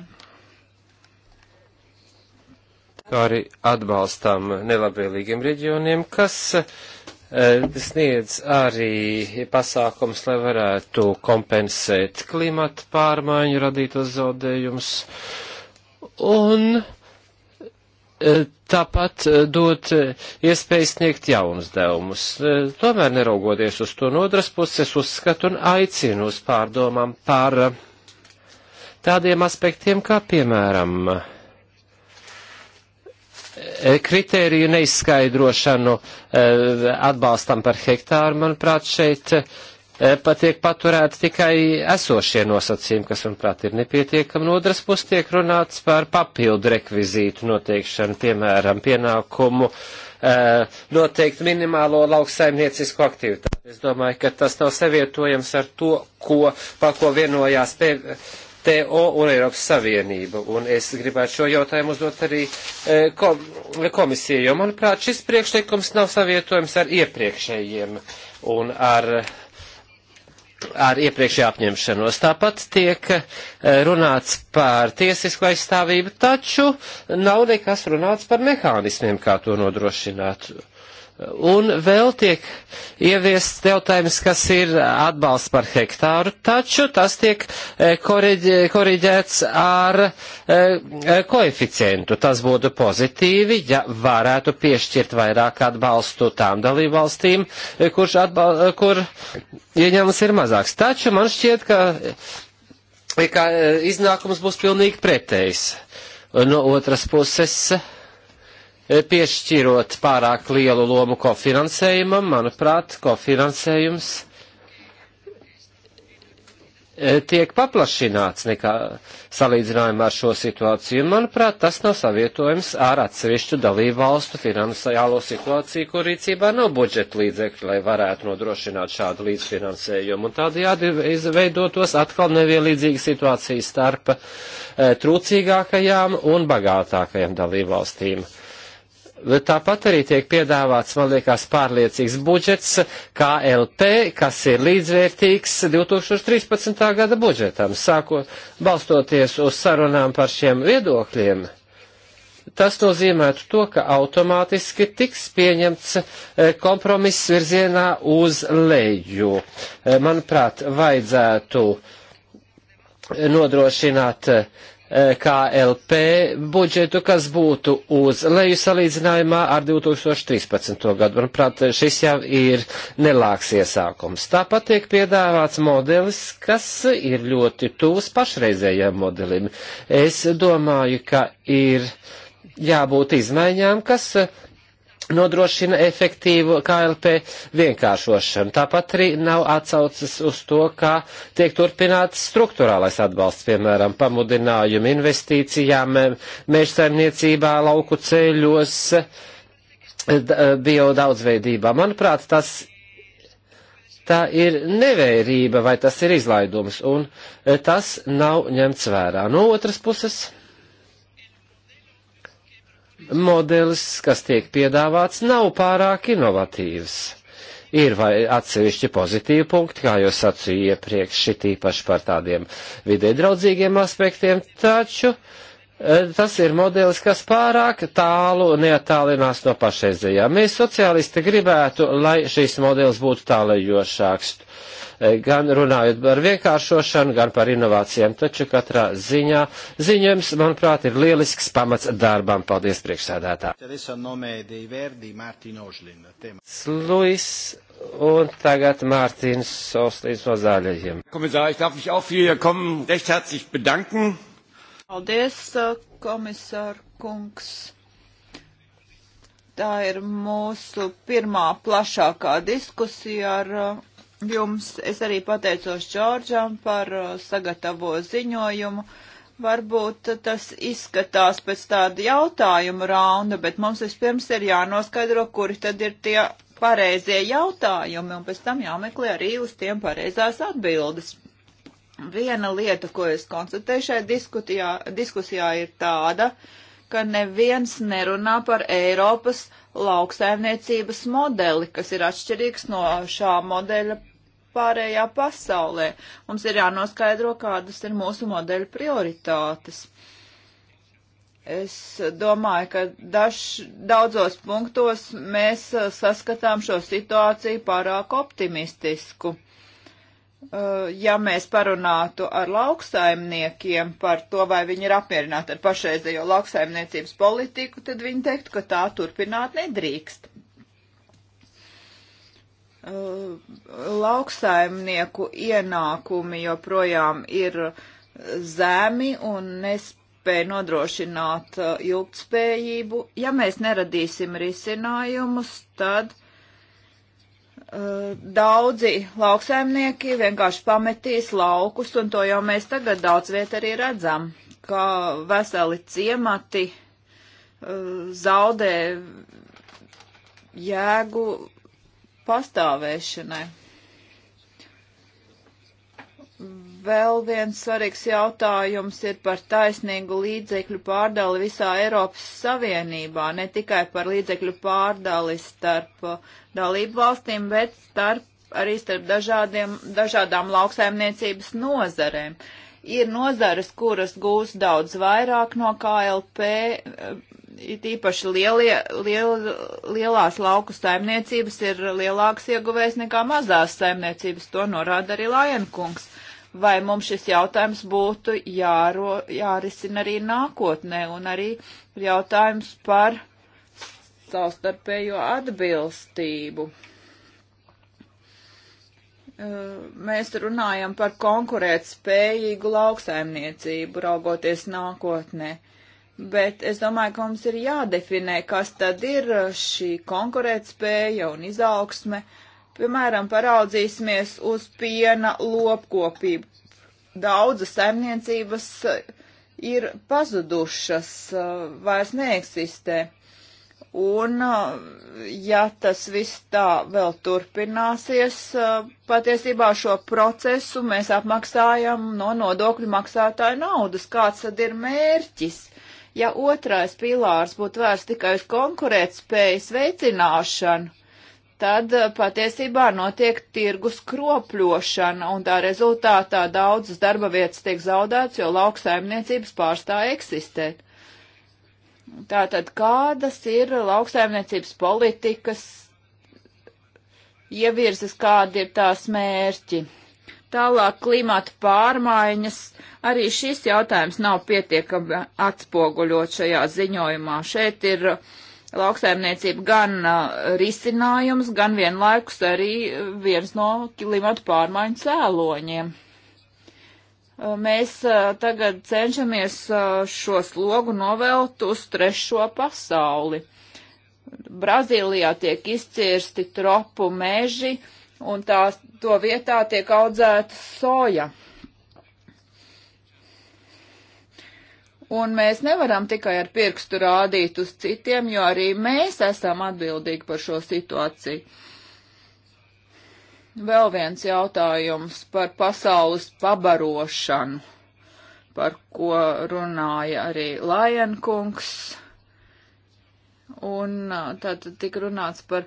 S1: Kā arī atbalstām nelabvēlīgiem reģioniem, kas uh, Eh, sniedz arī pasākums, lai varētu kompensēt klimata pārmaiņu radītos zaudējumus. Un eh, tāpat eh, dot iespēju sniegt jaunus devumus. Tomēr, neraugoties uz to no otras puses, uzskatu un aicinu uz pārdomām par tādiem aspektiem, kā piemēram, Eh, kritēriju neizskaidrošanu eh, atbalstam par hektāru, manuprāt, šeit eh, pat tiek paturēti tikai esošie nosacījumi, kas, manuprāt, ir nepietiekami. No otras puses tiek runāts par papildu rekvizītu noteikšanu, piemēram, pienākumu noteikt minimālo lauksaimniecisko aktivitāti. Es domāju, ka tas nav savietojams ar to, ko, par ko vienojās pie, PTO un Eiropas Savienību. Un es gribētu šo jautājumu uzdot arī e, komisijai, jo, manuprāt, šis priekšlikums nav savietojams ar iepriekšējiem un ar, ar iepriekšēju apņemšanos. Tāpat tiek e, runāts par tiesisku aizstāvību, taču nav nekas runāts par mehānismiem, kā to nodrošināt. Un vēl tiek ieviests jautājums, kas ir atbalsts par hektāru, taču tas tiek e, koriģēts ar e, e, koeficientu. Tas būtu pozitīvi, ja varētu piešķirt vairāk atbalstu tām dalībvalstīm, kurš atbal, kur ieņēmums ir mazāks. Taču man šķiet, ka, ka iznākums būs pilnīgi pretējs. No otras puses. Eh, piešķirot pārāk lielu lomu kofinansējumam, manuprāt, kofinansējums eh, tiek paplašināts nekā salīdzinājumā ar šo situāciju. Manuprāt, tas nav savietojams ar atsevišķu dalību valstu finansiālo situāciju, kur rīcībā nav budžeta līdzekļi, lai varētu nodrošināt šādu līdzfinansējumu. Un tādējādi izveidotos atkal nevienlīdzīga situācija starp e, trūcīgākajām un bagātākajām dalību valstīm. E, Tāpat arī tiek piedāvāts, man liekas, pārliecīgs budžets KLP, kas ir līdzvērtīgs 2013. gada budžetam, sākot balstoties uz sarunām par šiem viedokļiem. Tas nozīmētu to, ka automātiski tiks pieņemts e, kompromiss virzienā uz leju. E, manuprāt, vajadzētu nodrošināt uh, Eh, KLP budžetu, kas būtu uz leju salīdzinājumā ar 2013. gadu. Manuprāt, šis jau ir nelāks iesākums. Tāpat tiek piedāvāts modelis, kas ir ļoti tūs pašreizējiem modelim. Es domāju, ka ir jābūt izmaiņām, kas nodrošina efektīvu KLP vienkāršošanu. Tāpat arī nav atsaucas uz to, kā tiek turpināts struktūrālais atbalsts, piemēram, pamudinājumu investīcijām, mežsaimniecībā, lauku ceļos, eh, bio daudzveidībā. Manuprāt, tas tā ir nevērība vai tas ir izlaidums, un eh, tas nav ņemts vērā. No otras puses modelis, kas tiek piedāvāts, nav pārāk inovatīvs. Ir vai atsevišķi pozitīvi punkti, kā jau sacīju iepriekš, šit īpaši par tādiem vidē draudzīgiem aspektiem, taču e, tas ir modelis, kas pārāk tālu neatālinās no pašreizējā. Mēs sociālisti gribētu, lai šīs modelis būtu tālajošāks gan runājot par vienkāršošanu, gan par inovācijām. Taču katrā ziņā ziņojums, manuprāt, ir lielisks pamats darbam. Paldies, priekšsēdētā. Sluis un tagad Mārtiņš Oslīns no Zāļajiem.
S3: Paldies, uh, komisār kungs. Tā ir mūsu pirmā plašākā diskusija ar uh, jums. Es arī pateicos Čorģam par uh, sagatavo ziņojumu. Varbūt tas izskatās pēc tāda jautājuma raunda, bet mums vispirms ir jānoskaidro, kuri tad ir tie pareizie jautājumi, un pēc tam jāmeklē arī uz tiem pareizās atbildes. Viena lieta, ko es konstatēju šajā diskutijā, diskusijā, ir tāda, ka neviens nerunā par Eiropas lauksaimniecības modeli, kas ir atšķirīgs no šā modeļa pārējā pasaulē. Mums ir jānoskaidro, kādas ir mūsu modeļu prioritātes. Es domāju, ka daž, daudzos punktos mēs uh, saskatām šo situāciju pārāk optimistisku. Uh, ja mēs parunātu ar lauksaimniekiem par to, vai viņi ir apmierināti ar pašreizējo lauksaimniecības politiku, tad viņi teiktu, ka tā turpināt nedrīkst. Uh, lauksaimnieku ienākumi joprojām ir zemi un nespēja nodrošināt uh, ilgtspējību. Ja mēs neradīsim risinājumus, tad uh, daudzi lauksaimnieki vienkārši pametīs laukus, un to jau mēs tagad daudz viet arī redzam, kā veseli ciemati uh, zaudē jēgu pastāvēšanai. Vēl viens svarīgs jautājums ir par taisnīgu līdzekļu pārdali visā Eiropas Savienībā, ne tikai par līdzekļu pārdali starp dalību valstīm, bet starp, arī starp dažādiem, dažādām lauksaimniecības nozarēm. Ir nozares, kuras gūs daudz vairāk no KLP it īpaši lielie, liel, lielās lauku saimniecības ir lielāks ieguvējs nekā mazās saimniecības, to norāda arī Lajenkungs. Vai mums šis jautājums būtu jāro, jārisina arī nākotnē un arī jautājums par savstarpējo atbilstību? Mēs runājam par konkurēt spējīgu lauksaimniecību, raugoties nākotnē bet es domāju, ka mums ir jādefinē, kas tad ir uh, šī konkurētspēja un izaugsme. Piemēram, paraudzīsimies uz piena lopkopību. Daudzas saimniecības uh, ir pazudušas, uh, vairs neeksistē. Un, ja tas viss tā vēl turpināsies, patiesībā šo procesu mēs apmaksājam no nodokļu maksātāju naudas. Kāds tad ir mērķis? Ja otrais pilārs būtu vērsts tikai uz konkurētspējas veicināšanu, tad eh, patiesībā notiek tirgus kropļošana, un tā rezultātā daudzas darba vietas tiek zaudētas, jo lauksaimniecības pārstāja eksistēt. Tātad kādas ir lauksaimniecības politikas ievirzes, kādi ir tās mērķi? Tālāk klimata pārmaiņas. Arī šis jautājums nav pietiekami atspoguļot šajā ziņojumā. Šeit ir uh, lauksaimniecība gan uh, risinājums, gan vienlaikus arī viens no klimata pārmaiņu cēloņiem. Uh, mēs tagad cenšamies šo slogu novelt uz trešo pasauli. Brazīlijā tiek izcirsti tropu meži, uh, un tā, to vietā tiek audzēta soja. Un mēs nevaram tikai ar pirkstu rādīt uz citiem, jo arī mēs esam atbildīgi par šo situāciju. Vēl viens jautājums par pasaules pabarošanu, par ko runāja arī Lajankungs. Un tad tika runāts par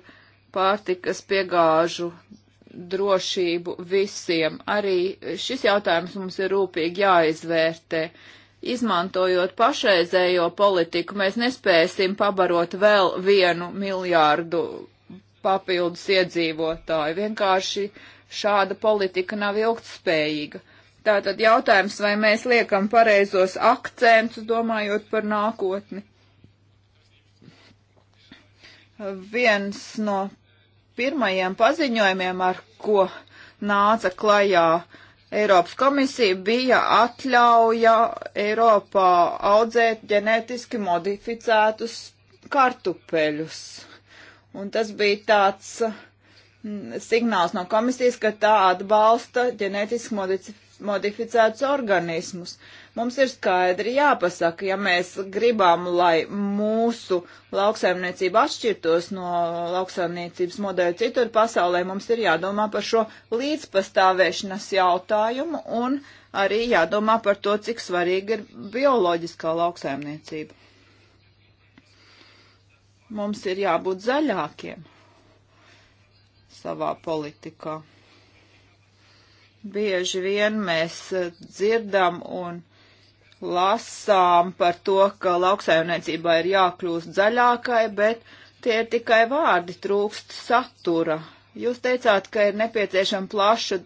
S3: pārtikas piegāžu drošību visiem. Arī šis jautājums mums ir rūpīgi jāizvērtē. Izmantojot pašreizējo politiku, mēs nespēsim pabarot vēl vienu miljārdu papildus iedzīvotāju. Vienkārši šāda politika nav ilgtspējīga. Tātad jautājums, vai mēs liekam pareizos akcentus, domājot par nākotni. Viens no pirmajiem paziņojumiem, ar ko nāca klajā Eiropas komisija, bija atļauja Eiropā audzēt ģenētiski modificētus kartupeļus. Un tas bija tāds mm, signāls no komisijas, ka tā atbalsta ģenētiski modificētus organismus. Uh, Mums ir skaidri jāpasaka, ja mēs gribam, lai mūsu lauksaimniecība atšķirtos no lauksaimniecības modeļa citur pasaulē, mums ir jādomā par šo līdzpastāvēšanas jautājumu un arī jādomā par to, cik svarīga ir bioloģiskā lauksaimniecība. Mums ir jābūt zaļākiem savā politikā bieži vien mēs eh, dzirdam un lasām par to, ka lauksaimniecībā ir jākļūst zaļākai, bet tie ir tikai vārdi, trūkst satura. Jūs teicāt, ka ir nepieciešama plaša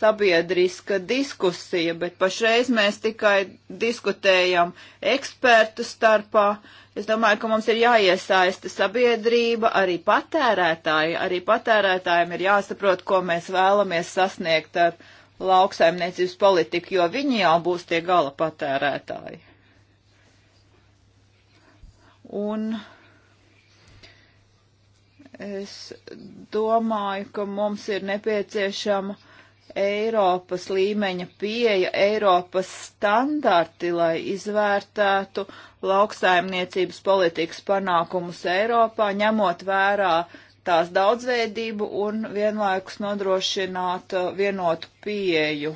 S3: sabiedriska diskusija, bet pašreiz mēs tikai diskutējam ekspertu starpā. Es domāju, ka mums ir jāiesaista sabiedrība, arī patērētāji. Arī patērētājiem ir jāsaprot, ko mēs vēlamies sasniegt ar lauksaimniecības politiku, jo viņi jau būs tie gala patērētāji. Un es domāju, ka mums ir nepieciešama Eiropas līmeņa pieeja, Eiropas standarti, lai izvērtētu lauksaimniecības politikas panākumus Eiropā, ņemot vērā uh, tās daudzveidību un vienlaikus nodrošināt uh, vienotu pieeju.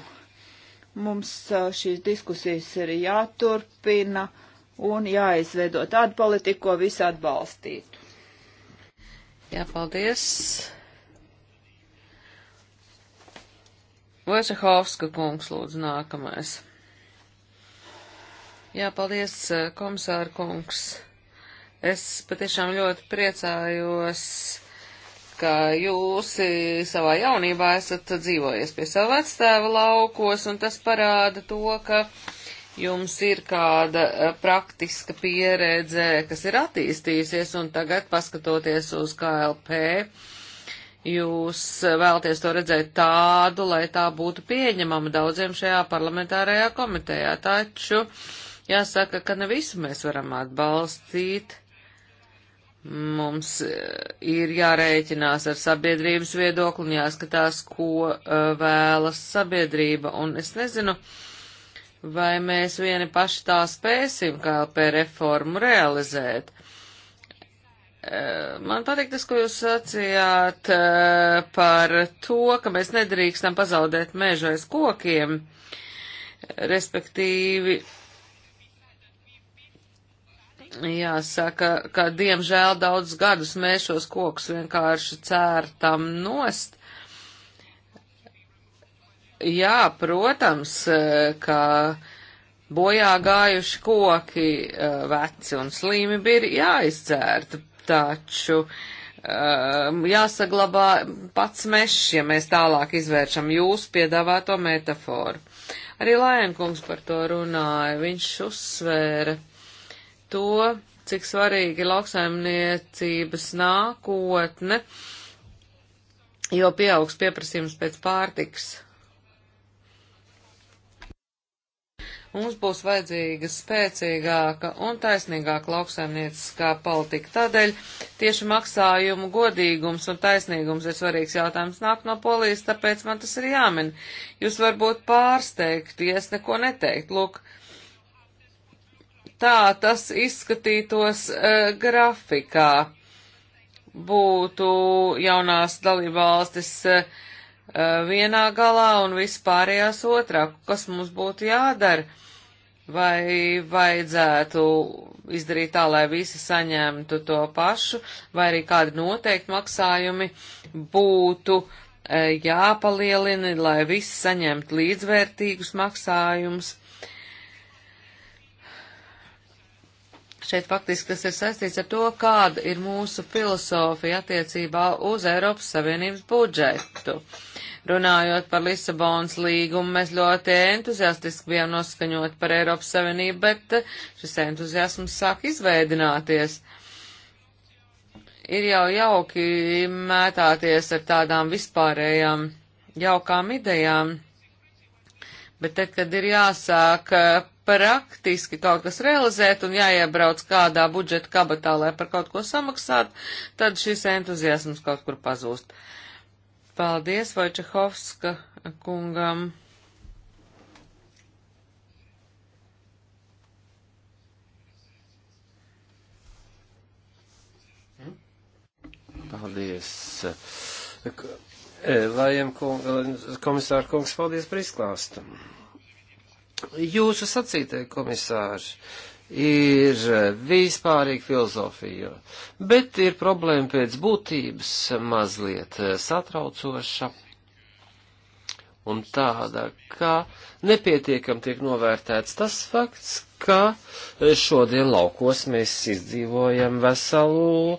S3: Mums uh, šīs diskusijas ir jāturpina un jāizveido tādu politiku, ko visi atbalstītu. Jā, paldies.
S2: Vojcehovska kungs lūdzu nākamais. Jā, paldies, uh, komisāra kungs. Es patiešām ļoti priecājos ka jūs savā jaunībā esat dzīvojies pie sava vectēva laukos, un tas parāda to, ka jums ir kāda eh, praktiska pieredze, kas ir attīstījusies, un tagad, paskatoties uz KLP, jūs vēlties to redzēt tādu, lai tā būtu pieņemama daudziem šajā parlamentārajā komitejā. Taču jāsaka, ka ne visu mēs varam atbalstīt Mums eh, ir jārēķinās ar sabiedrības viedokli un jāskatās, ko eh, vēlas sabiedrība. Un es nezinu, vai mēs vieni paši tā spēsim KLP reformu realizēt. Eh, man patīk tas, ko jūs sacījāt par to, ka mēs nedrīkstam pazaudēt mežais kokiem, respektīvi Jāsaka, ka diemžēl daudz gadus mēs šos kokus vienkārši cērtam nost. Jā, protams, ka bojā gājuši koki eh, veci un slīmi bija jāizcērta, taču eh, jāsaglabā pats mešs, ja mēs tālāk izvēršam jūsu piedāvāto metaforu. Arī Lajankungs par to runāja, viņš uzsvēra to, cik svarīgi lauksaimniecības nākotne, jo pieaugs pieprasījums pēc pārtiks. Mums būs vajadzīga spēcīgāka un taisnīgāka lauksaimnieciskā politika. Tādēļ tieši maksājumu godīgums un taisnīgums ir svarīgs jautājums. Nāk no polijas, tāpēc man tas ir jāmin. Jūs varbūt pārsteigti, ja es neko neteiktu. Lūk, uh, tā tas izskatītos uh, grafikā. Būtu jaunās dalībvalstis uh, vienā galā un vispārējās otrā. Kas mums būtu jādara? Vai vajadzētu izdarīt tā, lai visi saņemtu to pašu, vai arī kādi noteikti maksājumi būtu uh, jāpalielina, lai visi saņemtu līdzvērtīgus maksājumus? Šeit faktiski tas ir saistīts ar to, kāda ir mūsu filozofija attiecībā uz Eiropas Savienības budžetu. Runājot par Lisabonas līgumu, mēs ļoti entuziastiski bijām noskaņot par Eiropas Savienību, bet eh, šis entuziasms sāk izveidināties ir jau jauki mētāties ar tādām vispārējām jaukām idejām, bet tad, kad ir jāsāk eh, praktiski kaut kas realizēt un jāiebrauc kādā budžeta kabatā, lai par kaut ko samaksātu, tad šis entuziasms kaut kur pazūst. Paldies Vojčehovska kungam.
S1: Paldies. Lajiem komisāru kungs, paldies par izklāstu. Jūsu sacītē, komisārs, ir vispārīga filozofija, bet ir problēma pēc būtības mazliet satraucoša un tāda, ka nepietiekam tiek novērtēts tas fakts, ka e, šodien laukos mēs izdzīvojam veselu e,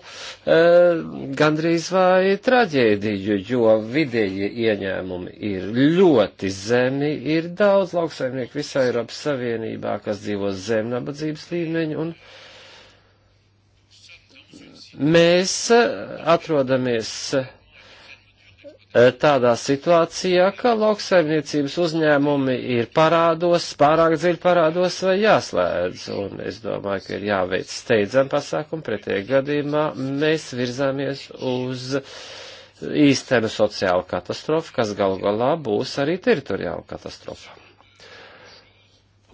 S1: gandrīz vai traģēdiju, jo vidējie ieņēmumi ir ļoti zemi, ir daudz lauksaimnieku visā Eiropas Savienībā, kas dzīvo zem nabadzības līmeņa un mēs e, atrodamies Eh, tādā situācijā, ka lauksaimniecības uzņēmumi ir parādos, pārāk dziļi parādos vai jāslēdz. Un es domāju, ka ir jāveic steidzam pasākumu, pretējā gadījumā mēs virzāmies uz īstenu sociālu katastrofu, kas galu galā būs arī teritoriāla katastrofa.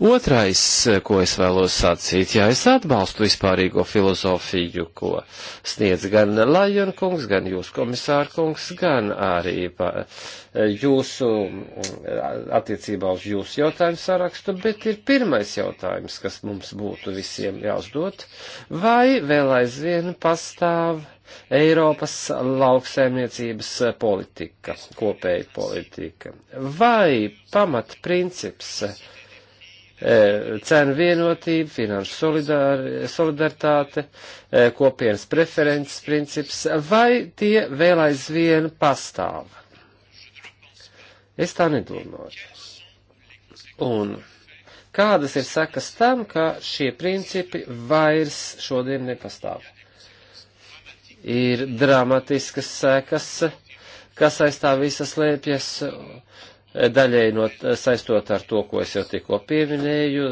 S1: Otrais, eh, ko es vēlos sacīt, jā, es atbalstu vispārīgo filozofiju, ko sniedz gan Lajona kungs, gan jūs komisāra kungs, gan arī pa, eh, jūsu mm, attiecībā uz jūsu jautājumu sarakstu, bet ir pirmais jautājums, kas mums būtu visiem jāuzdot, vai vēl aizvien pastāv Eiropas lauksaimniecības eh, politika, kopēja politika, vai pamatprincips, princips, E, cenu vienotība, finanšu solidāri, solidaritāte, e, kopienas preferences princips, vai tie vēl aizvien pastāv? Es tā nedomāju. Un kādas ir sekas tam, ka šie principi vairs šodien nepastāv? Ir dramatiskas sekas, kas aiz tā visas lēpjas daļēji no, saistot ar to, ko es jau tikko pieminēju,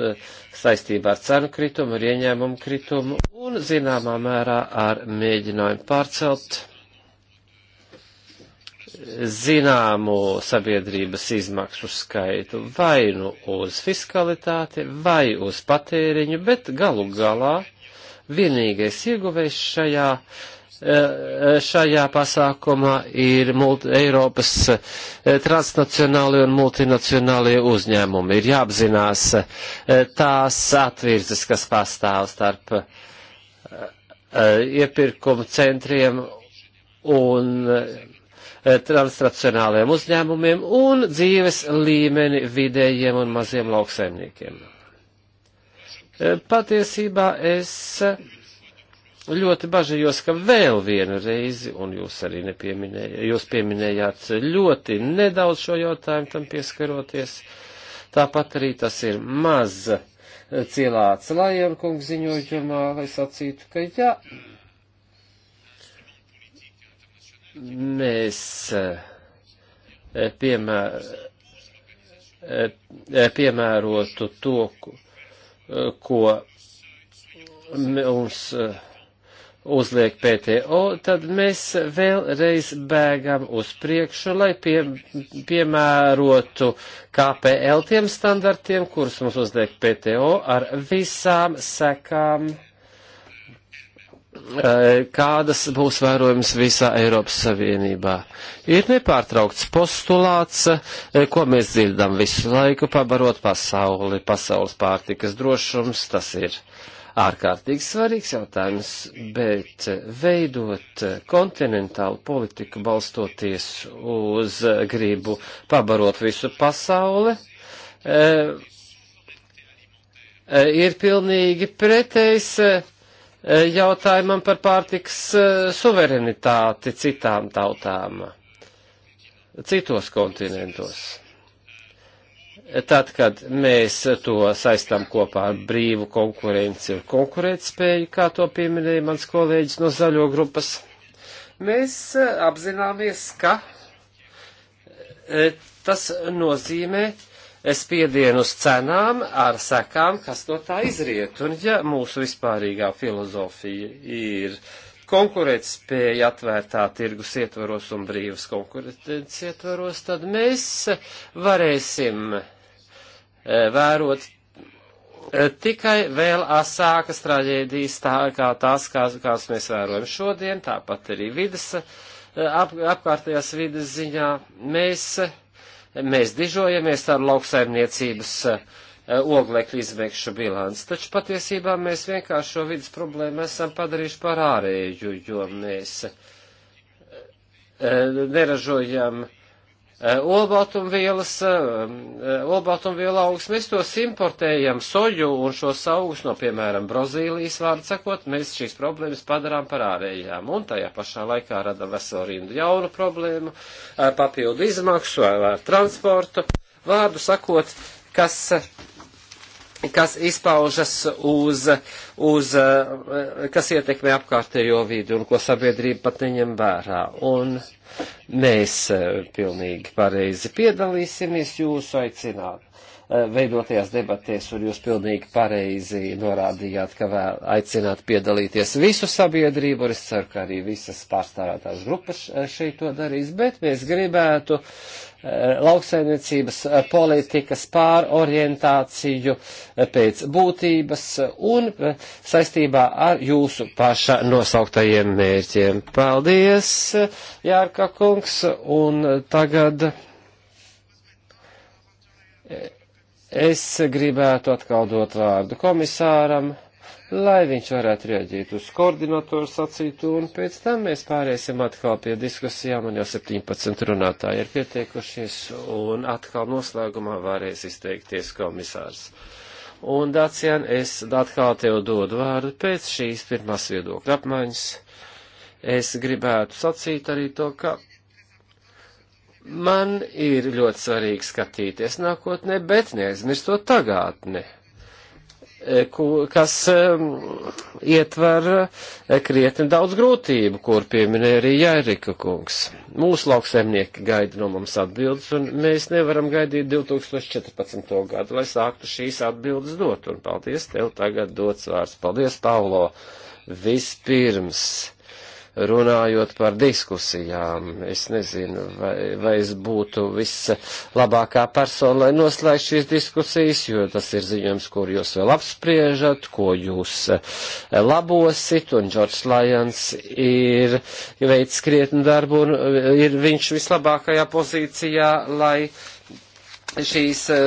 S1: saistībā ar cenu kritumu, ar ieņēmumu kritumu un zināmā mērā ar mēģinājumu pārcelt zināmu sabiedrības izmaksu skaitu vai nu uz fiskalitāti, vai uz patēriņu, bet galu galā vienīgais ieguvējs šajā uh, Eh, eh, šajā pasākumā ir multi, Eiropas eh, transnacionālie un multinacionālie uzņēmumi. Ir jāapzinās tās atvirzes, kas pastāv starp iepirkumu centriem un transnacionālajiem uzņēmumiem un dzīves līmeni vidējiem un maziem lauksaimniekiem. Patiesībā es ļoti bažījos, ka vēl vienu reizi, un jūs arī nepieminējāt, jūs pieminējāt ļoti nedaudz šo jautājumu tam pieskaroties. Tāpat arī tas ir maz cielāts lajam kungu ziņojumā, lai sacītu, ka jā, mēs eh, piemēr, eh, piemērotu to, ko eh, mums. Uh, uzliek PTO, tad mēs vēlreiz bēgam uz priekšu, lai pie, piemērotu KPL tiem standartiem, kurus mums uzliek PTO ar visām sekām, eh, kādas būs vērojams visā Eiropas Savienībā. Ir nepārtraukts postulāts, eh, ko mēs dzirdam visu laiku, pabarot pasauli, pasaules pārtikas drošums, tas ir ārkārtīgi svarīgs jautājums, bet veidot kontinentālu politiku balstoties uz gribu pabarot visu pasauli, e, e, ir pilnīgi pretējs e, jautājumam par pārtiks suverenitāti citām tautām, citos kontinentos tad, kad mēs to saistām kopā ar brīvu konkurenci un konkurētspēju, kā to pieminēja mans kolēģis no zaļo grupas, mēs eh, apzināmies, ka eh, tas nozīmē eh, spiedienu uz cenām ar sekām, kas no tā izriet. Un ja mūsu vispārīgā filozofija ir konkurētspēja atvērtā tirgus ietvaros un brīvas konkurences ietvaros, tad mēs varēsim uh, E, vērot e, tikai vēl asākas traģēdijas, tā kā tās, kās, kās mēs vērojam šodien, tāpat arī vidas, e, ap, apkārtējās vidas ziņā. Mēs, mēs dižojamies ar lauksaimniecības oglekļu izmēkšu bilanci, taču patiesībā mēs vienkārši šo vidas problēmu esam padarījuši par ārēju, jo mēs neražojam uh, Eh, olbaltumvielas, eh, eh, olbaltumvielu augs, mēs tos importējam soju un šos augus no, piemēram, Brazīlijas vārdu sakot, mēs šīs problēmas padarām par ārējām un tajā pašā laikā radam veselu rindu jaunu problēmu, papildu izmaksu ar transportu, vārdu sakot, kas kas izpaužas uz, uz, eh, kas ietekmē apkārtējo vidi un ko sabiedrība pat neņem vērā. Un mēs eh, pilnīgi pareizi piedalīsimies jūsu aicināt, Eh, veidotajās debatēs, un jūs pilnīgi pareizi norādījāt, ka vēl aicināt piedalīties visu sabiedrību, un es ceru, ka arī visas pārstāvētās grupas eh, šeit to darīs, bet mēs gribētu eh, lauksainiecības politikas pārorientāciju pēc būtības un saistībā ar jūsu paša nosauktajiem mērķiem. Paldies, Jārka kungs, un tagad. Es gribētu atkal dot vārdu komisāram, lai viņš varētu rieģīt uz koordinatoru sacītu, un pēc tam mēs pāriesim atkal pie diskusijām, un jau 17 runātāji ir pieteikušies, un atkal noslēgumā varēs izteikties komisārs. Un, Dācijan, es atkal tev dodu vārdu pēc šīs pirmās viedokļa apmaiņas. Es gribētu sacīt arī to, ka Man ir ļoti svarīgi skatīties nākotnē, bet neaizmirstot pagātni, e, kas ietver e, krietni daudz grūtību, kur pieminēja arī Jērika kungs. Mūsu lauksaimnieki gaida no mums atbildes, un mēs nevaram gaidīt 2014. gadu, lai sāktu šīs atbildes dot. Un paldies, tev tagad dots vārds. Paldies, Paulo. Vispirms runājot par diskusijām. Es nezinu, vai, vai es būtu vislabākā persona, lai noslēgtu šīs diskusijas, jo tas ir ziņojums, kur jūs vēl apspriežat, ko jūs eh, labosit, un Džordžs Lajans ir veids krietnu darbu, un eh, ir viņš vislabākajā pozīcijā, lai šīs eh,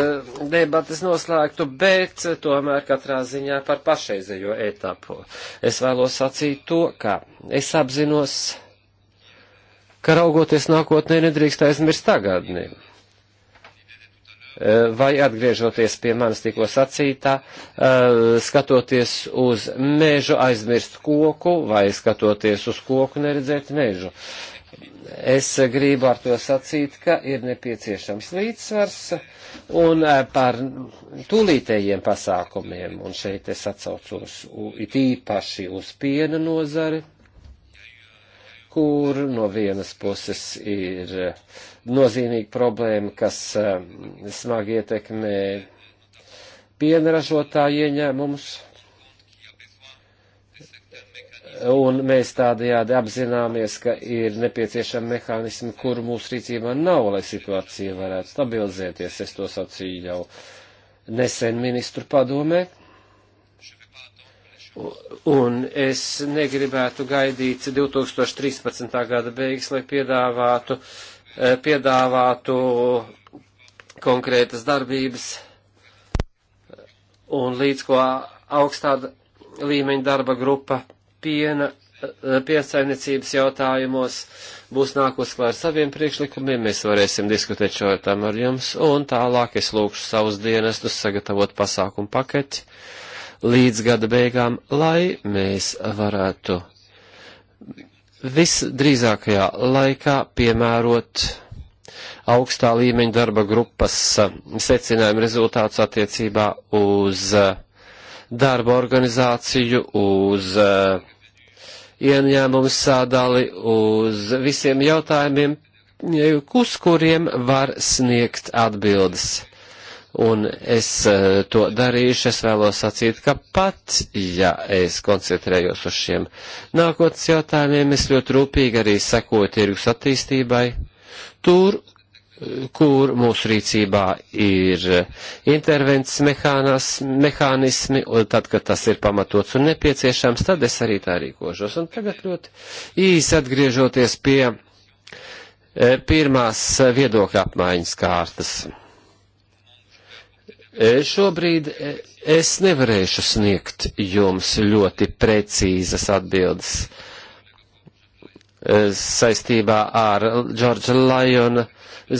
S1: debatas noslēgtu, bet eh, tomēr katrā ziņā par pašreizējo etapu. Es vēlos sacīt to, ka es apzinos, ka raugoties nākotnē nedrīkst aizmirst tagadni. Eh, vai atgriežoties pie manis tikko sacītā, skatoties uz mežu aizmirst koku, vai skatoties uz koku neredzēt mežu. Uh, Es gribu ar to sacīt, ka ir nepieciešams līdzsvars un eh, par tūlītējiem pasākumiem, un šeit es atsaucos it īpaši uz piena nozari, kur no vienas puses ir eh, nozīmīga problēma, kas eh, smagi ietekmē piena ražotāju ieņēmumus Un mēs tādajādi apzināmies, ka ir nepieciešami mehānismi, kuru mūsu rīcībā nav, lai situācija varētu stabilizēties. Es to sacīju jau nesen ministru padomē. Un es negribētu gaidīt 2013. gada beigas, lai piedāvātu, eh, piedāvātu konkrētas darbības. Un līdz ko augstā līmeņa darba grupa piena eh, piensaimniecības jautājumos būs nākos klāt ar saviem priekšlikumiem, mēs varēsim diskutēt šo jautājumu ar jums, un tālāk es lūkšu savus dienestus sagatavot pasākumu paketi līdz gada beigām, lai mēs varētu visdrīzākajā laikā piemērot augstā līmeņa darba grupas eh, secinājumu rezultātus attiecībā uz eh, darba organizāciju, uz uh, ieņēmumu sādali uz visiem jautājumiem, uz kuriem var sniegt atbildes. Un es eh, to darīšu, es vēlos sacīt, ka pat, ja es koncentrējos uz šiem nākotnes jautājumiem, es ļoti rūpīgi arī sekoju tirgus attīstībai, tur, kur mūsu rīcībā ir intervences mehānas, mehānismi, un tad, kad tas ir pamatots un nepieciešams, tad es arī tā rīkošos. Un tagad ļoti īsi atgriežoties pie e, pirmās viedokļa apmaiņas kārtas. E, šobrīd e, es nevarēšu sniegt jums ļoti precīzas atbildes saistībā ar Džordža Lajona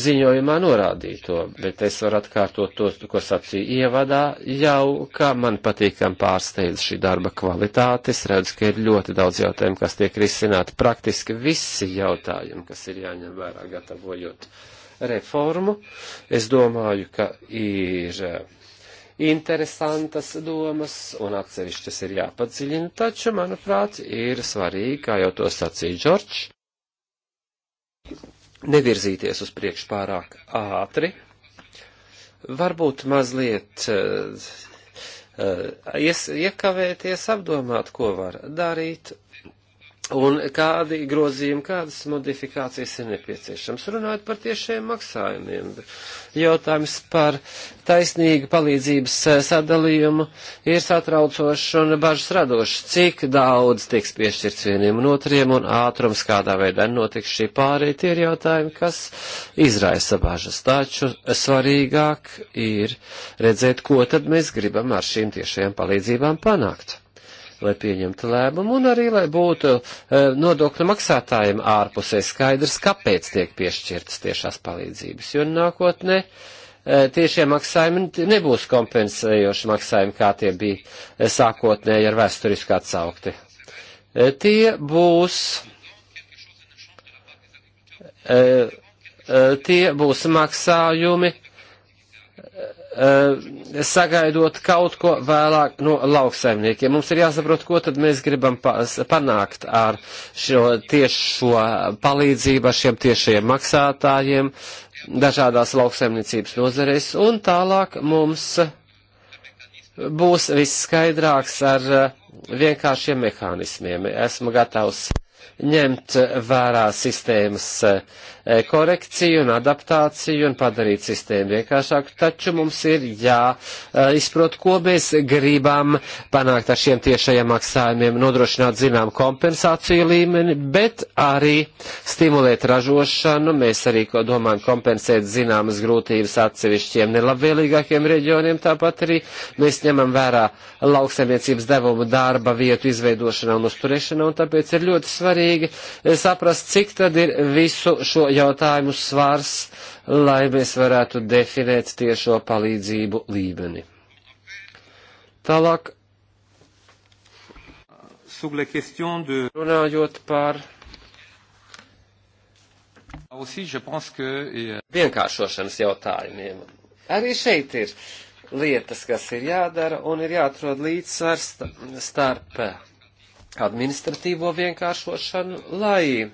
S1: ziņojumā norādīto, bet es varu atkārtot to, ko sacīju ievadā, jau kā man patīkam pārsteidz šī darba kvalitāte. Es redzu, ka ir ļoti daudz jautājumu, kas tiek risināti, praktiski visi jautājumi, kas ir jāņem vērā gatavojot reformu. Es domāju, ka ir interesantas domas, un atsevišķas ir jāpadziļina, taču, manuprāt, ir svarīgi, kā jau to sacīja Džordžs, nevirzīties uz priekšu pārāk ātri, varbūt mazliet uh, ies, iekavēties, apdomāt, ko var darīt, un kādi grozījumi, kādas modifikācijas ir nepieciešams. Runājot par tiešiem maksājumiem, jautājums par taisnīgu palīdzības eh, sadalījumu ir satraucošs un bažas radošs. Cik daudz tiks piešķirts vieniem un otriem un ātrums, kādā veidā notiks šī pārēja, tie ir jautājumi, kas izraisa bažas. Taču svarīgāk ir redzēt, ko tad mēs gribam ar šīm tiešajām palīdzībām panākt lai pieņemtu lēmumu un arī, lai būtu e, nodokļu maksātājiem ārpusē skaidrs, kāpēc tiek piešķirtas tiešās palīdzības, jo nākotnē e, tiešie maksājumi nebūs kompensējoši maksājumi, kā tie bija e, sākotnēji ar vēsturisku atsaukti. Tie būs tie būs maksājumi, Eh, sagaidot kaut ko vēlāk no lauksaimniekiem. Mums ir jāsaprot, ko tad mēs gribam panākt ar šo tiešo palīdzību, ar šiem tiešajiem maksātājiem dažādās lauksaimniecības nozareis, un tālāk mums būs viss skaidrāks ar eh, vienkāršiem mehānismiem. Esmu gatavs ņemt vērā sistēmas eh, korekciju un adaptāciju un padarīt sistēmu vienkāršāku, taču mums ir jāizprot, eh, ko mēs gribam panākt ar šiem tiešajiem maksājumiem, nodrošināt zinām kompensāciju līmeni, bet arī stimulēt ražošanu. Mēs arī domājam kompensēt zināmas grūtības atsevišķiem nelabvēlīgākiem reģioniem, tāpat arī mēs ņemam vērā lauksaimniecības devumu darba vietu izveidošanā un uzturēšanā, un tāpēc ir ļoti svarīgi svarīgi eh, saprast, cik tad ir visu šo jautājumu svars, lai mēs varētu definēt tiešo palīdzību līmeni. Tālāk. Runājot par ah, euh, vienkāršošanas jautājumiem. Arī šeit ir lietas, kas ir jādara, un ir jāatrod līdzsvars starp administratīvo vienkāršošanu, lai e,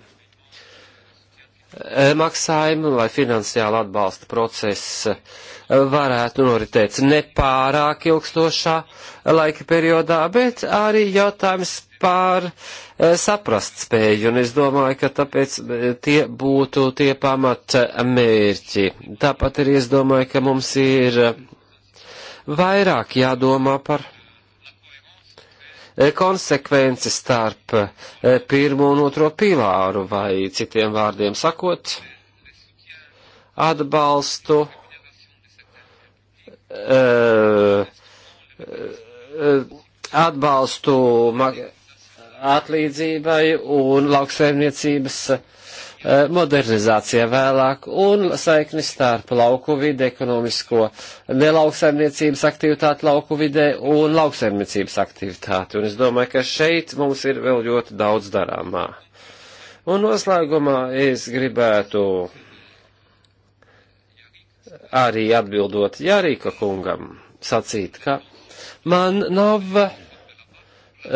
S1: maksājumu, lai finansiāla atbalsta process e, varētu noritēt nepārāk ilgstošā laika periodā, bet arī jautājums par e, saprast spēju, un es domāju, ka tāpēc tie būtu tie pamat mērķi. Tāpat arī es domāju, ka mums ir vairāk jādomā par E, konsekvence starp e, pirmo un otro pilāru, vai citiem vārdiem sakot, atbalstu e, atbalstu atlīdzībai un lauksaimniecības uh, Eh, modernizācija vēlāk un saikni starp lauku vidi, ekonomisko nelauksaimniecības aktivitāti lauku vidē un lauksaimniecības aktivitāti. Un es domāju, ka šeit mums ir vēl ļoti daudz darāmā. Un noslēgumā es gribētu arī atbildot Jārīka kungam sacīt, ka man nav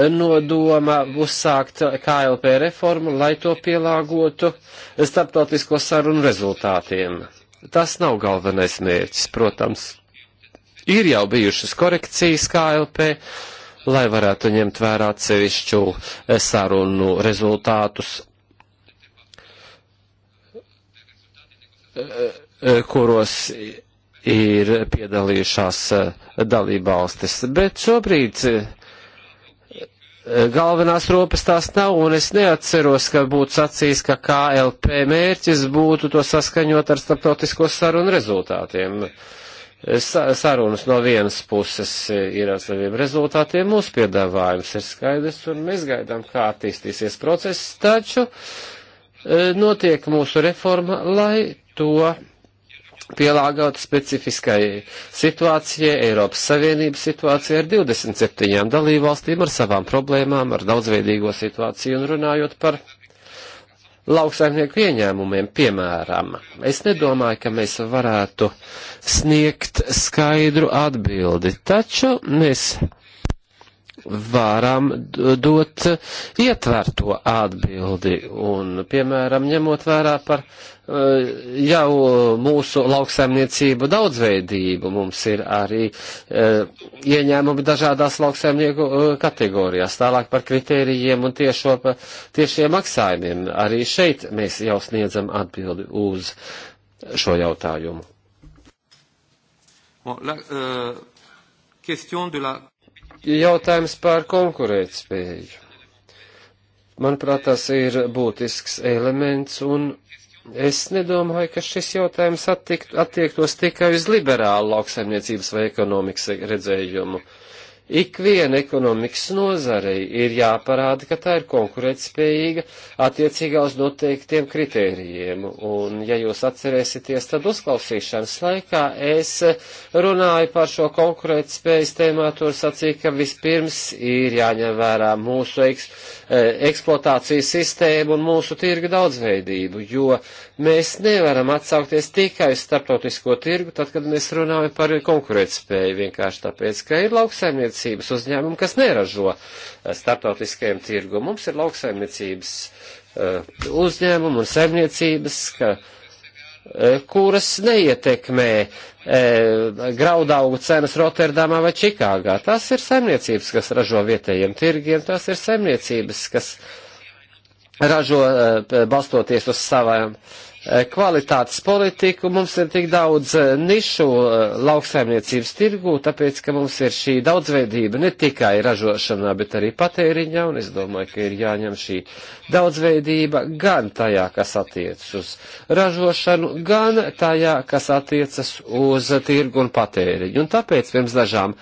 S1: nodoma uzsākt KLP reformu, lai to pielāgotu starptautisko sarunu rezultātiem. Tas nav galvenais mērķis, protams. Ir jau bijušas korekcijas KLP, lai varētu ņemt vērā atsevišķu sarunu rezultātus, kuros ir piedalījušās dalībvalstis. Bet šobrīd Eh, galvenās ropas tās nav, un es neatceros, ka būtu sacījis, ka KLP mērķis būtu to saskaņot ar starptautisko sarunu rezultātiem. Eh, sa sarunas no vienas puses eh, ir ar saviem rezultātiem, mūsu piedāvājums ir skaidrs, un mēs gaidām, kā attīstīsies process, taču notiek mūsu reforma, lai to pielāgota specifiskai situācijai, Eiropas Savienības situācijai ar 27 dalībvalstīm, ar savām problēmām, ar daudzveidīgo situāciju un runājot par lauksaimnieku ieņēmumiem, piemēram. Es nedomāju, ka mēs varētu sniegt skaidru atbildi, taču mēs varam dot ietverto atbildi un, piemēram, ņemot vērā par eh, jau mūsu lauksaimniecību daudzveidību, mums ir arī eh, ieņēmumi dažādās lauksaimnieku eh, kategorijās, tālāk par kritērijiem un tiešo, tiešiem maksājumiem. Arī šeit mēs jau sniedzam atbildi uz šo jautājumu. Bon, la, euh, question de la jautājums par konkurētspēju. Manuprāt, tas ir būtisks elements, un es nedomāju, ka šis jautājums attiekt, attiektos tikai uz liberālu lauksaimniecības vai ekonomikas redzējumu. Uh, Ikviena ekonomikas nozarei ir jāparāda, ka tā ir konkurētspējīga attiecīgā uz noteiktiem kritērijiem. Un, ja jūs atcerēsieties, tad uzklausīšanas laikā es runāju par šo konkurētspējas tēmātu un sacīju, ka vispirms ir jāņem vērā mūsu eks, e, eksploatācijas sistēmu un mūsu tirga daudzveidību, jo mēs nevaram atsaukties tikai uz starptautisko tirgu, tad, kad mēs runājam par konkurētspēju, vienkārši tāpēc, ka ir lauksaimniecība lauksaimniecības uzņēmumu, kas neražo eh, startautiskajiem tirgu. Mums ir lauksaimniecības eh, uzņēmumu un saimniecības, ka, eh, kuras neietekmē e, graudaugu cenas Rotterdamā vai Čikāgā. Tās ir saimniecības, kas ražo vietējiem tirgiem, tās ir saimniecības, kas ražo e, balstoties uz savām uh, Eh, kvalitātes politiku, mums ir tik daudz eh, nišu eh, lauksaimniecības tirgū, tāpēc, ka mums ir šī daudzveidība ne tikai ražošanā, bet arī patēriņā, un es domāju, ka ir jāņem šī daudzveidība gan tajā, kas attiecas uz ražošanu, gan tajā, kas attiecas uz tirgu un patēriņu. Un tāpēc pirms dažām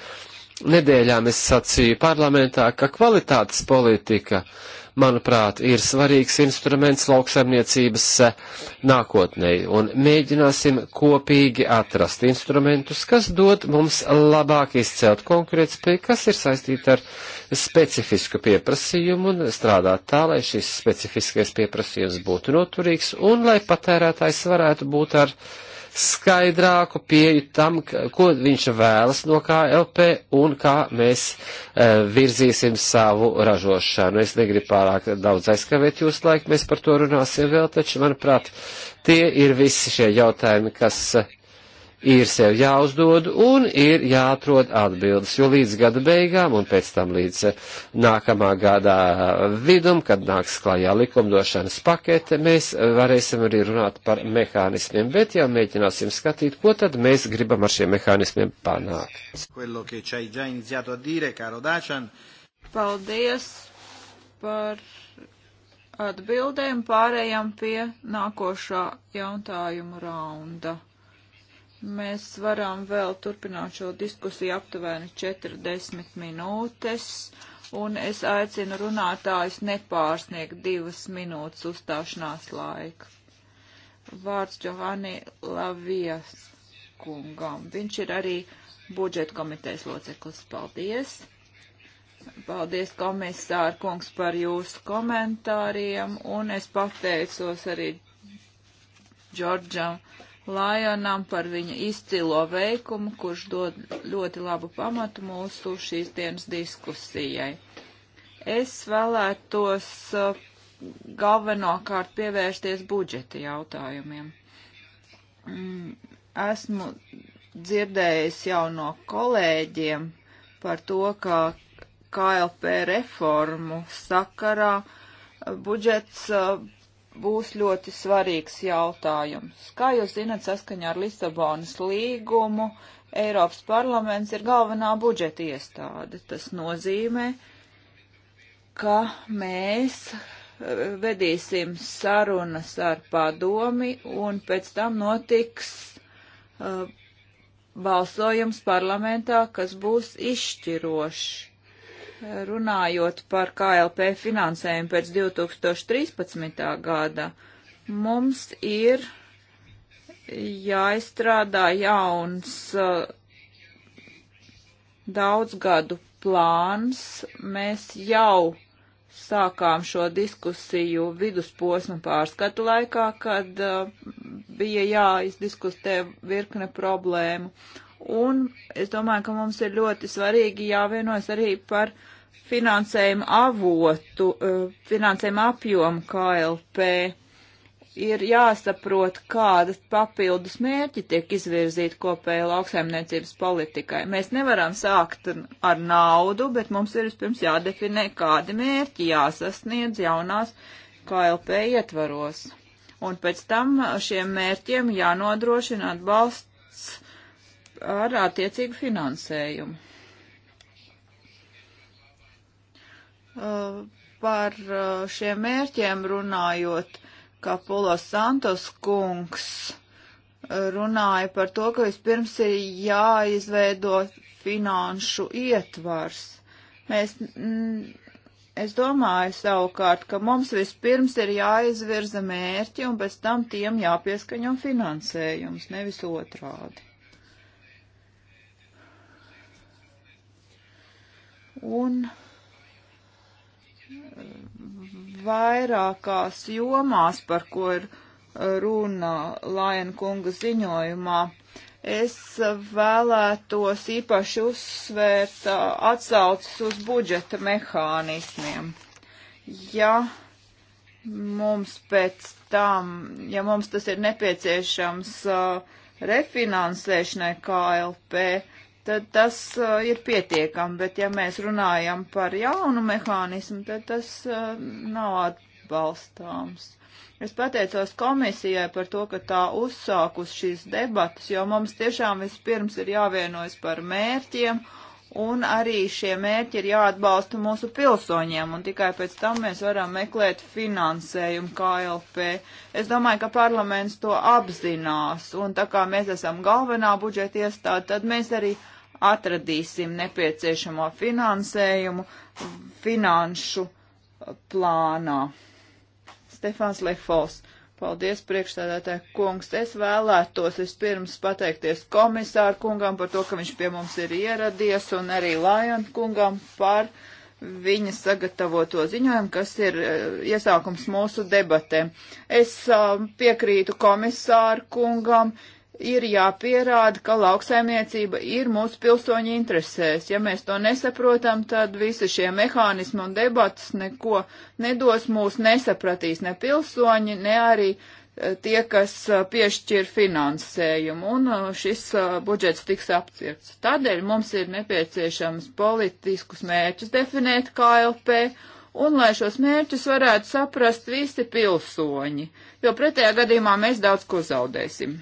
S1: nedēļām es sacīju parlamentā, ka kvalitātes politika uh, manuprāt, ir svarīgs instruments lauksaimniecības eh, nākotnē, un mēģināsim kopīgi atrast instrumentus, kas dod mums labāk izcelt konkrētspēju, kas ir saistīta ar specifisku pieprasījumu un strādāt tā, lai šis specifiskais pieprasījums būtu noturīgs un lai patērētājs varētu būt ar skaidrāku pieju tam, ko viņš vēlas no KLP un kā mēs e, virzīsim savu ražošanu. Es negribu pārāk daudz aizskavēt jūs laiku, mēs par to runāsim vēl, taču, manuprāt, tie ir visi šie jautājumi, kas eh, ir sev jāuzdod un ir jāatrod atbildes, jo līdz gada beigām un pēc tam līdz eh, nākamā gadā eh, vidum, kad nāks klajā likumdošanas pakete, mēs eh, varēsim arī runāt par mehānismiem, bet jau mēģināsim skatīt, ko tad mēs gribam ar šiem mehānismiem panākt.
S3: Paldies par atbildēm. Pārējām pie nākošā jautājuma raunda. Mēs varam vēl turpināt šo diskusiju aptuveni 40 minūtes, un es aicinu runātājus nepārsniegt divas minūtes uzstāšanās laika. Vārds Johani Lavijas kungam. Viņš ir arī budžeta komitejas loceklis. Paldies! Paldies, komisāra kungs, par jūsu komentāriem, un es pateicos arī Džordžam. Lajonam par viņa izcilo veikumu, kurš dod ļoti labu pamatu mūsu šīs dienas diskusijai. Es vēlētos uh, galvenokārt pievērsties budžeta jautājumiem. Mm, esmu dzirdējis jau no kolēģiem par to, ka KLP reformu sakarā budžets uh, būs ļoti svarīgs jautājums. Kā jūs zinat, saskaņā ar Lisabonas līgumu Eiropas parlaments ir galvenā budžeta iestāde. Tas nozīmē, ka mēs eh, vedīsim sarunas ar padomi un pēc tam notiks uh, balsojums parlamentā, kas būs izšķirošs runājot par KLP finansējumu pēc 2013. gada, mums ir jāizstrādā jauns uh, daudzgadu plāns. Mēs jau sākām šo diskusiju vidusposma pārskatu laikā, kad uh, bija jāizdiskutē virkne problēmu. Un es domāju, ka mums ir ļoti svarīgi jāvienojas arī par uh, finansējuma avotu, eh, finansējuma apjomu KLP, ir jāsaprot, kādas papildus mērķi tiek izvirzīti kopēja lauksaimniecības politikai. Mēs nevaram sākt ar naudu, bet mums ir vispirms jādefinē, kādi mērķi jāsasniedz jaunās KLP ietvaros. Un pēc tam šiem mērķiem jānodrošina atbalsts ar attiecīgu finansējumu. Uh, par uh, šiem mērķiem runājot, kā Pulo Santos kungs uh, runāja par to, ka vispirms ir jāizveido finanšu ietvars. Mēs, mm, es domāju savukārt, ka mums vispirms ir jāizvirza mērķi un pēc tam tiem jāpieskaņo finansējums, nevis otrādi. Un vairākās jomās, par ko ir runa Lajena kunga ziņojumā. Es vēlētos īpaši uzsvērt atsaucas uz budžeta mehānismiem. Ja mums pēc tam, ja mums tas ir nepieciešams refinansēšanai KLP, tad tas uh, ir pietiekami, bet ja mēs runājam par jaunu mehānismu, tad tas uh, nav atbalstāms. Es pateicos komisijai par to, ka tā uzsākus šīs debatas, jo mums tiešām vispirms ir jāvienojas par mērķiem, un arī šie mērķi ir jāatbalsta mūsu pilsoņiem, un tikai pēc tam mēs varam meklēt finansējumu KLP. Es domāju, ka parlaments to apzinās, un tā kā mēs esam galvenā budžeta iestāde, tad mēs arī atradīsim nepieciešamo finansējumu finanšu plānā. Stefāns Lefos. Paldies, priekšstādātāji kungs. Es vēlētos vispirms pateikties komisāru kungam par to, ka viņš pie mums ir ieradies, un arī Lajon kungam par viņa sagatavoto ziņojumu, kas ir eh, iesākums mūsu debatēm. Es uh, piekrītu komisāru kungam, uh, ir jāpierāda, ka lauksaimniecība ir mūsu pilsoņu interesēs. Ja mēs to nesaprotam, tad visi šie mehānismi un debatas neko nedos, mūs nesapratīs ne pilsoņi, ne arī eh, tie, kas eh, piešķir finansējumu, un eh, šis budžets tiks apcirts. Tādēļ mums ir nepieciešams politiskus mērķus definēt KLP, un lai šos mērķus varētu saprast visi pilsoņi, jo pretējā gadījumā mēs daudz ko zaudēsim.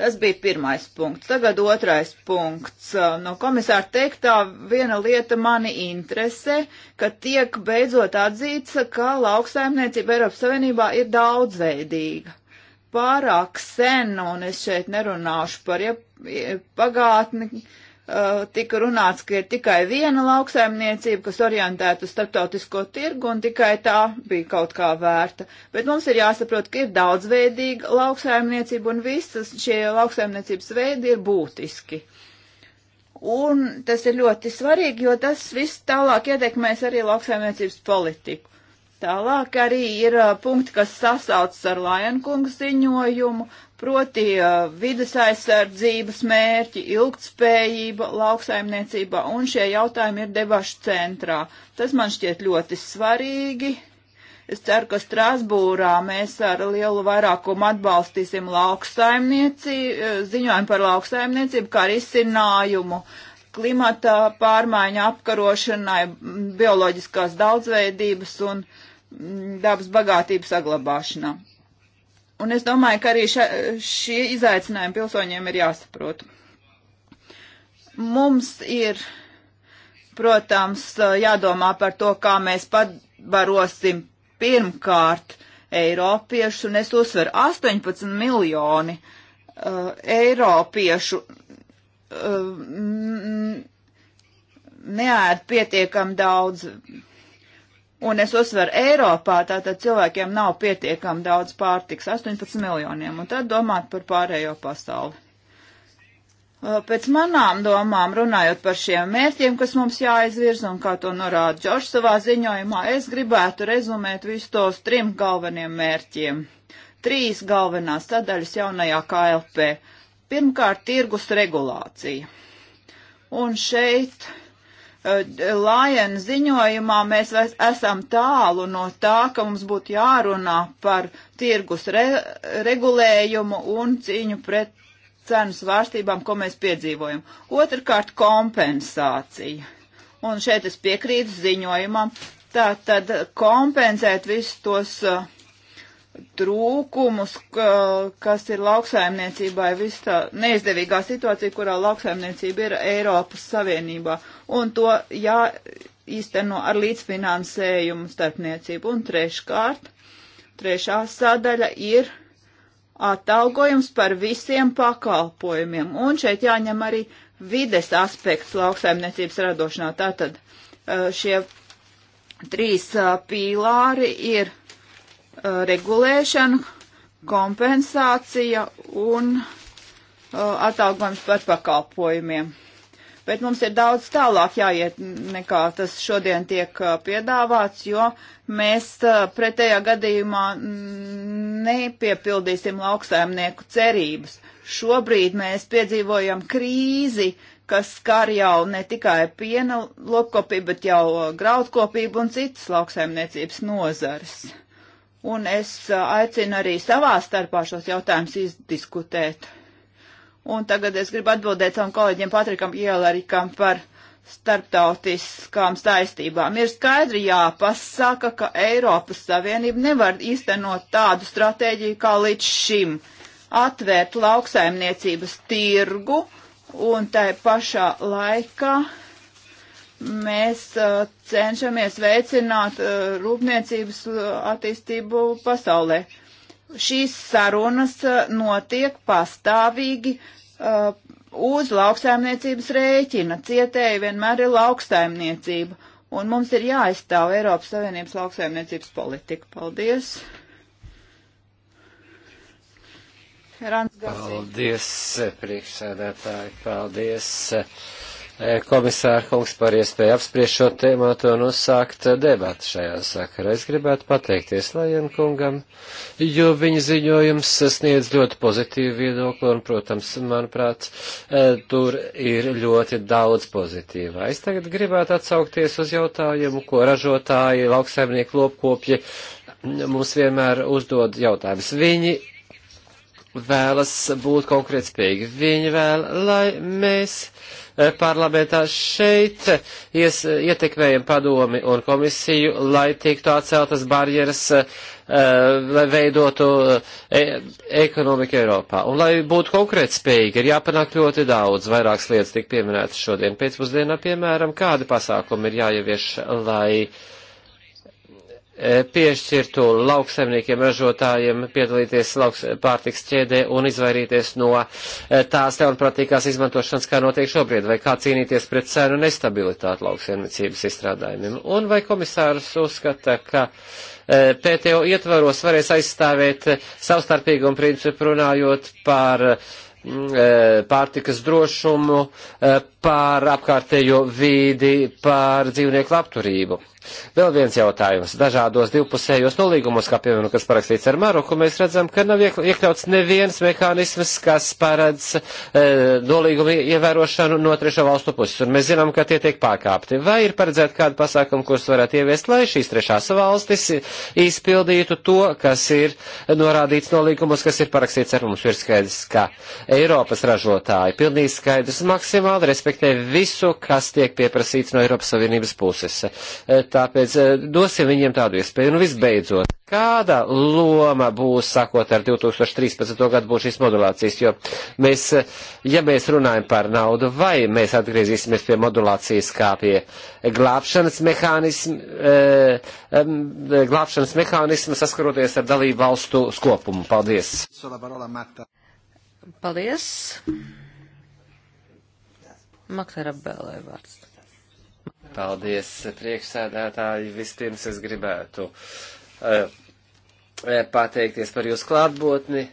S3: Tas bija pirmais punkts. Tagad otrais punkts. No komisāra teiktā viena lieta mani interesē, ka tiek beidzot atzīts, ka lauksaimniecība Eiropas Savienībā ir daudzveidīga. Pārāk sen, un es šeit nerunāšu par ja, pagātni, Eh, tika runāts, ka ir tikai viena lauksaimniecība, kas orientēta uz starptautisko tirgu, un tikai tā bija kaut kā vērta. Bet mums ir jāsaprot, ka ir daudzveidīga lauksaimniecība, un visas šie lauksaimniecības veidi ir būtiski. Un tas ir ļoti svarīgi, jo tas viss tālāk ietekmēs arī lauksaimniecības politiku. Tālāk arī ir uh, punkti, kas sasaucas ar Lajankungu ziņojumu, Proti vidas aizsardzības mērķi, ilgtspējība lauksaimniecībā un šie jautājumi ir debašu centrā. Tas man šķiet ļoti svarīgi. Es ceru, ka Strasbūrā mēs ar lielu vairākumu atbalstīsim lauksaimniecību, ziņojumu par lauksaimniecību, kā arī izcinājumu klimata pārmaiņu apkarošanai, bioloģiskās daudzveidības un dabas bagātības saglabāšanai. Un es domāju, ka arī ša, šie izaicinājumi pilsoņiem ir jāsaprot. Mums ir, protams, jādomā par to, kā mēs pabarosim pirmkārt Eiropiešu, un es uzsveru 18 miljoni uh, Eiropiešu uh, neēd pietiekam daudz Un es uzsveru, Eiropā tātad cilvēkiem nav pietiekami daudz pārtiks, 18 miljoniem, un tad domāt par pārējo pasauli. Pēc manām domām, runājot par šiem mērķiem, kas mums jāizvirza un kā to norāda Džošs savā ziņojumā, es gribētu rezumēt visus tos trim galveniem mērķiem. Trīs galvenās sadaļas jaunajā KLP. Pirmkārt, tirgus regulācija. Un šeit Eh, Lajena ziņojumā mēs esam tālu no tā, ka mums būtu jārunā par tirgus re regulējumu un cīņu pret cenu svārstībām, ko mēs piedzīvojam. Otrkārt, kompensācija. Un šeit es piekrītu ziņojumam. Tātad kompensēt visus tos uh, trūkumus, kas ir lauksaimniecībai visā neizdevīgā situācija, kurā lauksaimniecība ir Eiropas Savienībā. Un to jāīsteno ar līdzfinansējumu starpniecību. Un treškārt, trešā sadaļa ir atalgojums par visiem pakalpojumiem. Un šeit jāņem arī vides aspekts lauksaimniecības radošanā. Tātad eh, šie trīs eh, pīlāri ir Eh, regulēšanu, kompensācija un eh, atalgojums par pakalpojumiem. Bet mums ir daudz tālāk jāiet nekā tas šodien tiek eh, piedāvāts, jo mēs pretējā gadījumā nepiepildīsim lauksaimnieku cerības. Šobrīd mēs piedzīvojam krīzi, kas skar jau ne tikai piena lopkopību, bet jau graudkopību un citas lauksaimniecības nozares. Uh, Un es aicinu arī savā starpā šos jautājumus izdiskutēt. Un tagad es gribu atbildēt savam kolēģiem Patrikam Ielarikam par starptautiskām saistībām. Ir skaidri jāpasaka, ka Eiropas Savienība nevar īstenot tādu stratēģiju kā līdz šim - atvērt lauksaimniecības tirgu un tai pašā laikā mēs uh, cenšamies veicināt uh, rūpniecības uh, attīstību pasaulē. Šīs sarunas uh, notiek pastāvīgi uh, uz lauksaimniecības rēķina. Cietēji vienmēr ir lauksaimniecība, un mums ir jāaizstāv Eiropas Savienības lauksaimniecības politika. Paldies! Paldies,
S1: priekšsēdētāji, paldies! Eh, komisāra kungs par iespēju apspriest šo tēmātu un uzsākt debatu šajā sakarā. Es gribētu pateikties Lajan kungam, jo viņa ziņojums sniedz ļoti pozitīvu viedokli un, protams, manuprāt, eh, tur ir ļoti daudz pozitīvā. Es tagad gribētu atsaukties uz jautājumu, ko ražotāji, lauksaimnieki, lopkopji mums vienmēr uzdod jautājumus. Viņi vēlas būt konkrētspējīgi. Viņi vēl, lai mēs Eh, parlamentā šeit eh, ies, eh, ietekmējam padomi un komisiju, lai tiktu atceltas barjeras, lai veidotu e ekonomiku Eiropā. Un lai būtu konkrētspējīgi, ir jāpanāk ļoti daudz. Vairākas lietas tik pieminētas šodien pēcpusdienā, piemēram, kādi pasākumi ir jāievieš, lai E, piešķirtu lauksaimniekiem, ražotājiem piedalīties lauks, pārtiks ķēdē un izvairīties no e, tās ļaunprātīgās izmantošanas, kā notiek šobrīd, vai kā cīnīties pret cenu nestabilitāti lauksaimniecības izstrādājumiem. Un vai komisārs uzskata, ka e, PTO ietvaros varēs aizstāvēt savstarpīgumu principu runājot par mm, pārtikas drošumu, par apkārtējo vīdi, par dzīvnieku labturību. Vēl viens jautājums. Dažādos divpusējos nolīgumos, kā piemēram, kas parakstīts ar Maroku, mēs redzam, ka nav iekļauts neviens mehānisms, kas paredz e, nolīgumu ievērošanu no trešo valstu puses, un mēs zinām, ka tie tiek pārkāpti. Vai ir paredzēta kāda pasākuma, kurus varētu ieviest, lai šīs trešās valstis izpildītu to, kas ir norādīts nolīgumos, kas ir parakstīts ar mums? Ir skaidrs, ka Eiropas ražotāji pilnīgi skaidrs maksimāli respektē visu, kas tiek pieprasīts no Eiropas Savienības puses. E, tā Tāpēc eh, dosim viņiem tādu iespēju. Un nu, visbeidzot, kāda loma būs, sakot, ar 2013. gadu būs šīs modulācijas? Jo mēs, eh, ja mēs runājam par naudu, vai mēs atgriezīsimies pie modulācijas kā pie glābšanas mehānisma, eh, glābšanas mehānisma saskaroties ar dalību valstu skopumu? Paldies!
S2: Paldies! Maksa Rabelē vārds.
S1: Paldies, priekšsēdētāji. Vispirms es gribētu uh, pateikties par jūsu klātbūtni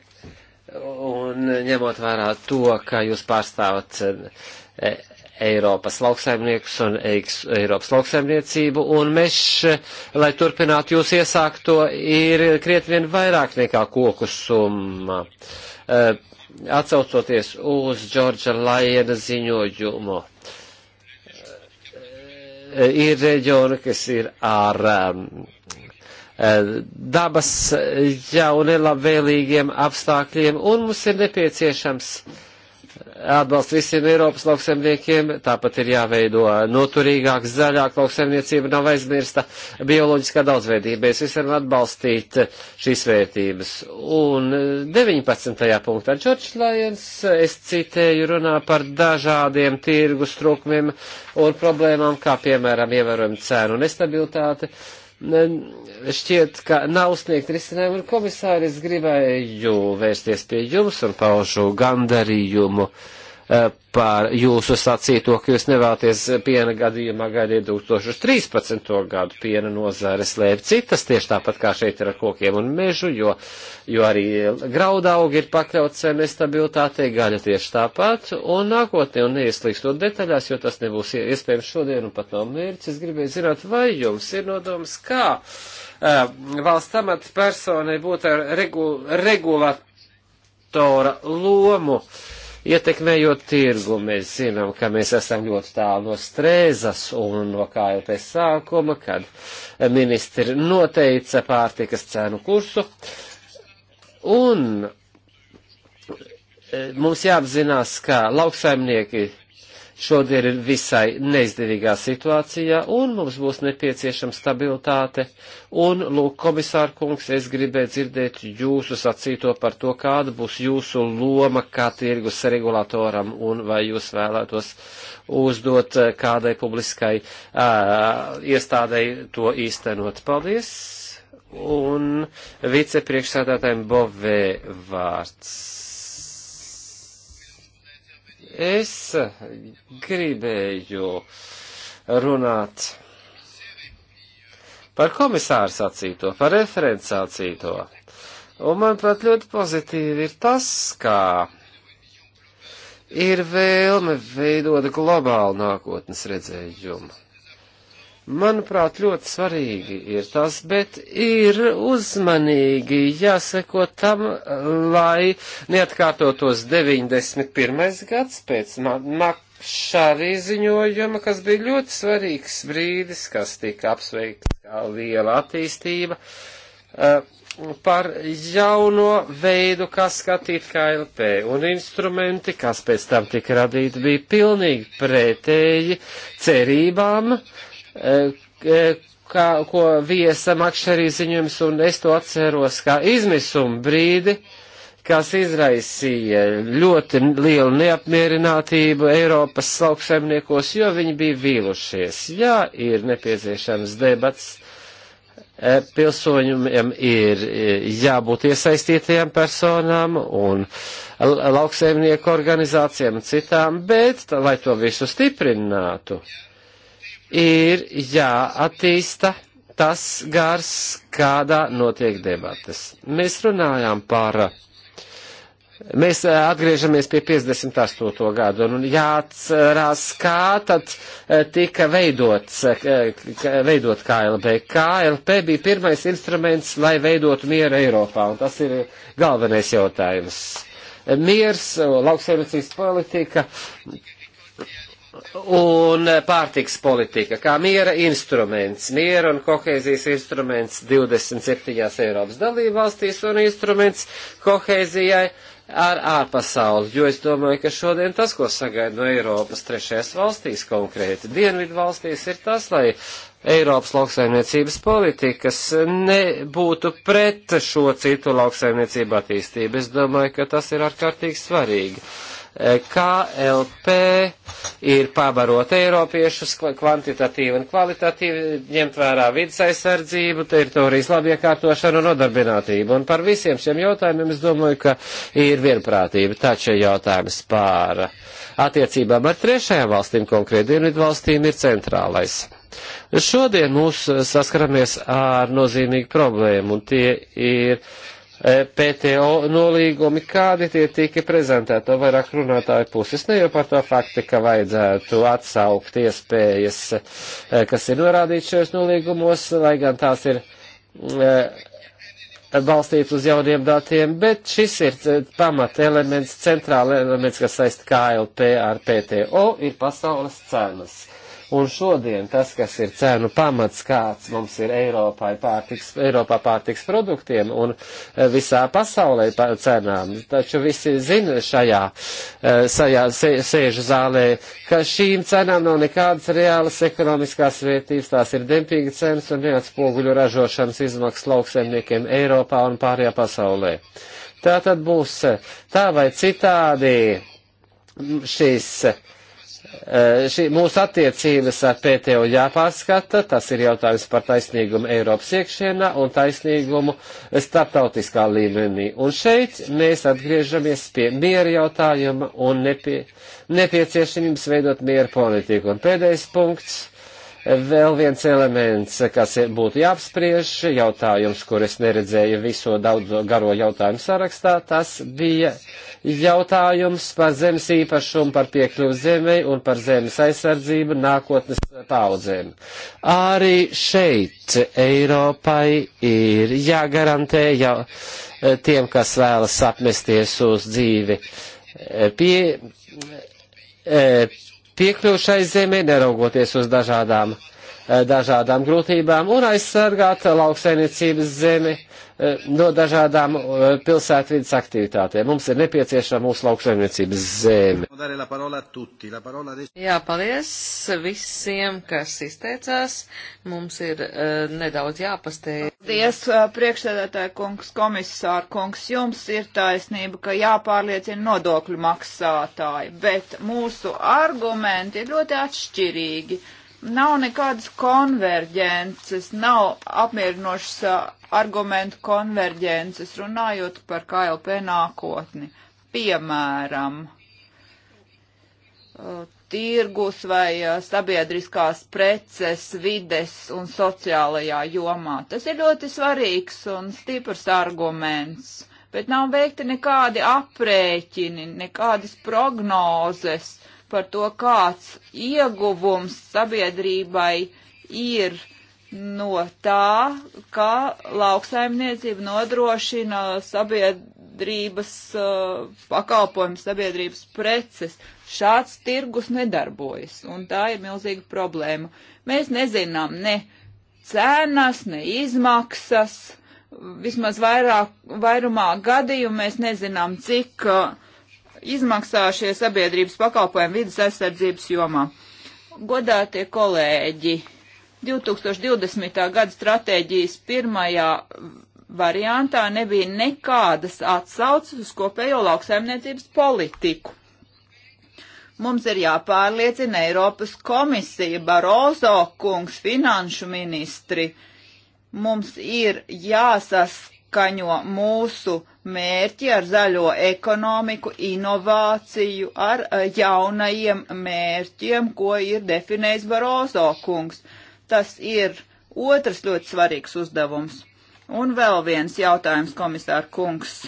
S1: un ņemot vērā to, ka jūs pārstāvat uh, Eiropas lauksaimniekus un Eiropas lauksaimniecību, un mežs, lai turpinātu jūs iesākto, ir krietni vien vairāk nekā koku summa. Eh, Atcaucoties uz Džordža Lajena ziņojumu Eh, ir reģioni, kas ir ar eh, dabas eh, jau nelabvēlīgiem apstākļiem, un mums ir nepieciešams uh, atbalsts visiem Eiropas lauksemniekiem, tāpat ir jāveido noturīgāk, zaļāk lauksemniecība, nav aizmirsta bioloģiskā daudzveidība. Mēs visam atbalstīt šīs vērtības. Un 19. Eh, punktā Džordžs Lajens, es citēju, runā par dažādiem tirgus trūkumiem un problēmām, kā piemēram ievērojama cēnu nestabilitāte. Un šķiet, ka nav sniegt risinājumu, un komisāri, es gribēju vērsties pie jums un paužu gandarījumu. Uh, Eh, par jūsu sacīto, ka jūs nevēlaties piena gadījumā gaidīt 2013. gadu piena nozare slēp citas, tieši tāpat kā šeit ir ar kokiem un mežu, jo, jo arī graudaugi ir pakļauts eh, nestabilitātei, gaļa tieši tāpat, un nākotnē, un neieslīkstot detaļās, jo tas nebūs iespējams šodien un pat nav mērķis, es gribēju zināt, vai jums ir nodoms, kā uh, valsts amata personai būtu ar regu, regulatora lomu. Uh, ietekmējot tirgu. Mēs zinām, ka mēs esam ļoti tālu no strēzas un no KLP sākuma, kad ministri noteica pārtikas cenu kursu. Un e, mums jāapzinās, ka lauksaimnieki šodien ir visai neizdevīgā situācijā, un mums būs nepieciešama stabilitāte. Un, lūk, komisār kungs, es gribēju dzirdēt jūsu sacīto par to, kāda būs jūsu loma kā tirgus regulatoram, un vai jūs vēlētos uzdot eh, kādai publiskai uh, iestādei to īstenot. Paldies! Un vicepriekšsēdētājiem Bovē vārds. Es gribēju runāt par komisāru sacīto, par referents sacīto. Un, manuprāt, ļoti pozitīvi ir tas, kā ir vēlme veidot globālu nākotnes redzējumu manuprāt, ļoti svarīgi ir tas, bet ir uzmanīgi jāseko tam, lai neatkārtotos 91. gads pēc makšārī ziņojuma, kas bija ļoti svarīgs brīdis, kas tika apsveikts kā liela attīstība. Uh, par jauno veidu, kā skatīt KLP, un instrumenti, kas pēc tam tika radīti, bija pilnīgi pretēji cerībām, Eh, eh, kā, ko viesa makšarī ziņojums, un es to atceros kā izmisuma brīdi, kas izraisīja ļoti lielu neapmierinātību Eiropas lauksaimniekos, jo viņi bija vīlušies. Jā, ir nepieciešams debats eh, pilsoņiem ir jābūt iesaistītajām personām un lauksaimnieku organizācijām un citām, bet, lai to visu stiprinātu, ir jāattīsta tas gars, kādā notiek debates. Mēs runājām par. Mēs atgriežamies pie 58. gadu un jāatcerās, kā tad eh, tika veidots, eh, veidot KLB. KLP bija pirmais instruments, lai veidotu mieru Eiropā, un tas ir galvenais jautājums. Miers, lauksaimniecības politika, un pārtiks politika, kā miera instruments, miera un kohēzijas instruments 27. Eiropas dalībvalstīs un instruments kohēzijai ar ārpasauli, jo es domāju, ka šodien tas, ko sagaida no Eiropas trešajās valstīs konkrēti, dienvidu valstīs, ir tas, lai Eiropas lauksaimniecības politikas nebūtu pret šo citu lauksaimniecību attīstību. Es domāju, ka tas ir ārkārtīgi svarīgi. Uh, KLP ir pabarot Eiropiešus kvantitatīvi un kvalitatīvi, ņemt vērā vidas aizsardzību, teritorijas labiekārtošanu un nodarbinātību. Un par visiem šiem jautājumiem es domāju, ka ir vienprātība. Taču jautājums pār attiecībām ar trešajām valstīm, konkrēti dienvidu valstīm, ir centrālais. Šodien mūs saskaramies ar nozīmīgu problēmu, un tie ir E, PTO nolīgumi, kādi tie tika prezentēti no vairāk runātāju puses, ne jau par to fakti, ka vajadzētu atsaukt iespējas, e, kas ir norādīts šajos nolīgumos, lai gan tās ir e, balstīts uz jauniem datiem, bet šis ir pamata elements, centrāla elements, kas saista KLP ar PTO, ir pasaules cenas Un šodien tas, kas ir cēnu pamats, kāds mums ir Eiropā pārtiks, Eiropā pārtiks produktiem un e, visā pasaulē cenām, taču visi zina šajā, e, šajā sēžu zālē, ka šīm cenām nav nekādas reālas ekonomiskās vērtības, tās ir dempīga cenas un neatspoguļu ražošanas izmaksas lauksaimniekiem Eiropā un pārējā pasaulē. Tā tad būs e, tā vai citādi šīs Eh, šī mūsu attiecības ar PTO jāpārskata, tas ir jautājums par taisnīgumu Eiropas iekšienā un taisnīgumu starptautiskā līmenī. Un šeit mēs atgriežamies pie miera jautājuma un nepie, nepieciešamības veidot miera politiku. Un pēdējais punkts Vēl viens elements, kas būtu jāapspriež, jautājums, kur es neredzēju viso daudzo garo jautājumu sarakstā, tas bija jautājums par zemes īpašumu, par piekļuvu zemei un par zemes aizsardzību nākotnes paudzēm. Arī šeit Eiropai ir jāgarantē jau eh, tiem, kas vēlas apmesties uz dzīvi eh, pie, eh, piekļuvušai zemē, neraugoties uz dažādām uh, Eh, dažādām grūtībām un aizsargāt lauksainiecības zemi eh, no dažādām eh, pilsētvidas aktivitātēm. Mums ir nepieciešama mūsu lauksainiecības zeme.
S2: Jā, paldies visiem, kas izteicās.
S3: Mums ir uh, nedaudz jāpasteidz. Paldies, priekšsēdētāji kungs, komisāra kungs. Jums ir taisnība, ka jāpārliecina nodokļu maksātāji, bet mūsu argumenti ir ļoti atšķirīgi. Nav nekādas konverģences, nav apmierinošas uh, argumentu konverģences, runājot par KLP nākotni. Piemēram, uh, tirgus vai uh, sabiedriskās preces, vides un sociālajā jomā. Tas ir ļoti svarīgs un stiprs arguments, bet nav veikti nekādi aprēķini, nekādas prognozes par to, kāds ieguvums sabiedrībai ir no tā, ka lauksaimniecība nodrošina sabiedrības uh, pakalpojumus, sabiedrības preces. Šāds tirgus nedarbojas, un tā ir milzīga problēma. Mēs nezinām ne cenas, ne izmaksas, vismaz vairāk, vairumā gadījumu mēs nezinām, cik uh, izmaksāšie sabiedrības pakalpojumi vidas aizsardzības jomā. Godātie kolēģi, 2020. gada stratēģijas pirmajā variantā nebija nekādas atsauces uz kopējo lauksaimniecības politiku. Mums ir jāpārliecina Eiropas komisija, Barozo kungs, finanšu ministri. Mums ir jāsaskatīt jāsaskaņo mūsu mērķi ar zaļo ekonomiku, inovāciju, ar eh, jaunajiem mērķiem, ko ir definējis Barozo kungs. Tas ir otrs ļoti svarīgs uzdevums. Un vēl viens jautājums, komisāra kungs,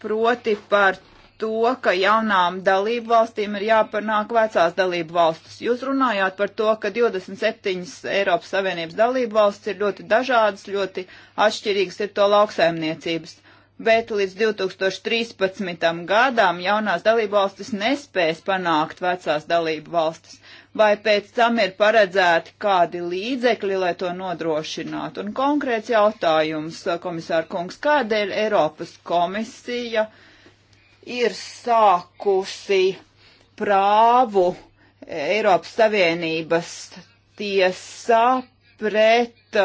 S3: proti par to, ka jaunām dalību valstīm ir jāpanāk vecās dalību valstis. Jūs runājāt par to, ka 27 Eiropas Savienības dalību valstis ir ļoti dažādas, ļoti atšķirīgas ir to lauksaimniecības. Bet līdz 2013. gadam jaunās dalību valstis nespēs panākt vecās dalību valstis. Vai pēc tam ir paredzēti kādi līdzekļi, lai to nodrošinātu? Un konkrēts jautājums, komisāra kungs, kādēļ Eiropas komisija uh, ir sākusi prāvu Eiropas Savienības tiesā pret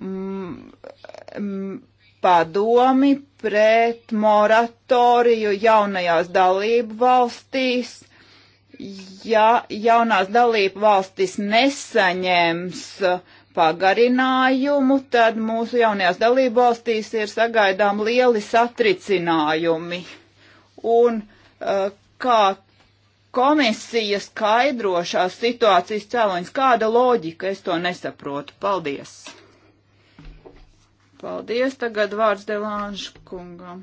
S3: mm, mm, padomi, pret moratoriju jaunajās dalību valstīs. Ja jaunās dalību valstis nesaņems pagarinājumu, tad mūsu jaunajās dalību valstīs ir sagaidām lieli satricinājumi un uh, kā komisija skaidro šās situācijas cēloņus. Kāda loģika? Es to nesaprotu. Paldies! Paldies! Tagad vārds Delāņš kungam.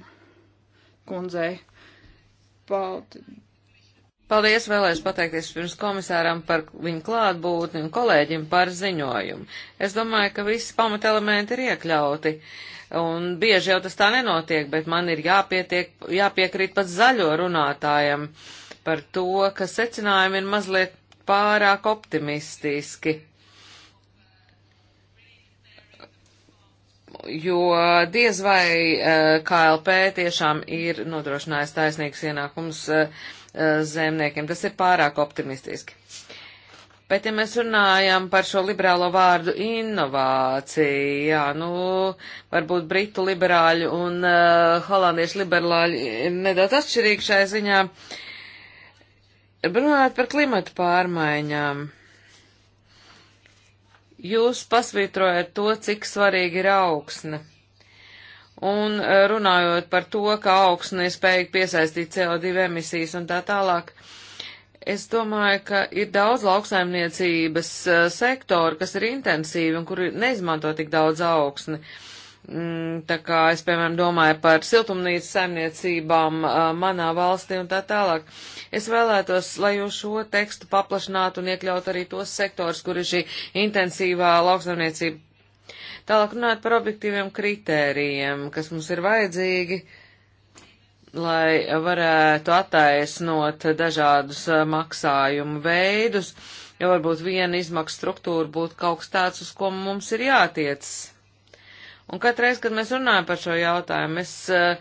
S3: Kundzei. Paldies!
S2: Paldies, vēlēšu pateikties pirms komisāram par viņu klātbūtni un kolēģim par ziņojumu. Es domāju, ka visi pamatelementi ir iekļauti. Uh, Un bieži jau tas tā nenotiek, bet man ir jāpietiek, jāpiekrīt pats zaļo runātājam par to, ka secinājumi ir mazliet pārāk optimistiski. Jo diez vai eh, KLP tiešām ir nodrošinājis taisnīgs ienākums eh, eh, zemniekiem. Tas ir pārāk optimistiski. Bet, ja mēs runājam par šo liberālo vārdu inovācija, jā, nu, varbūt britu liberāļi un uh, holandiešu liberāļi ir nedaudz atšķirīgi šai ziņā. Runājot par klimatu pārmaiņām, jūs pasvītrojat to, cik svarīgi ir augsne. Un eh, runājot par to, ka augsne spēj piesaistīt CO2 emisijas un tā tālāk. Uh, Es domāju, ka ir daudz lauksaimniecības eh, sektoru, kas ir intensīvi un kuri neizmanto tik daudz augsni. Mm, tā kā es, piemēram, domāju par siltumnīcas saimniecībām eh, manā valstī un tā tālāk. Es vēlētos, lai jūs šo tekstu paplašinātu un iekļaut arī tos sektors, kur ir šī intensīvā lauksaimniecība. Tālāk runāt par objektīviem kritērijiem, kas mums ir vajadzīgi. Uh, lai varētu attaisnot dažādus eh, maksājumu veidus, jo ja varbūt viena izmaksu struktūra būtu kaut kas tāds, uz ko mums ir jātiec. Un katreiz, kad mēs runājam par šo jautājumu, es uh,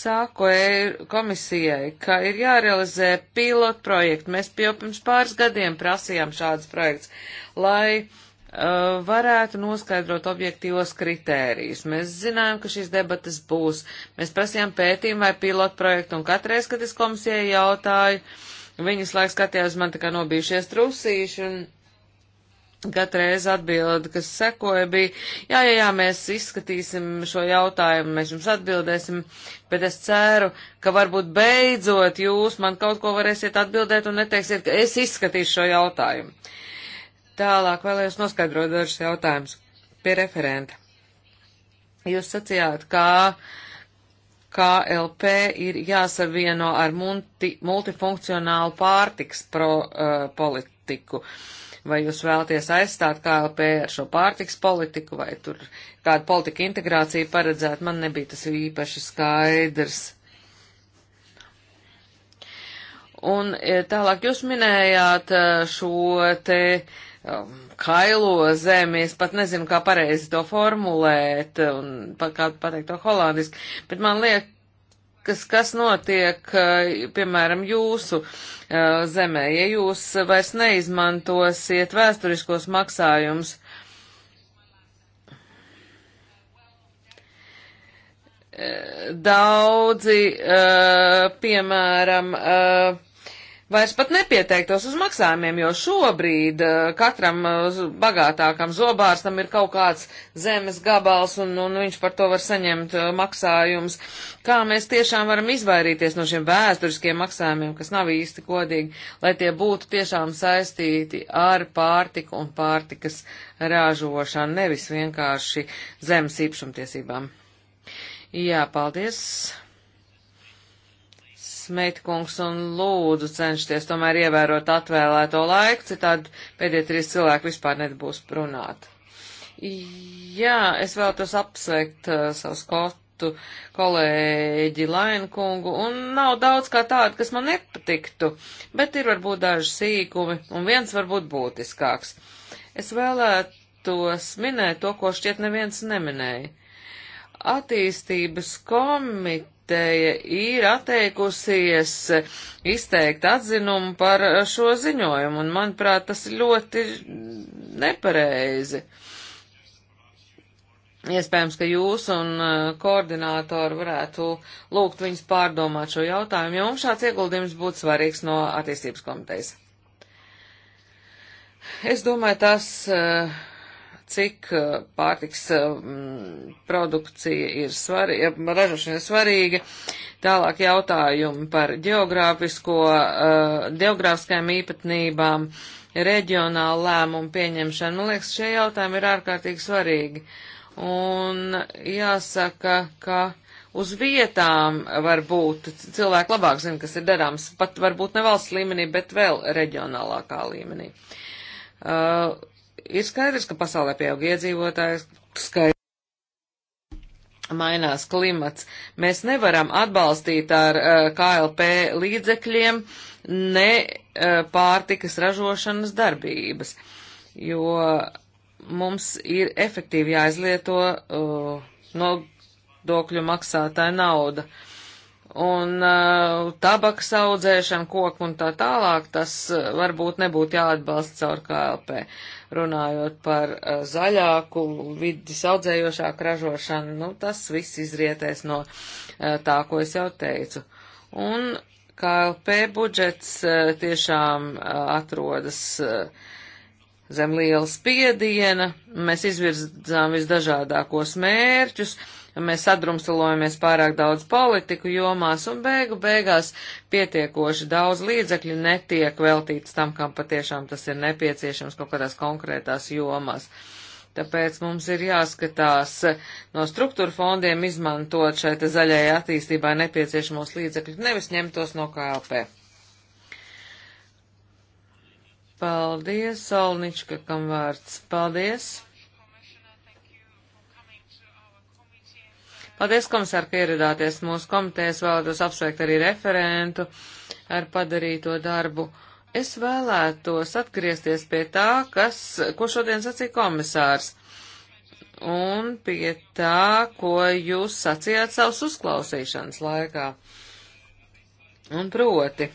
S2: sāku e- komisijai, ka ir jārealizē pilotu projektu. Mēs jau pirms pāris gadiem prasījām šādus projektus, lai uh, Eh, varētu noskaidrot objektīvos kritērijus. Mēs zinājām, ka šīs debatas būs. Mēs prasījām pētījumu vai pilotu projektu, un katreiz, kad es komisijai jautāju, viņas laiks skatījās man tā kā nobijušies trusīši, un katreiz atbildi, kas sekoja, bija, jā, jā, jā, mēs izskatīsim šo jautājumu, mēs jums atbildēsim, bet es ceru, ka varbūt beidzot jūs man kaut ko varēsiet atbildēt un neteiksiet, ka es izskatīšu šo jautājumu. Uh, Tālāk vēlējos noskaidrot dažus jautājumus pie referenta. Jūs sacījāt, ka KLP ir jāsavieno ar multi, multifunkcionālu pārtiks pro, uh, politiku. Vai jūs vēlaties aizstāt KLP ar šo pārtiks politiku, vai tur kāda politika integrācija paredzēta? Man nebija tas īpaši skaidrs. Un e, tālāk jūs minējāt e, šo te uh, Um, kailo zemi, es pat nezinu, kā pareizi to formulēt un pat, kā pateikt to holandiski, bet man liekas, kas notiek, uh, piemēram, jūsu uh, zemē, ja jūs vairs neizmantosiet vēsturiskos maksājumus. Eh, daudzi, eh, piemēram, eh, vairs pat nepieteiktos uz maksājumiem, jo šobrīd eh, katram eh, bagātākam zobārstam ir kaut kāds zemes gabals un, un viņš par to var saņemt eh, maksājumus. Kā mēs tiešām varam izvairīties no šiem vēsturiskiem maksājumiem, kas nav īsti godīgi, lai tie būtu tiešām saistīti ar pārtiku un pārtikas ražošanu, nevis vienkārši zemes īpašumtiesībām. Jā, paldies. Smeitkungs, un lūdzu cenšties tomēr ievērot atvēlēto laiku, citādi pēdējie trīs cilvēki vispār nebūs runāt. Jā, es vēlētos apsveikt uh, savu skotu kolēģi Lainkungu, un nav daudz kā tādu, kas man nepatiktu, bet ir varbūt daži sīkumi, un viens varbūt būtiskāks. Es vēlētos minēt to, ko šķiet neviens neminēja. Attīstības komiteja komiteja ir atteikusies izteikt atzinumu par šo ziņojumu, un manuprāt, tas ļoti nepareizi. Iespējams, ka jūs un uh, koordinātori varētu lūgt viņus pārdomāt šo jautājumu, jo mums šāds ieguldījums būtu svarīgs no attīstības komitejas. Es domāju, tas uh, cik eh, pārtiks eh, produkcija ir svarīga, eh, ražošana ir svarīga. Tālāk jautājumi par geogrāfisko, geogrāfiskajām īpatnībām, reģionālu lēmumu pieņemšanu. Man liekas, šie jautājumi ir ārkārtīgi svarīgi. Un jāsaka, ka uz vietām varbūt cilvēki labāk zina, kas ir darāms, pat varbūt ne valsts līmenī, bet vēl reģionālākā līmenī. Uh, ir skaidrs, ka pasaulē pieaug iedzīvotājs, skaidrs mainās klimats. Mēs nevaram atbalstīt ar uh, KLP līdzekļiem ne uh, pārtikas ražošanas darbības, jo mums ir efektīvi jāizlieto uh, nodokļu maksātāja nauda. Un uh, tabaks audzēšana, koku un tā tālāk, tas uh, varbūt nebūtu jāatbalsta caur KLP. Uh, runājot par eh, zaļāku, vidis audzējošāku ražošanu, nu, tas viss izrietēs no eh, tā, ko es jau teicu. Un KLP budžets eh, tiešām atrodas zem liela spiediena, mēs izvirzām visdažādākos mērķus, ja mēs sadrumstalojamies pārāk daudz politiku jomās un beigu beigās pietiekoši daudz līdzekļu netiek veltīts tam, kam patiešām tas ir nepieciešams kaut kādās konkrētās jomās. Tāpēc mums ir jāskatās no struktūra fondiem izmantot šai te zaļajai attīstībai nepieciešamos līdzekļus, nevis ņemtos no KLP. Paldies, Solnička, kam vārds. Paldies! Paldies, komisār, ka ieradāties mūsu komitēs, vēlētos apsveikt arī referentu ar padarīto darbu. Es vēlētos atgriezties pie tā, kas, ko šodien sacīja komisārs, un pie tā, ko jūs sacījāt savas uzklausīšanas laikā. Un proti,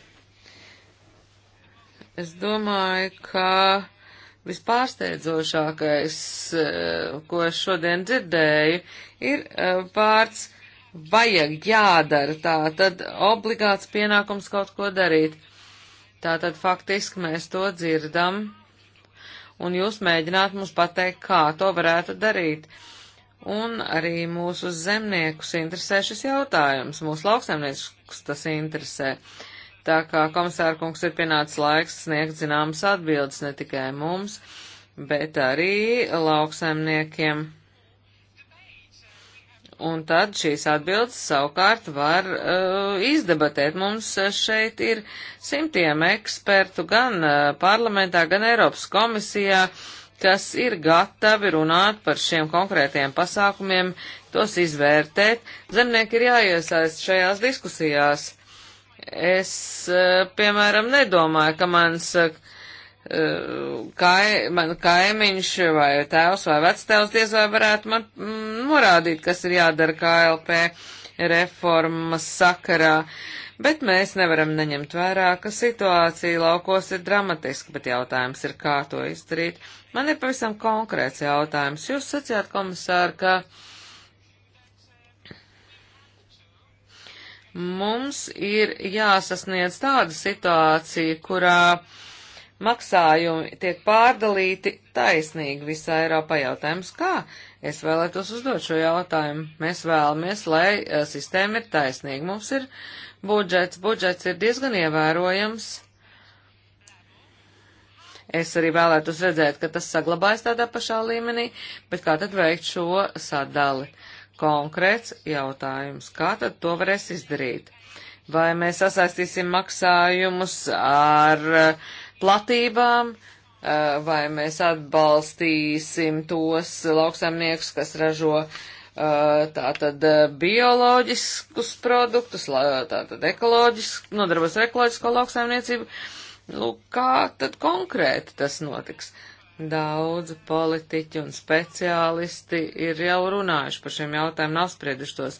S2: es domāju, ka Vispārsteidzošākais, eh, ko es šodien dzirdēju, ir eh, vārds vajag jādara, tā tad obligāts pienākums kaut ko darīt. Tā tad faktiski mēs to dzirdam, un jūs mēģināt mums pateikt, kā to varētu darīt. Un arī mūsu zemniekus interesē šis jautājums, mūsu lauksaimniekus tas interesē. Uh, Tā kā komisārkungs ir pienācis laiks sniegt zināmas atbildes ne tikai mums, bet arī lauksaimniekiem. Un tad šīs atbildes savukārt var uh, izdebatēt. Mums uh, šeit ir simtiem ekspertu gan uh, parlamentā, gan Eiropas komisijā, kas ir gatavi runāt par šiem konkrētiem pasākumiem, tos izvērtēt. Zemnieki ir jāiesaist šajās diskusijās. Uh, Es, eh, piemēram, nedomāju, ka mans eh, kai, man kaimiņš vai tēvs vai vectēvs diez vai varētu man mm, norādīt, kas ir jādara KLP reformas sakarā. Bet mēs nevaram neņemt vērā, ka situācija laukos ir dramatiska, bet jautājums ir, kā to izdarīt. Man ir pavisam konkrēts jautājums. Jūs sacījāt, komisār, ka Mums ir jāsasniedz tāda situācija, kurā maksājumi tiek pārdalīti taisnīgi visā Eiropā. Jautājums kā? Es vēlētos uzdot šo jautājumu. Mēs vēlamies, lai eh, sistēma ir taisnīga. Mums ir budžets, budžets ir diezgan ievērojams. Es arī vēlētos redzēt, ka tas saglabājas tādā pašā līmenī, bet kā tad veikt šo sadali? Uh, konkrēts jautājums. Kā tad to varēs izdarīt? Vai mēs sasaistīsim maksājumus ar eh, platībām, eh, vai mēs atbalstīsim tos lauksaimniekus, kas ražo eh, tātad bioloģiskus produktus, tātad ekoloģisku, nodarbos ar ekoloģisko lauksaimniecību. Lūk, kā tad konkrēti tas notiks? Uh, daudzi politiķi un speciālisti ir jau runājuši par šiem jautājumiem, nav sprieduši tos.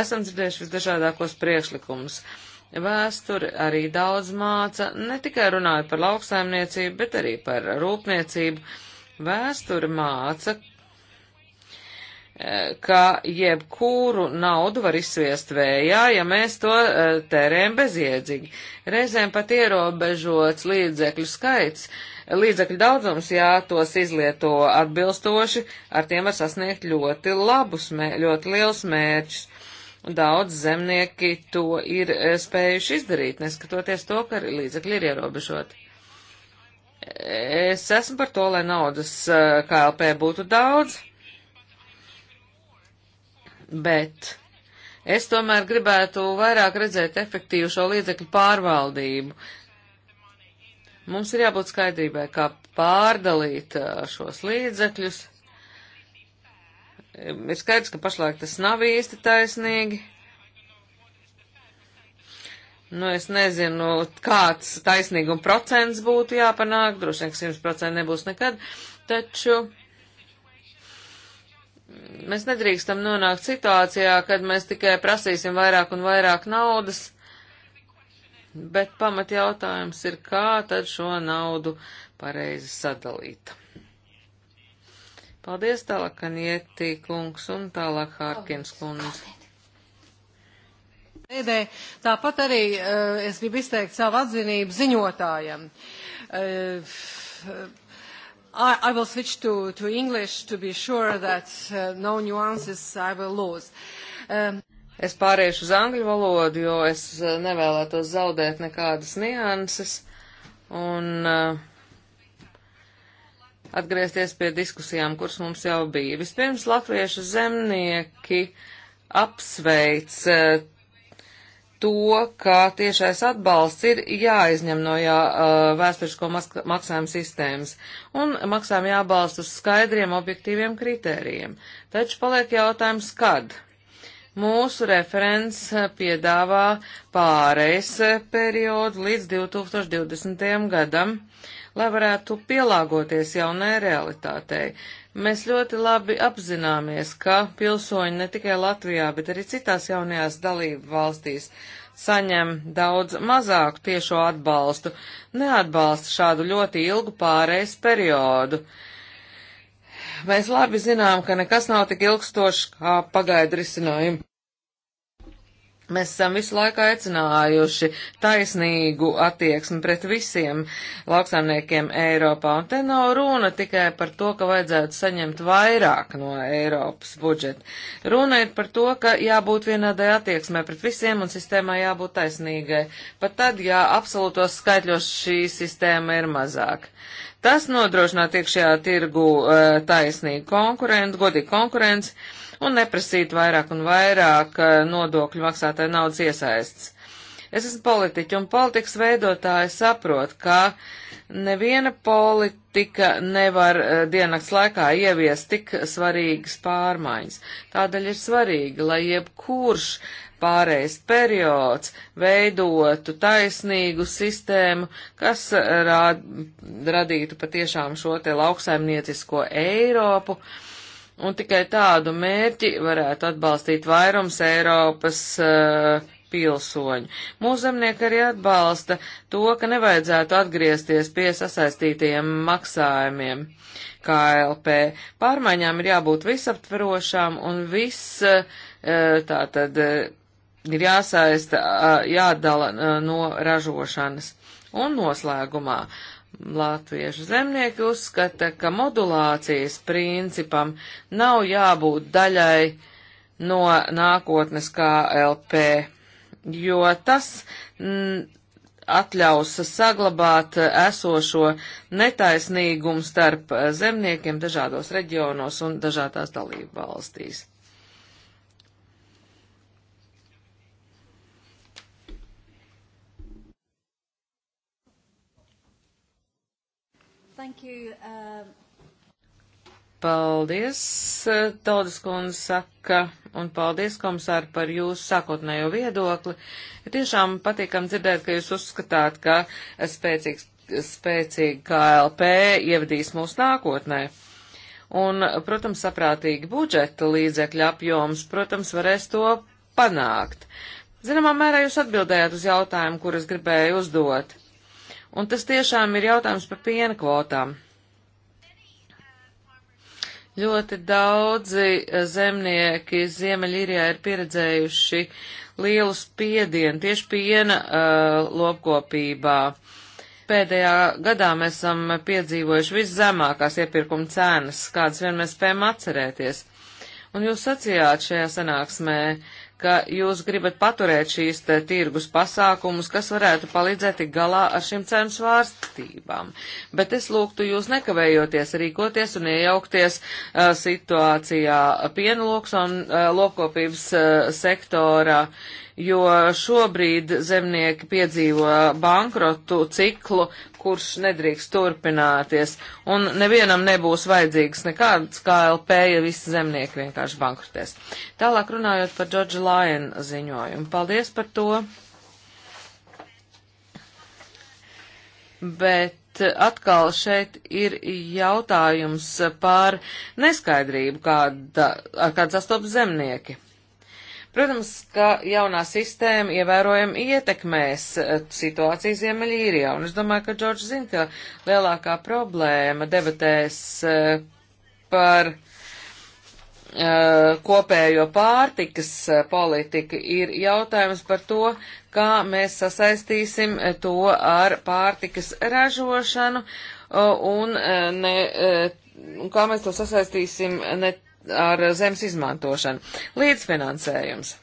S2: Esam dzirdējuši visdažādākos priekšlikumus. Vēsturi arī daudz māca, ne tikai runājot par lauksaimniecību, bet arī par rūpniecību. Vēsturi māca, eh, ka jebkuru naudu var izsviest vējā, ja mēs to eh, tērējam bezjēdzīgi. Reizēm pat ierobežots līdzekļu skaits uh, līdzekļu daudzums, ja tos izlieto atbilstoši, ar tiem var sasniegt ļoti labus, ļoti liels mērķus. Daudz zemnieki to ir e, spējuši izdarīt, neskatoties to, ka līdzekļi ir ierobežoti. Es esmu par to, lai naudas e, KLP būtu daudz, bet es tomēr gribētu vairāk redzēt efektīvu šo līdzekļu pārvaldību, Mums ir jābūt skaidrībai, kā pārdalīt šos līdzekļus. Ir skaidrs, ka pašlaik tas nav īsti taisnīgi. Nu, es nezinu, kāds taisnīguma procents būtu jāpanāk, droši vien, ka 100% nebūs nekad, taču mēs nedrīkstam nonākt situācijā, kad mēs tikai prasīsim vairāk un vairāk naudas bet pamat jautājums ir, kā tad šo naudu pareizi sadalīt. Paldies tālāk, Kanietī kungs un tālāk Hārkins kungs. Ēdē. Tāpat arī uh, es gribu izteikt savu atzinību ziņotājam. Uh, I, I will switch to, to English to be sure that uh, no nuances I will lose. Um, Es pāriešu uz angļu valodu, jo es eh, nevēlētos zaudēt nekādas nianses un uh, atgriezties pie diskusijām, kuras mums jau bija. Vispirms latviešu zemnieki apsveic uh, to, ka tiešais atbalsts ir jāizņem no jā, uh, vēsturisko maksājumu sistēmas un maksājumu jābalst uz skaidriem objektīviem kritērijiem. Taču paliek jautājums, kad? Mūsu referents piedāvā pārejas periodu līdz 2020. gadam, lai varētu pielāgoties jaunai realitātei. Mēs ļoti labi apzināmies, ka pilsoņi ne tikai Latvijā, bet arī citās jaunajās dalību valstīs saņem daudz mazāku tiešo atbalstu, neatbalsta šādu ļoti ilgu pārejas periodu. Mēs labi zinām, ka nekas nav tik ilgstošs kā pagaidu risinājumi. Mēs esam visu laiku aicinājuši taisnīgu attieksmi pret visiem lauksaimniekiem Eiropā, un te nav runa tikai par to, ka vajadzētu saņemt vairāk no Eiropas budžeta. Runa ir par to, ka jābūt vienādai attieksmē pret visiem, un sistēmai jābūt taisnīgai, pat tad, ja absolūtos skaitļos šī sistēma ir mazāk. Tas nodrošinātu iekšējā tirgu eh, taisnīgu konkurentu, godīgu konkurenci. Godīgi konkurenci un neprasīt vairāk un vairāk eh, nodokļu maksātāju naudas iesaists. Es esmu politiķi un politikas veidotāji saprot, ka neviena politika nevar eh, diennakts laikā ieviest tik svarīgas pārmaiņas. Tādēļ ir svarīgi, lai jebkurš pārējais periods veidotu taisnīgu sistēmu, kas eh, rād, radītu patiešām šo te lauksaimniecisko Eiropu. Uh, un tikai tādu mērķi varētu atbalstīt vairums Eiropas uh, pilsoņu. Mūsu zemnieki arī atbalsta to, ka nevajadzētu atgriezties pie sasaistītajiem maksājumiem KLP. Pārmaiņām ir jābūt visaptverošām un viss uh, eh, tātad uh, eh, ir jāsaista, jāatdala no ražošanas. Un noslēgumā Latviešu zemnieki uzskata, ka modulācijas principam nav jābūt daļai no nākotnes KLP, jo tas m, mm, atļaus saglabāt esošo netaisnīgumu starp zemniekiem dažādos reģionos un dažādās dalību valstīs.
S3: Thank you. Um...
S2: Paldies, eh, Taudas kundze saka, un paldies, komisāri, par jūsu sākotnējo viedokli. Ir tiešām patīkam dzirdēt, ka jūs uzskatāt, ka spēcīgs, spēcīga KLP ievadīs mūsu nākotnē. Un, protams, saprātīgi budžeta līdzekļa apjoms, protams, varēs to panākt. Zināmā mērā jūs atbildējāt uz jautājumu, kur es gribēju uzdot. Un tas tiešām ir jautājums par piena kvotām. Ļoti daudzi eh, zemnieki Ziemeļīrijā ir pieredzējuši lielu spiedienu tieši piena uh, lopkopībā. Pēdējā gadā mēs esam piedzīvojuši viszemākās iepirkuma cenas, kādas vien mēs spējam atcerēties. Un jūs sacījāt šajā sanāksmē, uh, ka jūs gribat paturēt šīs te tirgus pasākumus, kas varētu palīdzēt tik galā ar šīm cenu svārstībām. Bet es lūgtu jūs nekavējoties rīkoties un iejaukties uh, situācijā pienloks un uh, lopkopības uh, sektora. Uh, jo šobrīd zemnieki piedzīvo bankrotu ciklu, kurš nedrīkst turpināties, un nevienam nebūs vajadzīgs nekāds KLP, ja visi zemnieki vienkārši bankrotēs. Tālāk runājot par George Lyon ziņojumu. Paldies par to. Bet atkal šeit ir jautājums par neskaidrību, kāda, ar kādu sastopas zemnieki. Protams, ka jaunā sistēma ievērojami ietekmēs eh, situāciju Ziemeļīrijā, un es domāju, ka Džordžs zina, ka lielākā problēma debatēs eh, par eh, kopējo pārtikas politika ir jautājums par to, kā mēs sasaistīsim to ar pārtikas ražošanu un ne, kā mēs to sasaistīsim ne ar zemes izmantošanu. Līdzfinansējums.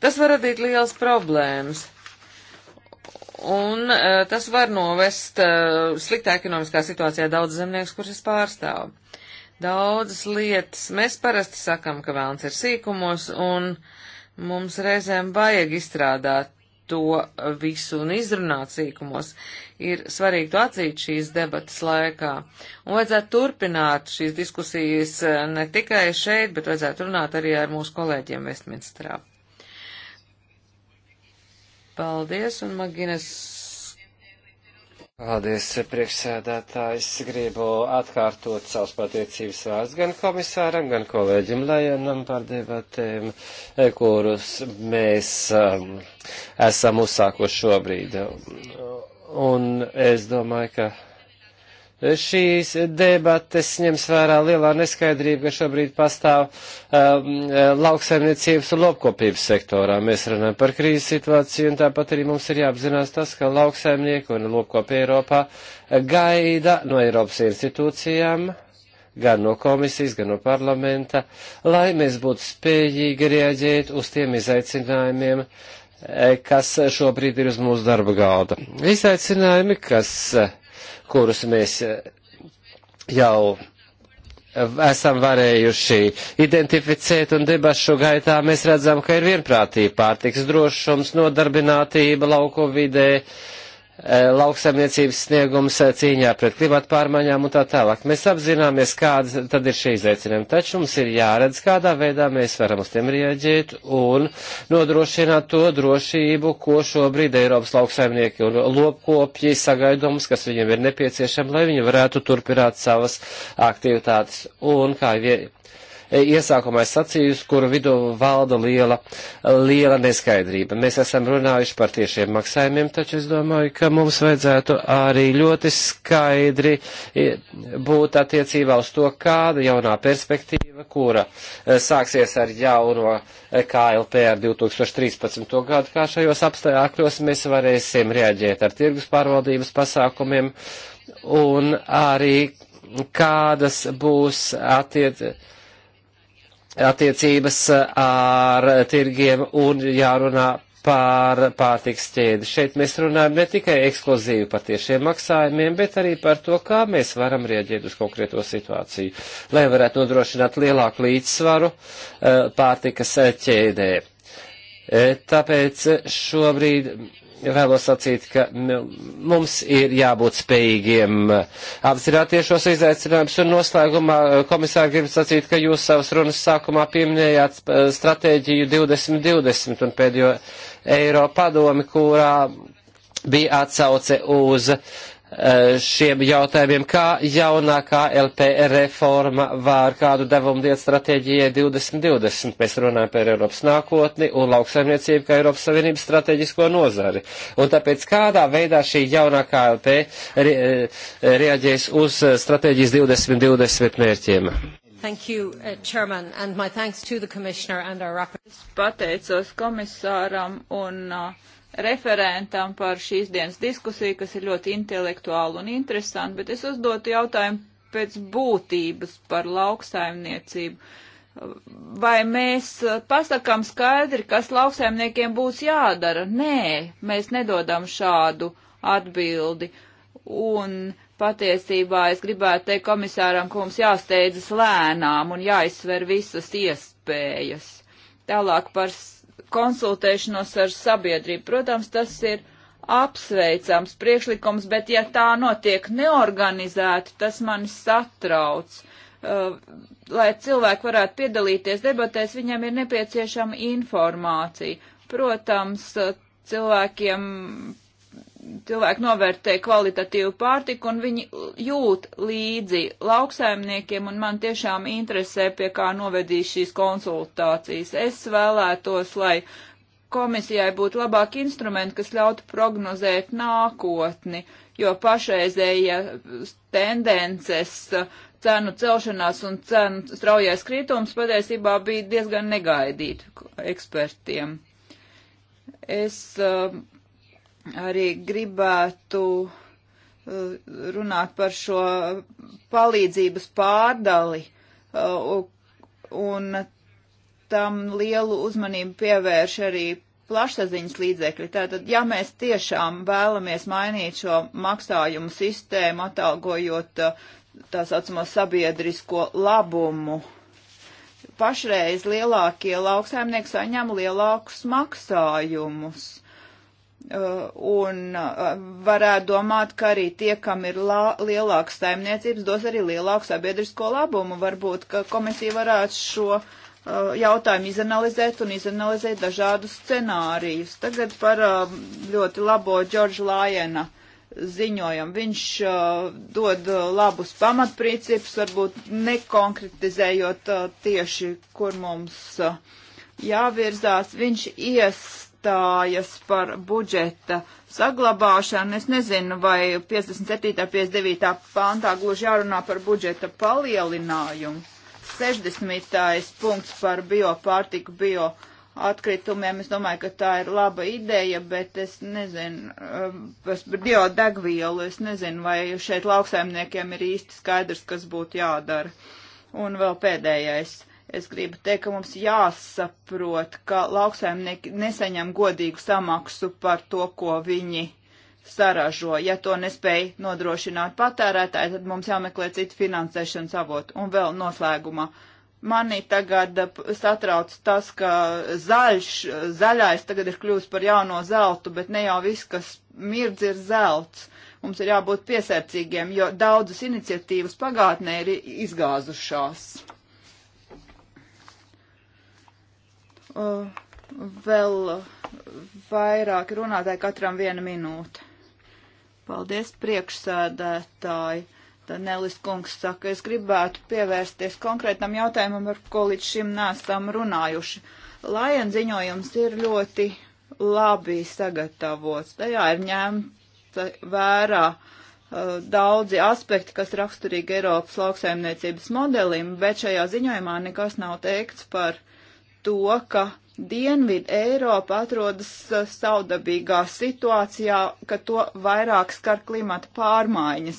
S2: Tas var radīt liels problēmas. Un uh, tas var novest uh, sliktā ekonomiskā situācijā daudz zemnieks, kurus es pārstāvu. Daudzas lietas mēs parasti sakam, ka vēlns ir sīkumos, un mums reizēm vajag izstrādāt to visu un izrunāt sīkumos. Ir svarīgi to atzīt šīs debatas laikā. Un vajadzētu turpināt šīs diskusijas e, ne tikai šeit, bet vajadzētu runāt arī ar mūsu kolēģiem Vestminstrā. Paldies, un Maginas
S1: Paldies, priekšsēdētājs. Gribu atkārtot savus pateicības vārdus gan komisāram, gan kolēģim Lajanam par debatēm, e, kurus mēs um, esam uzsākuši šobrīd. Un es domāju, ka šīs debates ņems vērā lielā neskaidrība, ka šobrīd pastāv um, uh, lauksaimniecības un lopkopības sektorā. Mēs runājam par krīzes situāciju un tāpat arī mums ir jāapzinās tas, ka lauksaimnieki un lopkopi Eiropā gaida no Eiropas institūcijām gan no komisijas, gan no parlamenta, lai mēs būtu spējīgi rieģēt uz tiem izaicinājumiem, eh, kas šobrīd ir uz mūsu darba galda. Izaicinājumi, kas uh, kurus mēs eh, jau esam varējuši identificēt un debašu gaitā mēs redzam, ka ir vienprātība pārtiks drošums, nodarbinātība lauku vidē, uh, E, lauksaimniecības sniegums e, cīņā pret klimatu pārmaiņām un tā tālāk. Mēs apzināmies, kādas tad ir šie izaicinājumi, taču mums ir jāredz, kādā veidā mēs varam uz tiem rieģēt un nodrošināt to drošību, ko šobrīd Eiropas lauksaimnieki un lopkopji sagaidums, kas viņiem ir nepieciešama, lai viņi varētu turpināt savas aktivitātes. Un kā vien, E, iesākumā es sacīju, kuru vidū valda liela, liela neskaidrība. Mēs esam runājuši par tiešiem maksājumiem, taču es domāju, ka mums vajadzētu arī ļoti skaidri e, būt attiecībā uz to, kāda jaunā perspektīva, kura e, sāksies ar jauno KLP ar 2013. gadu, kā šajos apstākļos mēs varēsim reaģēt ar tirgus pārvaldības pasākumiem un arī kādas būs attiecības attiecības eh, ar tirgiem un jārunā par pārtiks ķēdi. Šeit mēs runājam ne tikai ekskluzīvi par tiešiem maksājumiem, bet arī par to, kā mēs varam rieģēt uz konkrēto situāciju, lai varētu nodrošināt lielāku līdzsvaru eh, pārtikas eh, ķēdē. Tāpēc šobrīd vēlos sacīt, ka mums ir jābūt spējīgiem uh, apzināties šos izaicinājumus, un noslēgumā uh, komisāri grib sacīt, ka jūs savas runas sākumā pieminējāt uh, stratēģiju 2020 un pēdējo Eiropadomi, kurā bija atsauce uz uh, Eh, šiem jautājumiem, kā jaunākā LP reforma var kādu devumu diet stratēģijai 2020. Mēs runājam par Eiropas nākotni un lauksaimniecību kā Eiropas Savienības strateģisko nozari. Un tāpēc kādā veidā šī jaunākā LP re, eh, reaģēs uz stratēģijas 2020 mērķiem? Thank you, uh, Chairman, and my thanks to the Commissioner and our rapporteur. Pateicos
S3: komisāram un uh, referentam par šīs dienas diskusiju, kas ir ļoti intelektuāli un interesanti, bet es uzdotu jautājumu pēc būtības par lauksaimniecību. Vai mēs pasakām skaidri, kas lauksaimniekiem būs jādara? Nē, mēs nedodam šādu atbildi. Un patiesībā es gribētu teikt komisāram, ka mums jāsteidzas lēnām un jāizsver visas iespējas. Tālāk par konsultēšanos ar sabiedrību. Protams, tas ir apsveicams priekšlikums, bet ja tā notiek neorganizēti, tas mani satrauc. Uh, lai cilvēki varētu piedalīties debatēs, viņam ir nepieciešama informācija. Protams, uh, cilvēkiem cilvēki novērtē kvalitatīvu pārtiku un viņi jūt līdzi lauksaimniekiem un man tiešām interesē, pie kā novedīs šīs konsultācijas. Es vēlētos, lai komisijai būtu labāki instrumenti, kas ļautu prognozēt nākotni, jo pašreizēja tendences cenu celšanās un cenu straujais kritums patiesībā bija diezgan negaidīti ekspertiem. Es uh, arī gribētu uh, runāt par šo palīdzības pārdali uh, un tam lielu uzmanību pievērš arī plašsaziņas līdzekļi. Tātad, ja mēs tiešām vēlamies mainīt šo maksājumu sistēmu, atalgojot uh, tā saucamo sabiedrisko labumu, pašreiz lielākie lauksaimnieki saņem lielākus maksājumus Uh, un uh, varētu domāt, ka arī tie, kam ir lielāks saimniecības, dos arī lielāku sabiedrisko labumu. Varbūt, ka komisija varētu šo uh, jautājumu izanalizēt un izanalizēt dažādus scenārijus. Tagad par ļoti labo Džordža Lājena ziņojumu. Viņš dod labus pamatprincipus, varbūt nekonkretizējot tieši, kur mums jāvirzās. Viņš ies iestājas par budžeta saglabāšanu. Es nezinu, vai 57. 59. pāntā gluži jārunā par budžeta palielinājumu. 60. punkts par biopārtiku, bio atkritumiem. Es domāju, ka tā ir laba ideja, bet es nezinu, es um, par biodegvielu, es nezinu, vai šeit lauksaimniekiem ir īsti skaidrs, kas būtu jādara. Un vēl pēdējais Es gribu teikt, ka mums jāsaprot, ka lauksaimnieki nesaņem godīgu samaksu par to, ko viņi saražo. Ja to nespēj nodrošināt patērētāji, tad mums jāmeklē citu finansēšanas avotu. Un vēl noslēgumā. Mani tagad satrauc tas, ka zaļš, zaļais tagad ir kļūst par jauno zeltu, bet ne jau viss, kas mirdz, ir zelts. Mums ir jābūt piesardzīgiem, jo daudzas iniciatīvas pagātnē ir izgāzušās. uh, vēl vairāk runātāji, katram viena minūte. Paldies, priekšsēdētāji. Tad Nelis kungs saka, es gribētu pievērsties konkrētam jautājumam, ar ko līdz šim nesam runājuši. Lajan ziņojums ir ļoti labi sagatavots. Tajā ir ņemta vērā uh, daudzi aspekti, kas raksturīgi Eiropas lauksaimniecības modelim, bet šajā ziņojumā nekas nav teikts par to, ka Dienvidu Eiropa atrodas eh, saudabīgā situācijā, ka to vairāk skar klimata pārmaiņas.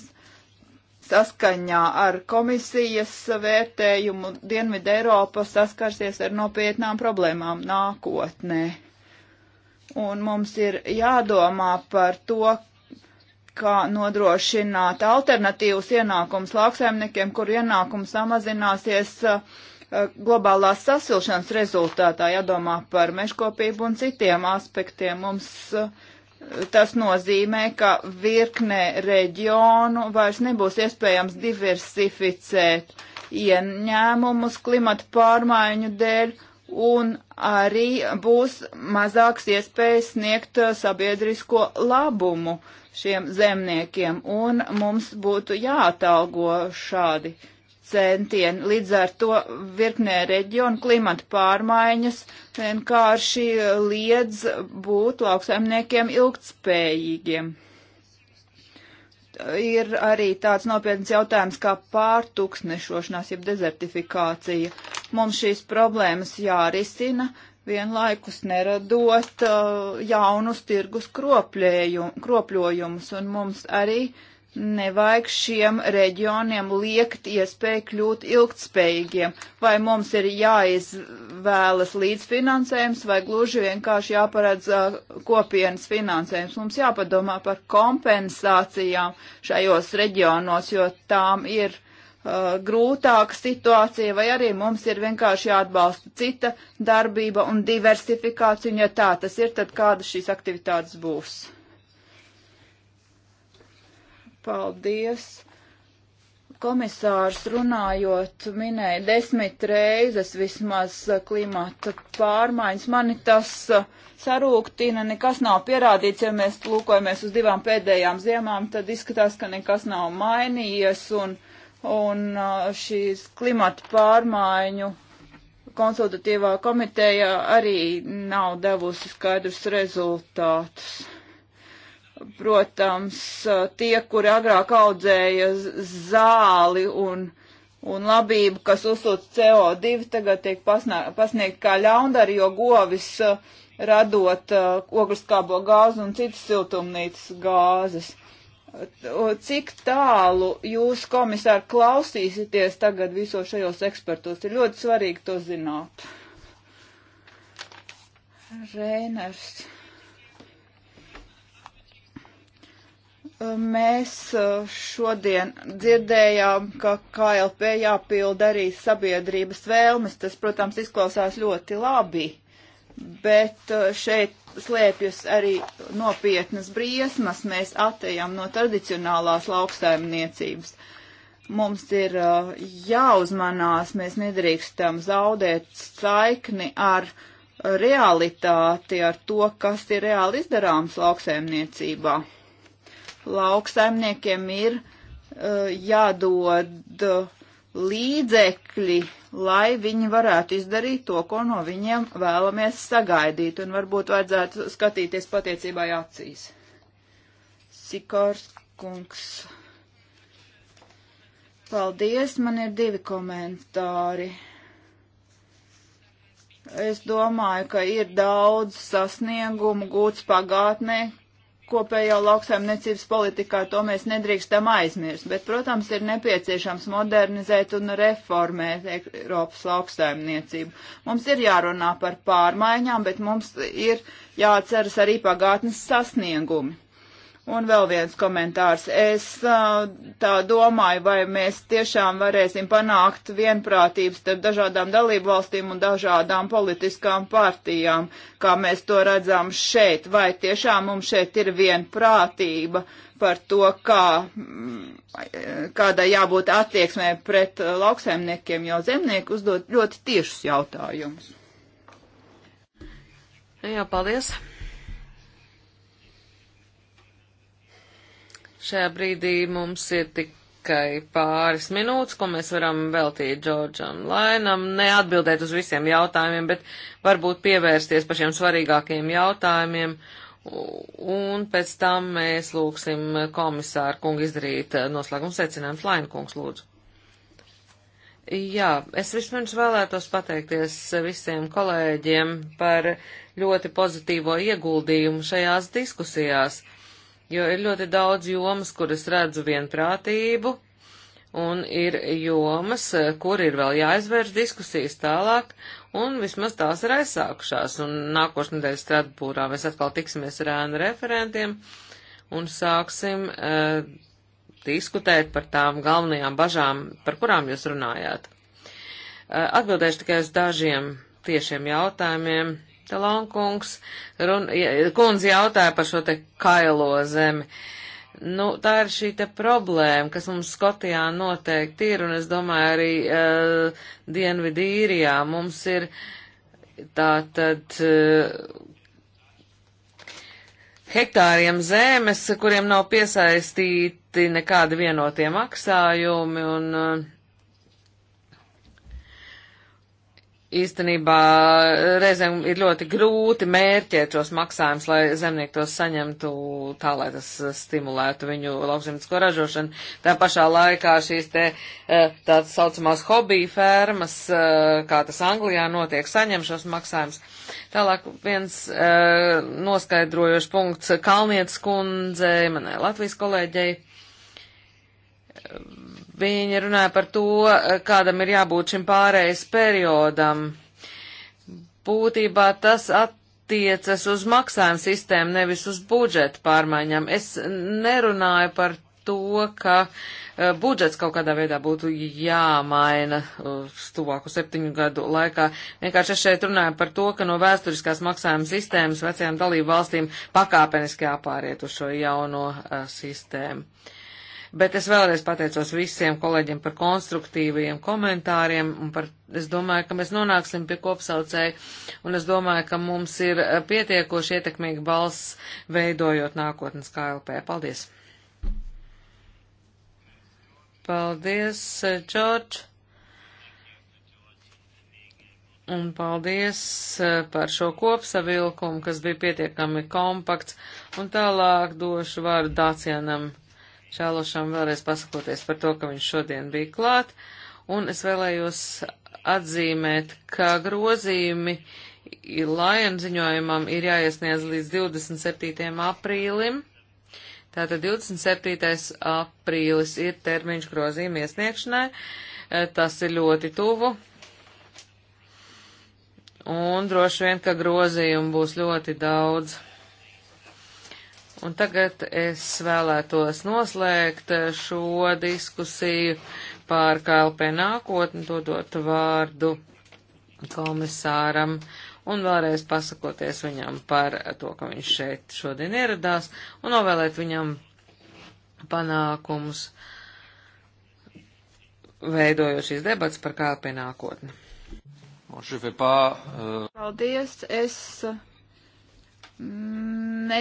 S3: Saskaņā ar komisijas vērtējumu Dienvidu Eiropa saskarsies ar nopietnām problēmām nākotnē. Un mums ir jādomā par to, kā nodrošināt alternatīvus ienākums lauksaimniekiem, kur ienākums samazināsies uh, Eh, globālās sasilšanas rezultātā, jādomā par meškopību un citiem aspektiem. Mums eh, tas nozīmē, ka virknē reģionu vairs nebūs iespējams diversificēt ieņēmumus klimata pārmaiņu dēļ un arī būs mazāks iespējas sniegt eh, sabiedrisko labumu šiem zemniekiem, un mums būtu jāatalgo šādi centieni. Līdz ar to virknē reģionu klimata pārmaiņas vienkārši eh, liedz būt lauksaimniekiem ilgtspējīgiem. Ir arī tāds nopietns jautājums kā pārtuksnešošanās, jeb dezertifikācija. Mums šīs problēmas jārisina vienlaikus neradot uh, jaunus tirgus kropļojumus, un mums arī uh, nevajag šiem reģioniem liekt iespēju kļūt ilgtspējīgiem, vai mums ir jāizvēlas līdzfinansējums, vai gluži vienkārši jāparedz uh, kopienas finansējums. Mums jāpadomā par kompensācijām šajos reģionos, jo tām ir uh, grūtāka situācija, vai arī mums ir vienkārši jāatbalsta cita darbība un diversifikācija, un ja tā tas ir, tad kādas šīs aktivitātes būs? Paldies! Komisārs runājot minēja desmit reizes vismaz klimata pārmaiņas. Mani tas uh, sarūktina, nekas nav pierādīts. Ja mēs lūkojamies uz divām pēdējām ziemām, tad izskatās, ka nekas nav mainījies un, un uh, šīs klimata pārmaiņu konsultatīvā komiteja arī nav devusi skaidrus rezultātus. Protams, eh, tie, kuri agrāk audzēja zāli un, un labību, kas uzsūc CO2, tagad tiek pasniegt kā ļaundari, jo govis eh, radot eh, ogliskābo gāzu un citas siltumnīcas gāzes. Cik tālu jūs, komisāri, klausīsieties tagad visos šajos ekspertos? Ir ļoti svarīgi to zināt. Rēners Mēs uh, šodien dzirdējām, ka KLP jāpilda arī sabiedrības vēlmes. Tas, protams, izklausās ļoti labi, bet uh, šeit slēpjas arī nopietnas briesmas. Mēs atejam no tradicionālās lauksaimniecības. Mums ir uh, jāuzmanās, mēs nedrīkstam zaudēt saikni ar realitāti, ar to, kas ir reāli izdarāms lauksaimniecībā lauksaimniekiem ir uh, jādod eh, līdzekļi, lai viņi varētu izdarīt to, ko no viņiem vēlamies sagaidīt, un varbūt vajadzētu skatīties patiecībai acīs. Sikors kungs. Paldies, man ir divi komentāri. Es domāju, ka ir daudz sasniegumu gūts pagātnē, kopējā lauksaimniecības politikā, to mēs nedrīkstam aizmirst, bet, protams, ir nepieciešams modernizēt un reformēt Eiropas lauksaimniecību. Mums ir jārunā par pārmaiņām, bet mums ir jāatceras arī pagātnes sasniegumi. Un vēl viens komentārs. Es uh, tā domāju, vai mēs tiešām varēsim panākt vienprātību starp dažādām dalību valstīm un dažādām politiskām partijām, kā mēs to redzam šeit. Vai tiešām mums šeit ir vienprātība par to, kā, mm, kādai jābūt attieksmē pret lauksaimniekiem, jo zemnieki uzdod ļoti tiešus jautājumus. Jā, paldies.
S2: Šajā brīdī mums ir tikai pāris minūtes, ko mēs varam veltīt Džordžam Lainam, neatbildēt uz visiem jautājumiem, bet varbūt pievērsties pašiem svarīgākajiem jautājumiem, un pēc tam mēs lūksim komisāru kungu izdarīt noslēgumu secinājumus. Laina kungs, lūdzu. Jā, es vispirms vēlētos pateikties visiem kolēģiem par ļoti pozitīvo ieguldījumu šajās diskusijās jo ir ļoti daudz jomas, kur es redzu vienprātību, un ir jomas, kur ir vēl jāizvērš diskusijas tālāk, un vismaz tās ir aizsākušās, un nākošais nedēļas Stratbūrā mēs atkal tiksimies ar ēnu referentiem, un sāksim uh, diskutēt par tām galvenajām bažām, par kurām jūs runājāt. Uh, atbildēšu tikai uz dažiem tiešiem jautājumiem Talonkungs run, kundze jautāja par šo te kailo zemi. Nu, tā ir šī te problēma, kas mums Skotijā noteikti ir, un es domāju arī uh, eh, Dienvidīrijā mums ir tā tad uh, hektāriem zemes, kuriem nav piesaistīti nekādi vienotie maksājumi, un uh, īstenībā eh, reizēm ir ļoti grūti mērķēt šos maksājumus, lai zemnieki tos saņemtu tā, lai tas eh, stimulētu viņu lauksimtisko ražošanu. Tā pašā laikā šīs te eh, tādas saucamās hobiju fermas, kā tas Anglijā notiek, saņem šos maksājumus. Tālāk viens noskaidrojošs punkts Kalnietes kundzei, manai Latvijas kolēģei Viņa runāja par to, kādam ir jābūt šim pārējais periodam. Būtībā tas attiecas uz maksājumu sistēmu, nevis uz budžeta pārmaiņām. Es nerunāju par to, ka e, budžets kaut kādā veidā būtu jāmaina e, tuvāku septiņu gadu laikā. Vienkārši es šeit runāju par to, ka no vēsturiskās maksājuma sistēmas vecajām dalību valstīm pakāpeniski jāpāriet uz šo jauno e, sistēmu. Bet es vēlreiz pateicos visiem kolēģiem par konstruktīvajiem komentāriem un par, es domāju, ka mēs nonāksim pie kopsaucēja un es domāju, ka mums ir pietiekoši ietekmīga balss veidojot nākotnes KLP. Paldies! Paldies, Čorč! Un paldies eh, par šo kopsavilkumu, kas bija pietiekami kompakts. Un tālāk došu vārdu Dācienam. Šālošam vēlreiz pasakoties par to, ka viņš šodien bija klāt, un es vēlējos atzīmēt, ka grozījumi Lion ziņojumam ir jāiesniedz līdz 27. aprīlim. Tātad 27. aprīlis ir termiņš grozījuma iesniegšanai. Eh, tas ir ļoti tuvu. Un droši vien, ka grozījumu būs ļoti daudz. Un tagad es vēlētos noslēgt šo diskusiju pār KLP nākotni, dodot vārdu komisāram un vēlreiz pasakoties viņam par to, ka viņš šeit šodien ieradās un novēlēt viņam panākumus veidojošīs debats par KLP nākotni.
S1: Euh,
S3: Paldies, es mm, ne,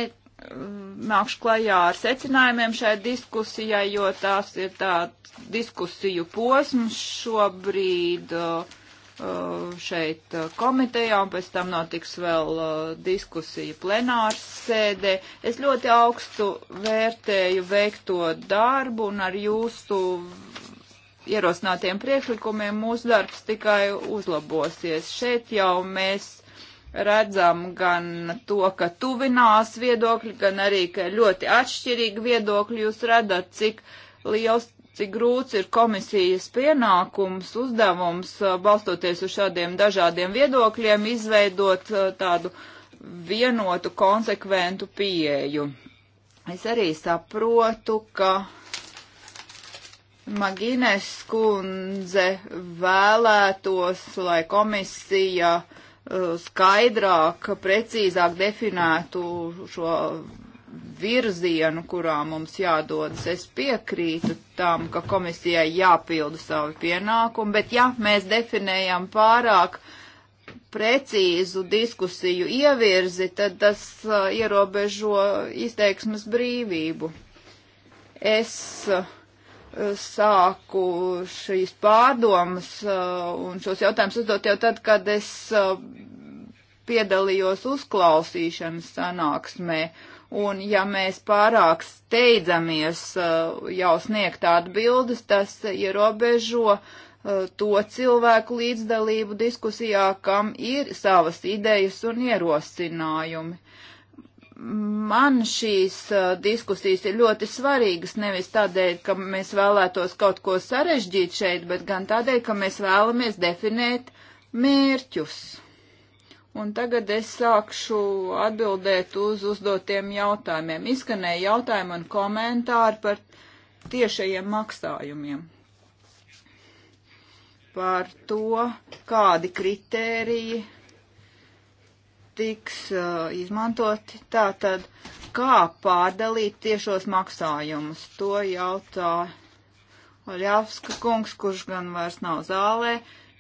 S3: nākšu klajā ar secinājumiem šai diskusijai, jo tās ir tāds diskusiju posms šobrīd uh, šeit uh, komitejā, un pēc tam notiks vēl uh, diskusija plenārs sēdē. Es ļoti augstu vērtēju veikto darbu un ar jūsu ierosinātiem priekšlikumiem mūsu darbs tikai uzlabosies. Šeit jau mēs redzam gan to, ka tuvinās viedokļi, gan arī, ka ļoti atšķirīgi viedokļi jūs redzat, cik liels, cik grūts ir komisijas pienākums, uzdevums, uh, balstoties uz šādiem dažādiem viedokļiem, izveidot uh, tādu vienotu, konsekventu pieeju. Es arī saprotu, ka Magīnes kundze vēlētos, lai komisija uh, Eh, skaidrāk, precīzāk definētu šo virzienu, kurā mums jādodas. Es piekrītu tam, ka komisijai jāpilda savi pienākumi, bet ja mēs definējam pārāk precīzu diskusiju ievirzi, tad tas uh, ierobežo izteiksmes brīvību. Es uh, sāku šīs pārdomas uh, un šos jautājumus uzdot jau tad, kad es uh, piedalījos uzklausīšanas sanāksmē. Un ja mēs pārāk steidzamies uh, jau sniegt atbildes, tas ierobežo to cilvēku līdzdalību diskusijā, kam ir savas idejas un ierosinājumi man šīs uh, diskusijas ir ļoti svarīgas nevis tādēļ, ka mēs vēlētos kaut ko sarežģīt šeit, bet gan tādēļ, ka mēs vēlamies definēt mērķus. Un tagad es sākšu atbildēt uz uzdotiem jautājumiem. Izskanēja jautājumi un komentāri par tiešajiem maksājumiem. Par to, kādi kritēriji tiks uh, izmantoti. Tātad, kā pārdalīt tiešos maksājumus? To jautā Oļavska kungs, kurš gan vairs nav zālē,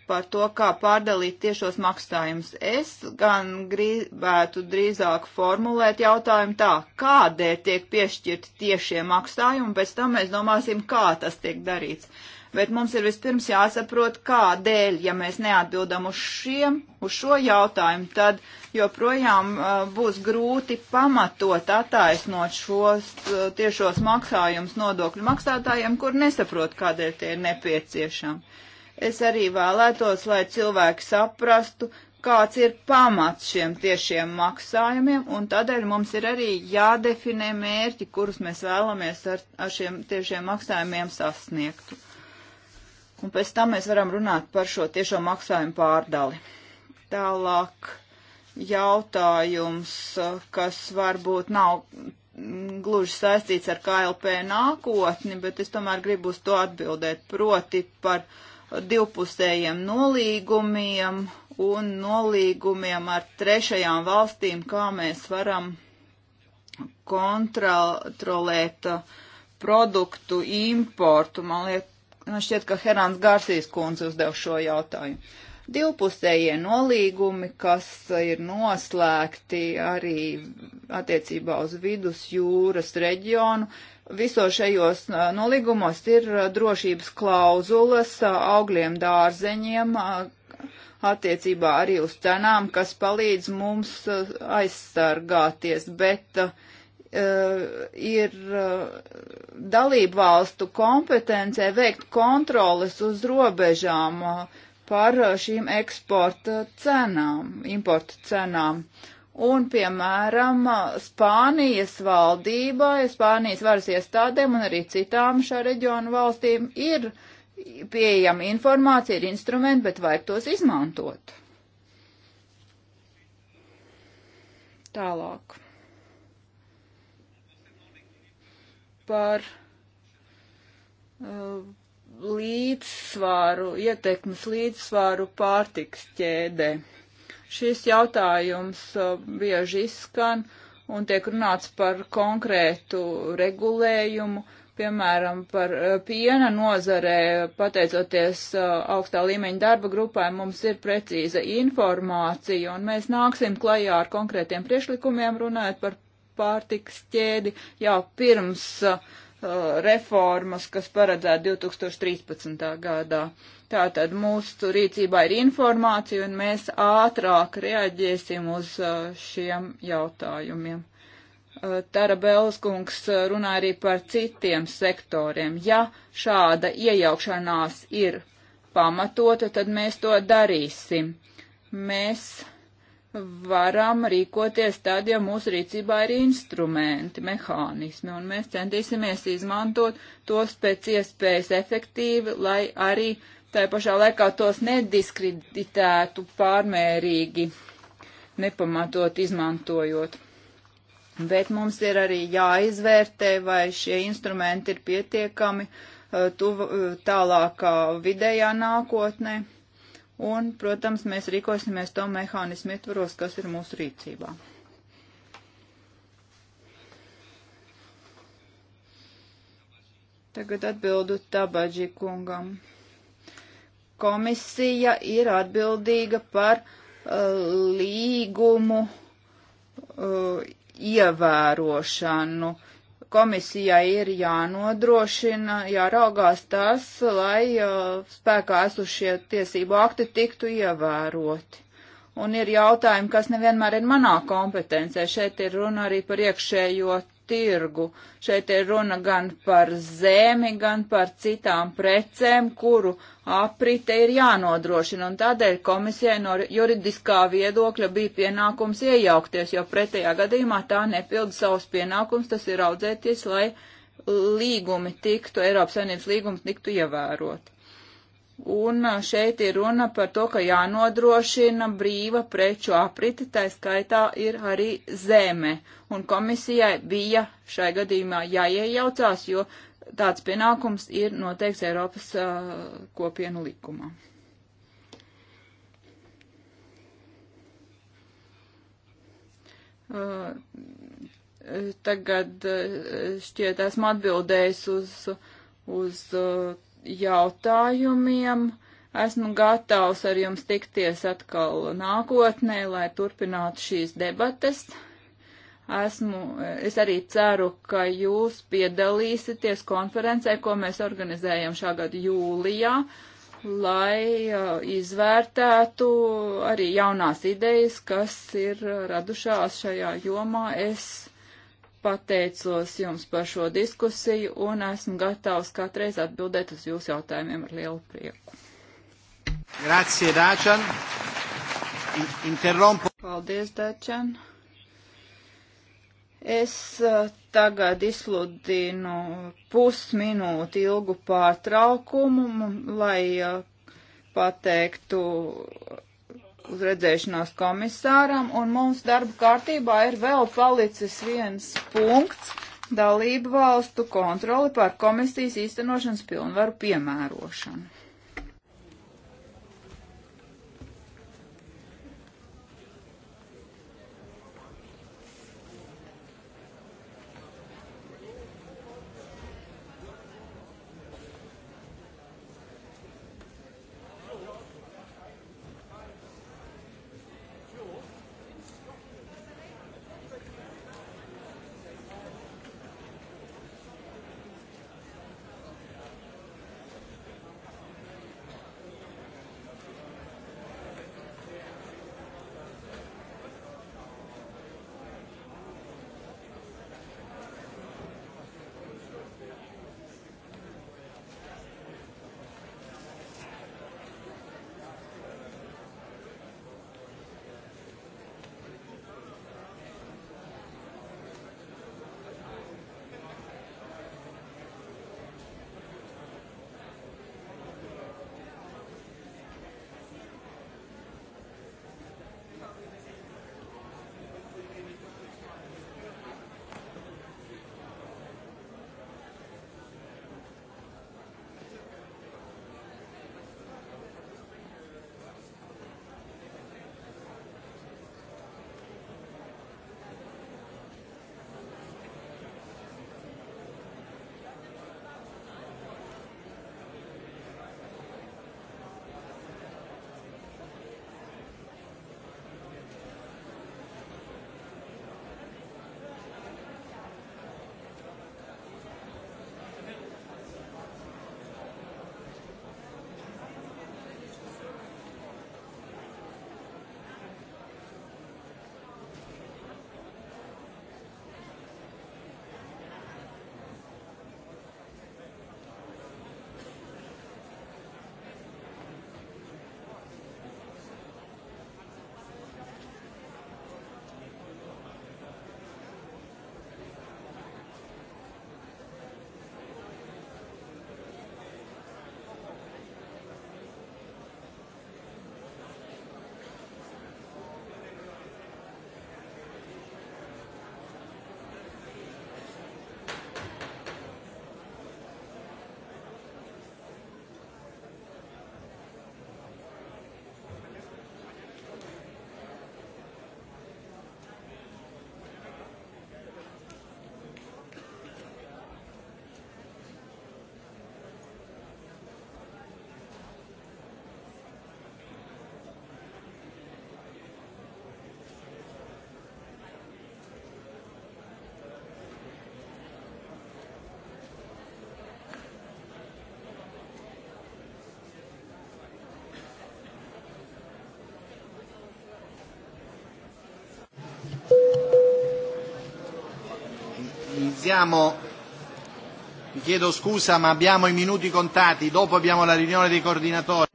S3: par to, kā pārdalīt tiešos maksājumus. Es gan gribētu drīzāk formulēt jautājumu tā, kādēļ tiek piešķirti tiešie maksājumi, pēc tam mēs domāsim, kā tas tiek darīts bet mums ir vispirms jāsaprot, kādēļ, ja mēs neatbildam uz, šiem, uz šo jautājumu, tad joprojām uh, būs grūti pamatot, attaisnot šos uh, tiešos maksājumus nodokļu maksātājiem, kur nesaprot, kādēļ tie ir nepieciešami. Es arī vēlētos, lai cilvēki saprastu, kāds ir pamats šiem tiešiem maksājumiem, un tādēļ mums ir arī jādefinē mērķi, kurus mēs vēlamies ar, ar šiem tiešiem maksājumiem sasniegt. Un pēc tam mēs varam runāt par šo tiešo maksājumu pārdali. Tālāk jautājums, kas varbūt nav gluži saistīts ar KLP nākotni, bet es tomēr gribu uz to atbildēt, proti par divpusējiem nolīgumiem un nolīgumiem ar trešajām valstīm, kā mēs varam kontrolēt uh, produktu importu. Man liekas, Man šķiet, ka Herāns Gārsīs kundze uzdev šo jautājumu. Divpusējie nolīgumi, kas ir noslēgti arī attiecībā uz vidus jūras reģionu, visos šajos nolīgumos ir drošības klauzulas augļiem dārzeņiem, attiecībā arī uz cenām, kas palīdz mums aizsargāties, bet uh, Eh, ir eh, dalību valstu kompetencē veikt kontroles uz robežām eh, par šīm eksporta cenām, importa cenām. Un, piemēram, Spānijas valdībai, Spānijas varas iestādēm un arī citām šā reģiona valstīm ir pieejama informācija, ir instrumenti, bet vajag tos izmantot. Tālāk. par uh, līdzsvaru, ietekmes līdzsvaru pārtiks ķēdē. Šis jautājums uh, bieži izskan un tiek runāts par konkrētu regulējumu, piemēram, par uh, piena nozarē, pateicoties uh, augstā līmeņa darba grupai, mums ir precīza informācija, un mēs nāksim klajā ar konkrētiem priešlikumiem runājot par pārtiks ķēdi jau pirms uh, reformas, kas paredzēta 2013. gadā. Tātad mūsu rīcībā ir informācija un mēs ātrāk reaģēsim uz uh, šiem jautājumiem. Uh, Tara Belskungs uh, runā arī par citiem sektoriem. Ja šāda iejaukšanās ir pamatota, tad mēs to darīsim. Mēs varam rīkoties tad, ja mūsu rīcībā ir instrumenti, mehānismi, un mēs centīsimies izmantot tos pēc iespējas efektīvi, lai arī tā pašā laikā tos nediskreditētu pārmērīgi, nepamatot izmantojot. Bet mums ir arī jāizvērtē, vai šie instrumenti ir pietiekami uh, tuv, uh, tālākā vidējā nākotnē un, protams, mēs rīkosimies to mehānismu ietvaros, kas ir mūsu rīcībā. Tagad atbildu Tabaģi kungam. Komisija ir atbildīga par uh, līgumu uh, ievērošanu. Uh, komisijai ir jānodrošina, jāraugās tas, lai uh, spēkā esušie tiesību akti tiktu ievēroti. Un ir jautājumi, kas nevienmēr ir manā kompetencē. Šeit ir runa arī par iekšējo tirgu. Šeit ir runa gan par zemi, gan par citām precēm, kuru aprite ir jānodrošina, un tādēļ komisijai no juridiskā viedokļa bija pienākums iejaukties, jo pretējā gadījumā tā nepilda savus pienākums, tas ir audzēties, lai līgumi tiktu, Eiropas Savienības līgumi tiktu ievērot. Un šeit ir runa par to, ka jānodrošina brīva preču aprite, tā skaitā ir arī zeme. Un komisijai bija šai gadījumā jāiejaucās, jo tāds pienākums ir noteikts Eiropas uh, kopienu likumā. Uh, tagad uh, šķiet esmu atbildējis uz, uz uh, jautājumiem. Esmu gatavs ar jums tikties atkal nākotnē, lai turpinātu šīs debates. Esmu, es arī ceru, ka jūs piedalīsieties konferencē, ko mēs organizējam šā gada jūlijā, lai uh, izvērtētu arī jaunās idejas, kas ir radušās šajā jomā. Es pateicos jums par šo diskusiju un esmu gatavs katreiz atbildēt uz jūsu jautājumiem ar lielu prieku.
S1: Grazie, Dāčan. Interrompo.
S3: Paldies, Dāčan. Es eh, tagad izsludinu pusminūti ilgu pārtraukumu, lai eh, pateiktu uz redzēšanos komisāram, un mums darba kārtībā ir vēl palicis viens punkts - dalību valstu kontroli pār komisijas īstenošanas pilnvaru piemērošanu. Siamo, vi chiedo scusa, ma abbiamo i minuti contati, dopo abbiamo la riunione dei coordinatori.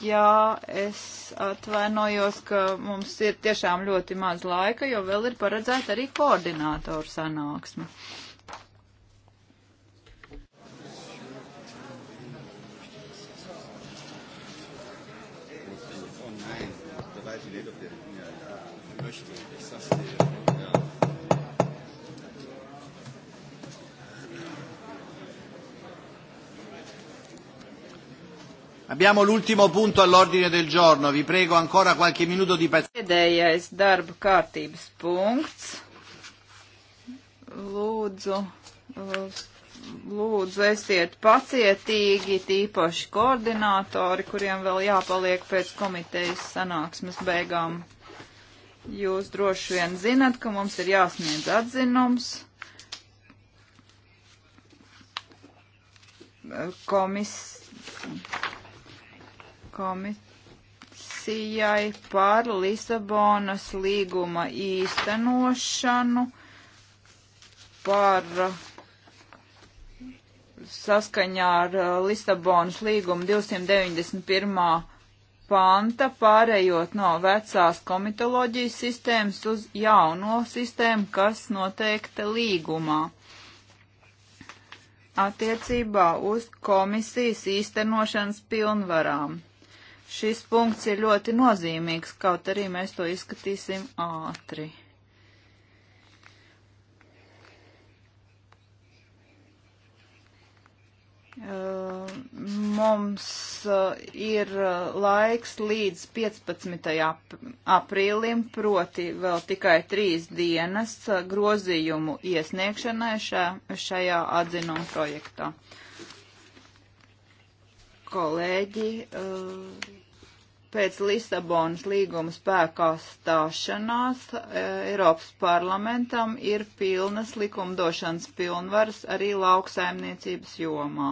S3: Jā, es atvainojos, ka mums ir tiešām ļoti maz laika, jo vēl ir paredzēta arī koordinātoru sanāksme. Abbiamo l'ultimo punto all'ordine del
S1: giorno, vi prego ancora qualche minuto di pazienza.
S3: Pēdējais darba kārtības punkts. Lūdzu, lūdzu, esiet pacietīgi, tīpaši koordinātori, kuriem vēl jāpaliek pēc komitejas sanāksmes beigām. Jūs droši vien zinat, ka mums ir jāsniedz atzinums. Komis komisijai par Lisabonas līguma īstenošanu, par saskaņā ar uh, Lisabonas līguma 291 panta, pārējot no vecās komitoloģijas sistēmas uz jauno sistēmu, kas noteikta līgumā. Attiecībā uz komisijas īstenošanas pilnvarām. Šis punkts ir ļoti nozīmīgs, kaut arī mēs to izskatīsim ātri. Uh, mums uh, ir uh, laiks līdz 15. Ap aprīlim, proti vēl tikai trīs dienas grozījumu iesniegšanai šā, šajā atzinuma projektā kolēģi, eh, pēc Lisabonas līguma spēkā stāšanās eh, Eiropas parlamentam ir pilnas likumdošanas pilnvaras arī lauksaimniecības jomā.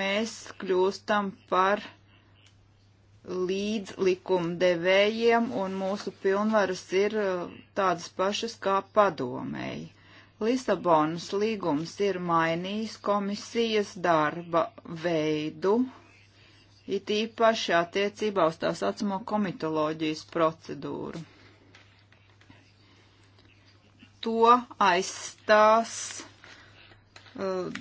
S3: Mēs kļūstam par līdz likumdevējiem un mūsu pilnvaras ir eh, tādas pašas kā padomēji. Lisabonas līgums ir mainījis komisijas darba veidu, it īpaši attiecībā uz tā saucamo komitoloģijas procedūru. To aizstās uh,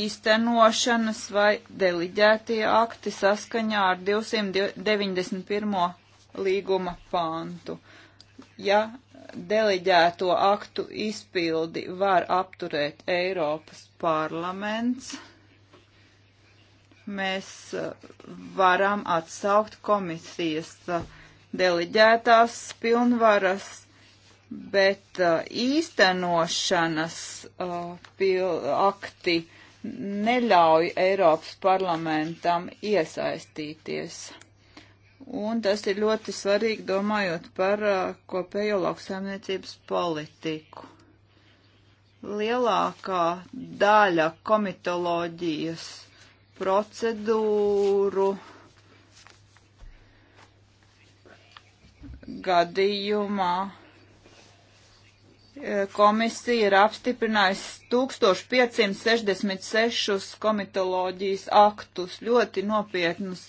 S3: īstenošanas vai deliģētie akti saskaņā ar 291. līguma pāntu. Ja deleģēto aktu izpildi var apturēt Eiropas parlaments. Mēs eh, varam atsaukt komisijas eh, deleģētās pilnvaras, bet eh, īstenošanas akti neļauj Eiropas parlamentam iesaistīties un tas ir ļoti svarīgi domājot par uh, kopējo lauksaimniecības politiku. Lielākā daļa komitoloģijas procedūru gadījumā e, komisija ir apstiprinājusi 1566 komitoloģijas aktus, ļoti nopietnus uh,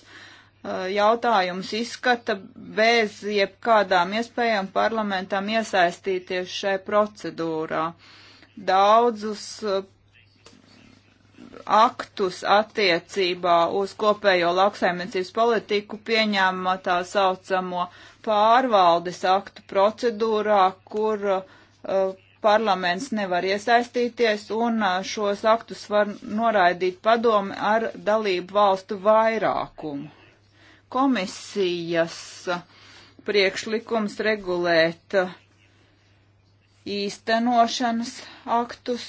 S3: Eh, jautājumus izskata bez jebkādām iespējām parlamentam iesaistīties šai procedūrā. Daudzus eh, aktus attiecībā uz kopējo lauksaimniecības politiku pieņēma tā saucamo pārvaldes aktu procedūrā, kur uh, parlaments nevar iesaistīties un uh, šos aktus var noraidīt padomi ar dalību valstu vairākumu komisijas priekšlikums regulēt īstenošanas aktus.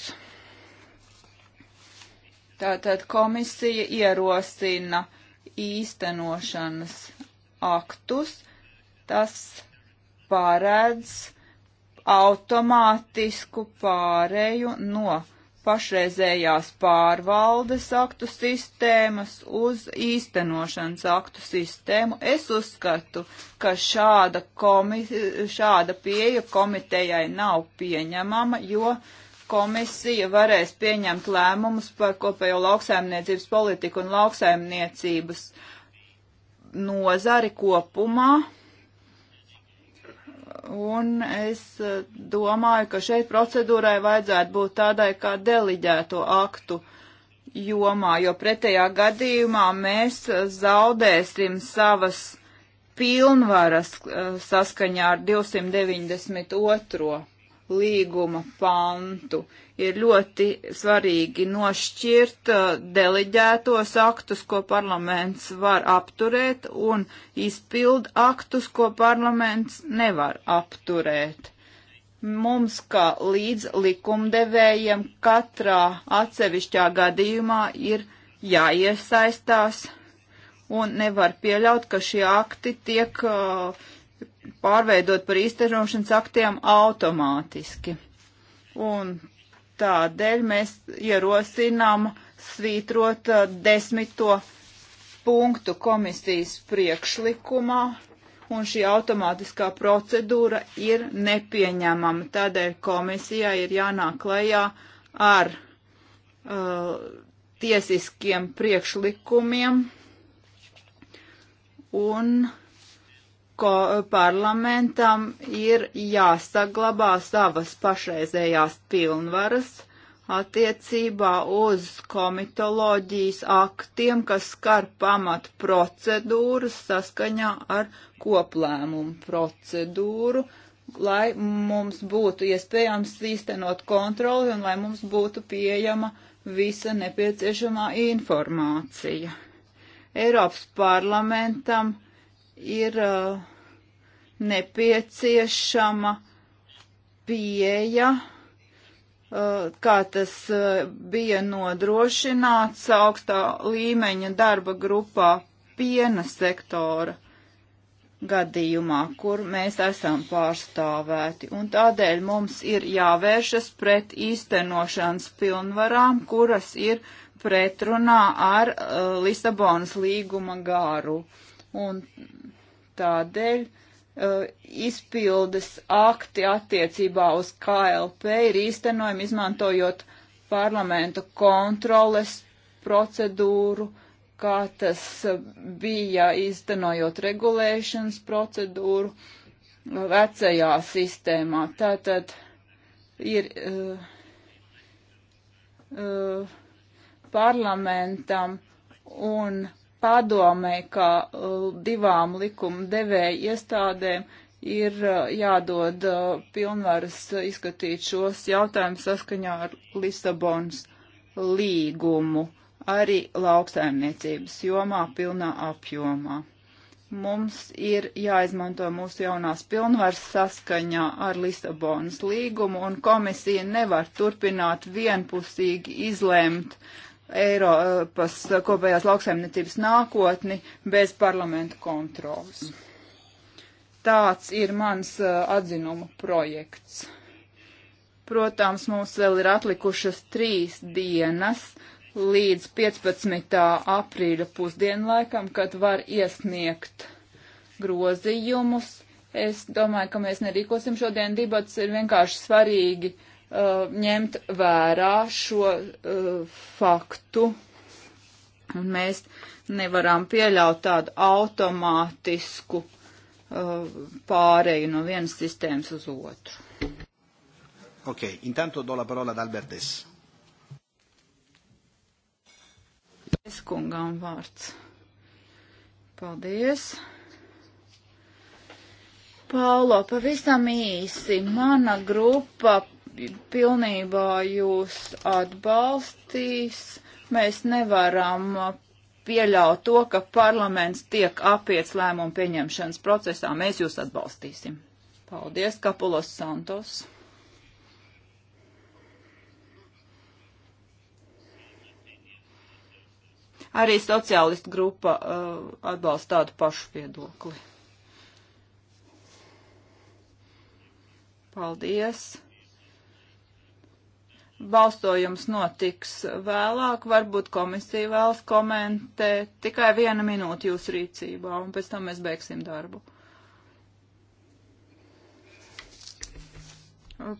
S3: Tātad komisija ierosina īstenošanas aktus. Tas paredz automātisku pārēju no pašreizējās pārvaldes aktu sistēmas uz īstenošanas aktu sistēmu. Es uzskatu, ka šāda, komi, šāda pieeja komitejai nav pieņemama, jo komisija varēs pieņemt lēmumus par kopējo lauksaimniecības politiku un lauksaimniecības nozari kopumā un es eh, domāju, ka šeit procedūrai vajadzētu būt tādai kā deliģēto aktu jomā, jo pretējā gadījumā mēs eh, zaudēsim savas pilnvaras eh, saskaņā ar 292 līguma pantu. Ir ļoti svarīgi nošķirt uh, deleģētos aktus, ko parlaments var apturēt, un izpild aktus, ko parlaments nevar apturēt. Mums, kā līdz likumdevējiem, katrā atsevišķā gadījumā ir jāiesaistās un nevar pieļaut, ka šie akti tiek uh, pārveidot par īstenošanas aktiem automātiski. Un tādēļ mēs ierosinām svītrot eh, desmito punktu komisijas priekšlikumā, un šī automātiskā procedūra ir nepieņemama. Tādēļ komisijai ir jānāk klajā ar uh, tiesiskiem priekšlikumiem un uh, ko eh, parlamentam ir jāsaglabā savas pašreizējās pilnvaras attiecībā uz komitoloģijas aktiem, kas skar pamat procedūras saskaņā ar koplēmumu procedūru, lai mums būtu iespējams īstenot kontroli un lai mums būtu pieejama visa nepieciešamā informācija. Eiropas parlamentam ir uh, nepieciešama pieeja, uh, kā tas uh, bija nodrošināts augstā līmeņa darba grupā piena sektora gadījumā, kur mēs esam pārstāvēti. Un tādēļ mums ir jāvēršas pret īstenošanas pilnvarām, kuras ir pretrunā ar uh, Lisabonas līguma gāru. Un Tādēļ uh, izpildes akti attiecībā uz KLP ir īstenojami izmantojot parlamenta kontroles procedūru, kā tas bija īstenojot regulēšanas procedūru eh, vecajā sistēmā. Tātad ir uh, uh, parlamentam un padomē, kā uh, divām likumdevēja iestādēm ir uh, jādod uh, pilnvaras izskatīt šos jautājumus saskaņā ar Lisabonas līgumu arī lauksaimniecības jomā pilnā apjomā. Mums ir jāizmanto mūsu jaunās pilnvaras saskaņā ar Lisabonas līgumu, un komisija nevar turpināt vienpusīgi izlemt Eiropas kopējās lauksaimniecības nākotni bez parlamenta kontrolas. Tāds ir mans uh, atzinuma projekts. Protams, mums vēl ir atlikušas trīs dienas līdz 15. aprīļa pusdienlaikam, kad var iesniegt grozījumus. Es domāju, ka mēs nerīkosim šodien dibats, ir vienkārši svarīgi uh, uh, ņemt vērā šo uh, faktu. Un mēs nevaram pieļaut tādu automātisku uh, pāreju no vienas sistēmas uz otru. Ok, intanto do la parola ad Albertes. Es kungām vārds. Paldies. Paulo, pavisam īsi. Mana grupa pilnībā jūs atbalstīs. Mēs nevaram pieļaut to, ka parlaments tiek apiets lēmumu pieņemšanas procesā. Mēs jūs atbalstīsim. Paldies, Kapulos Santos. Arī sociālistu grupa uh, atbalsta tādu pašu viedokli. Paldies! Balsojums notiks vēlāk, varbūt komisija vēlas komentēt. Tikai viena minūte jūsu rīcībā, un pēc tam mēs beigsim darbu.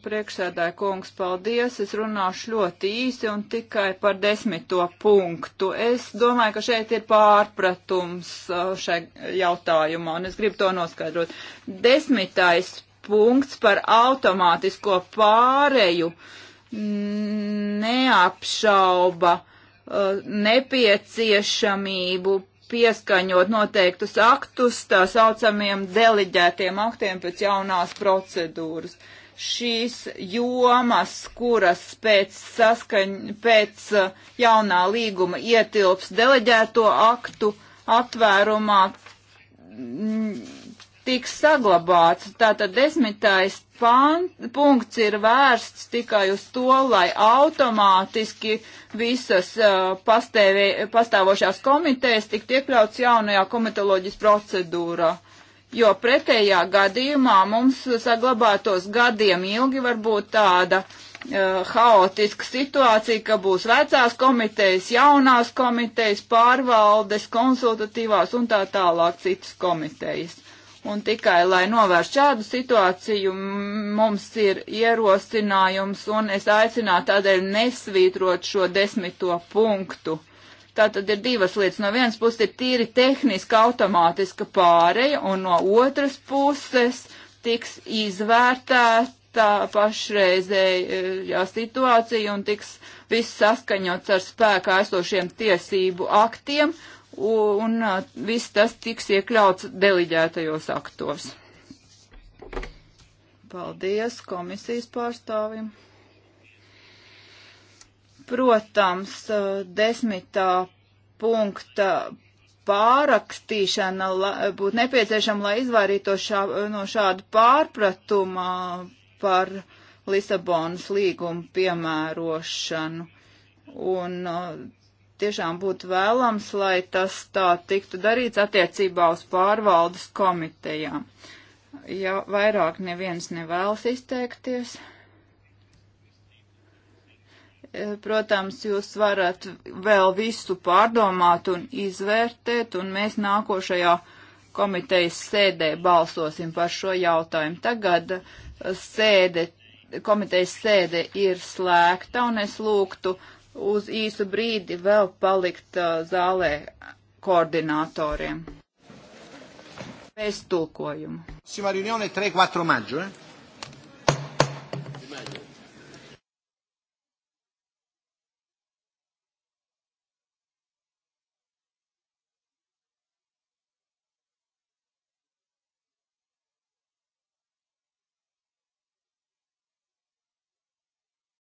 S3: Priekšsēdāja kungs, paldies. Es runāšu ļoti īsi un tikai par desmito punktu. Es domāju, ka šeit ir pārpratums uh, šai jautājumā, un es gribu to noskaidrot. Desmitais punkts par automātisko pāreju. Uh, neapšauba uh, nepieciešamību pieskaņot noteiktus aktus tā saucamiem deliģētiem aktiem pēc jaunās procedūras. Šīs jomas, kuras pēc, saskaņ, pēc eh, jaunā līguma ietilps deleģēto aktu atvērumā, mm, tiks saglabāts. Tātad desmitais pan, punkts ir vērsts tikai uz to, lai automātiski visas uh, pastēvē, pastāvošās komitejas tiktu iekļauts jaunajā komitoloģijas procedūrā. Jo pretējā gadījumā mums saglabātos gadiem ilgi varbūt tāda uh, haotiska situācija, ka būs vecās komitejas, jaunās komitejas, pārvaldes, konsultatīvās un tā tālāk citas komitejas. Un tikai, lai novērst šādu situāciju, mums ir ierosinājums, un es aicinātu tādēļ nesvītrot šo desmito punktu. Tā tad ir divas lietas. No vienas puses ir tīri tehniska automātiska pāreja, un no otras puses tiks izvērtēta pašreizējā situācija un tiks viss saskaņots ar spēkā esošiem tiesību aktiem. Uh, un viss tas tiks iekļauts deliģētajos aktos. Paldies komisijas pārstāvim. Protams, desmitā punkta pārakstīšana būtu nepieciešama, lai izvairītos šā, no šāda pārpratuma par Lisabonas līgumu piemērošanu. Un tiešām būtu vēlams, lai tas tā tiktu darīts attiecībā uz pārvaldes komitejām. Ja vairāk neviens nevēlas izteikties, e, protams, jūs varat vēl visu pārdomāt un izvērtēt, un mēs nākošajā komitejas sēdē balsosim par šo jautājumu. Tagad e, sēde, komitejas sēde ir slēgta, un es lūgtu uh, uz īsu brīdi vēl palikt uh, zālē koordinatoriem. Bez tulkojumu. Sima riunione 3-4 maggio, eh?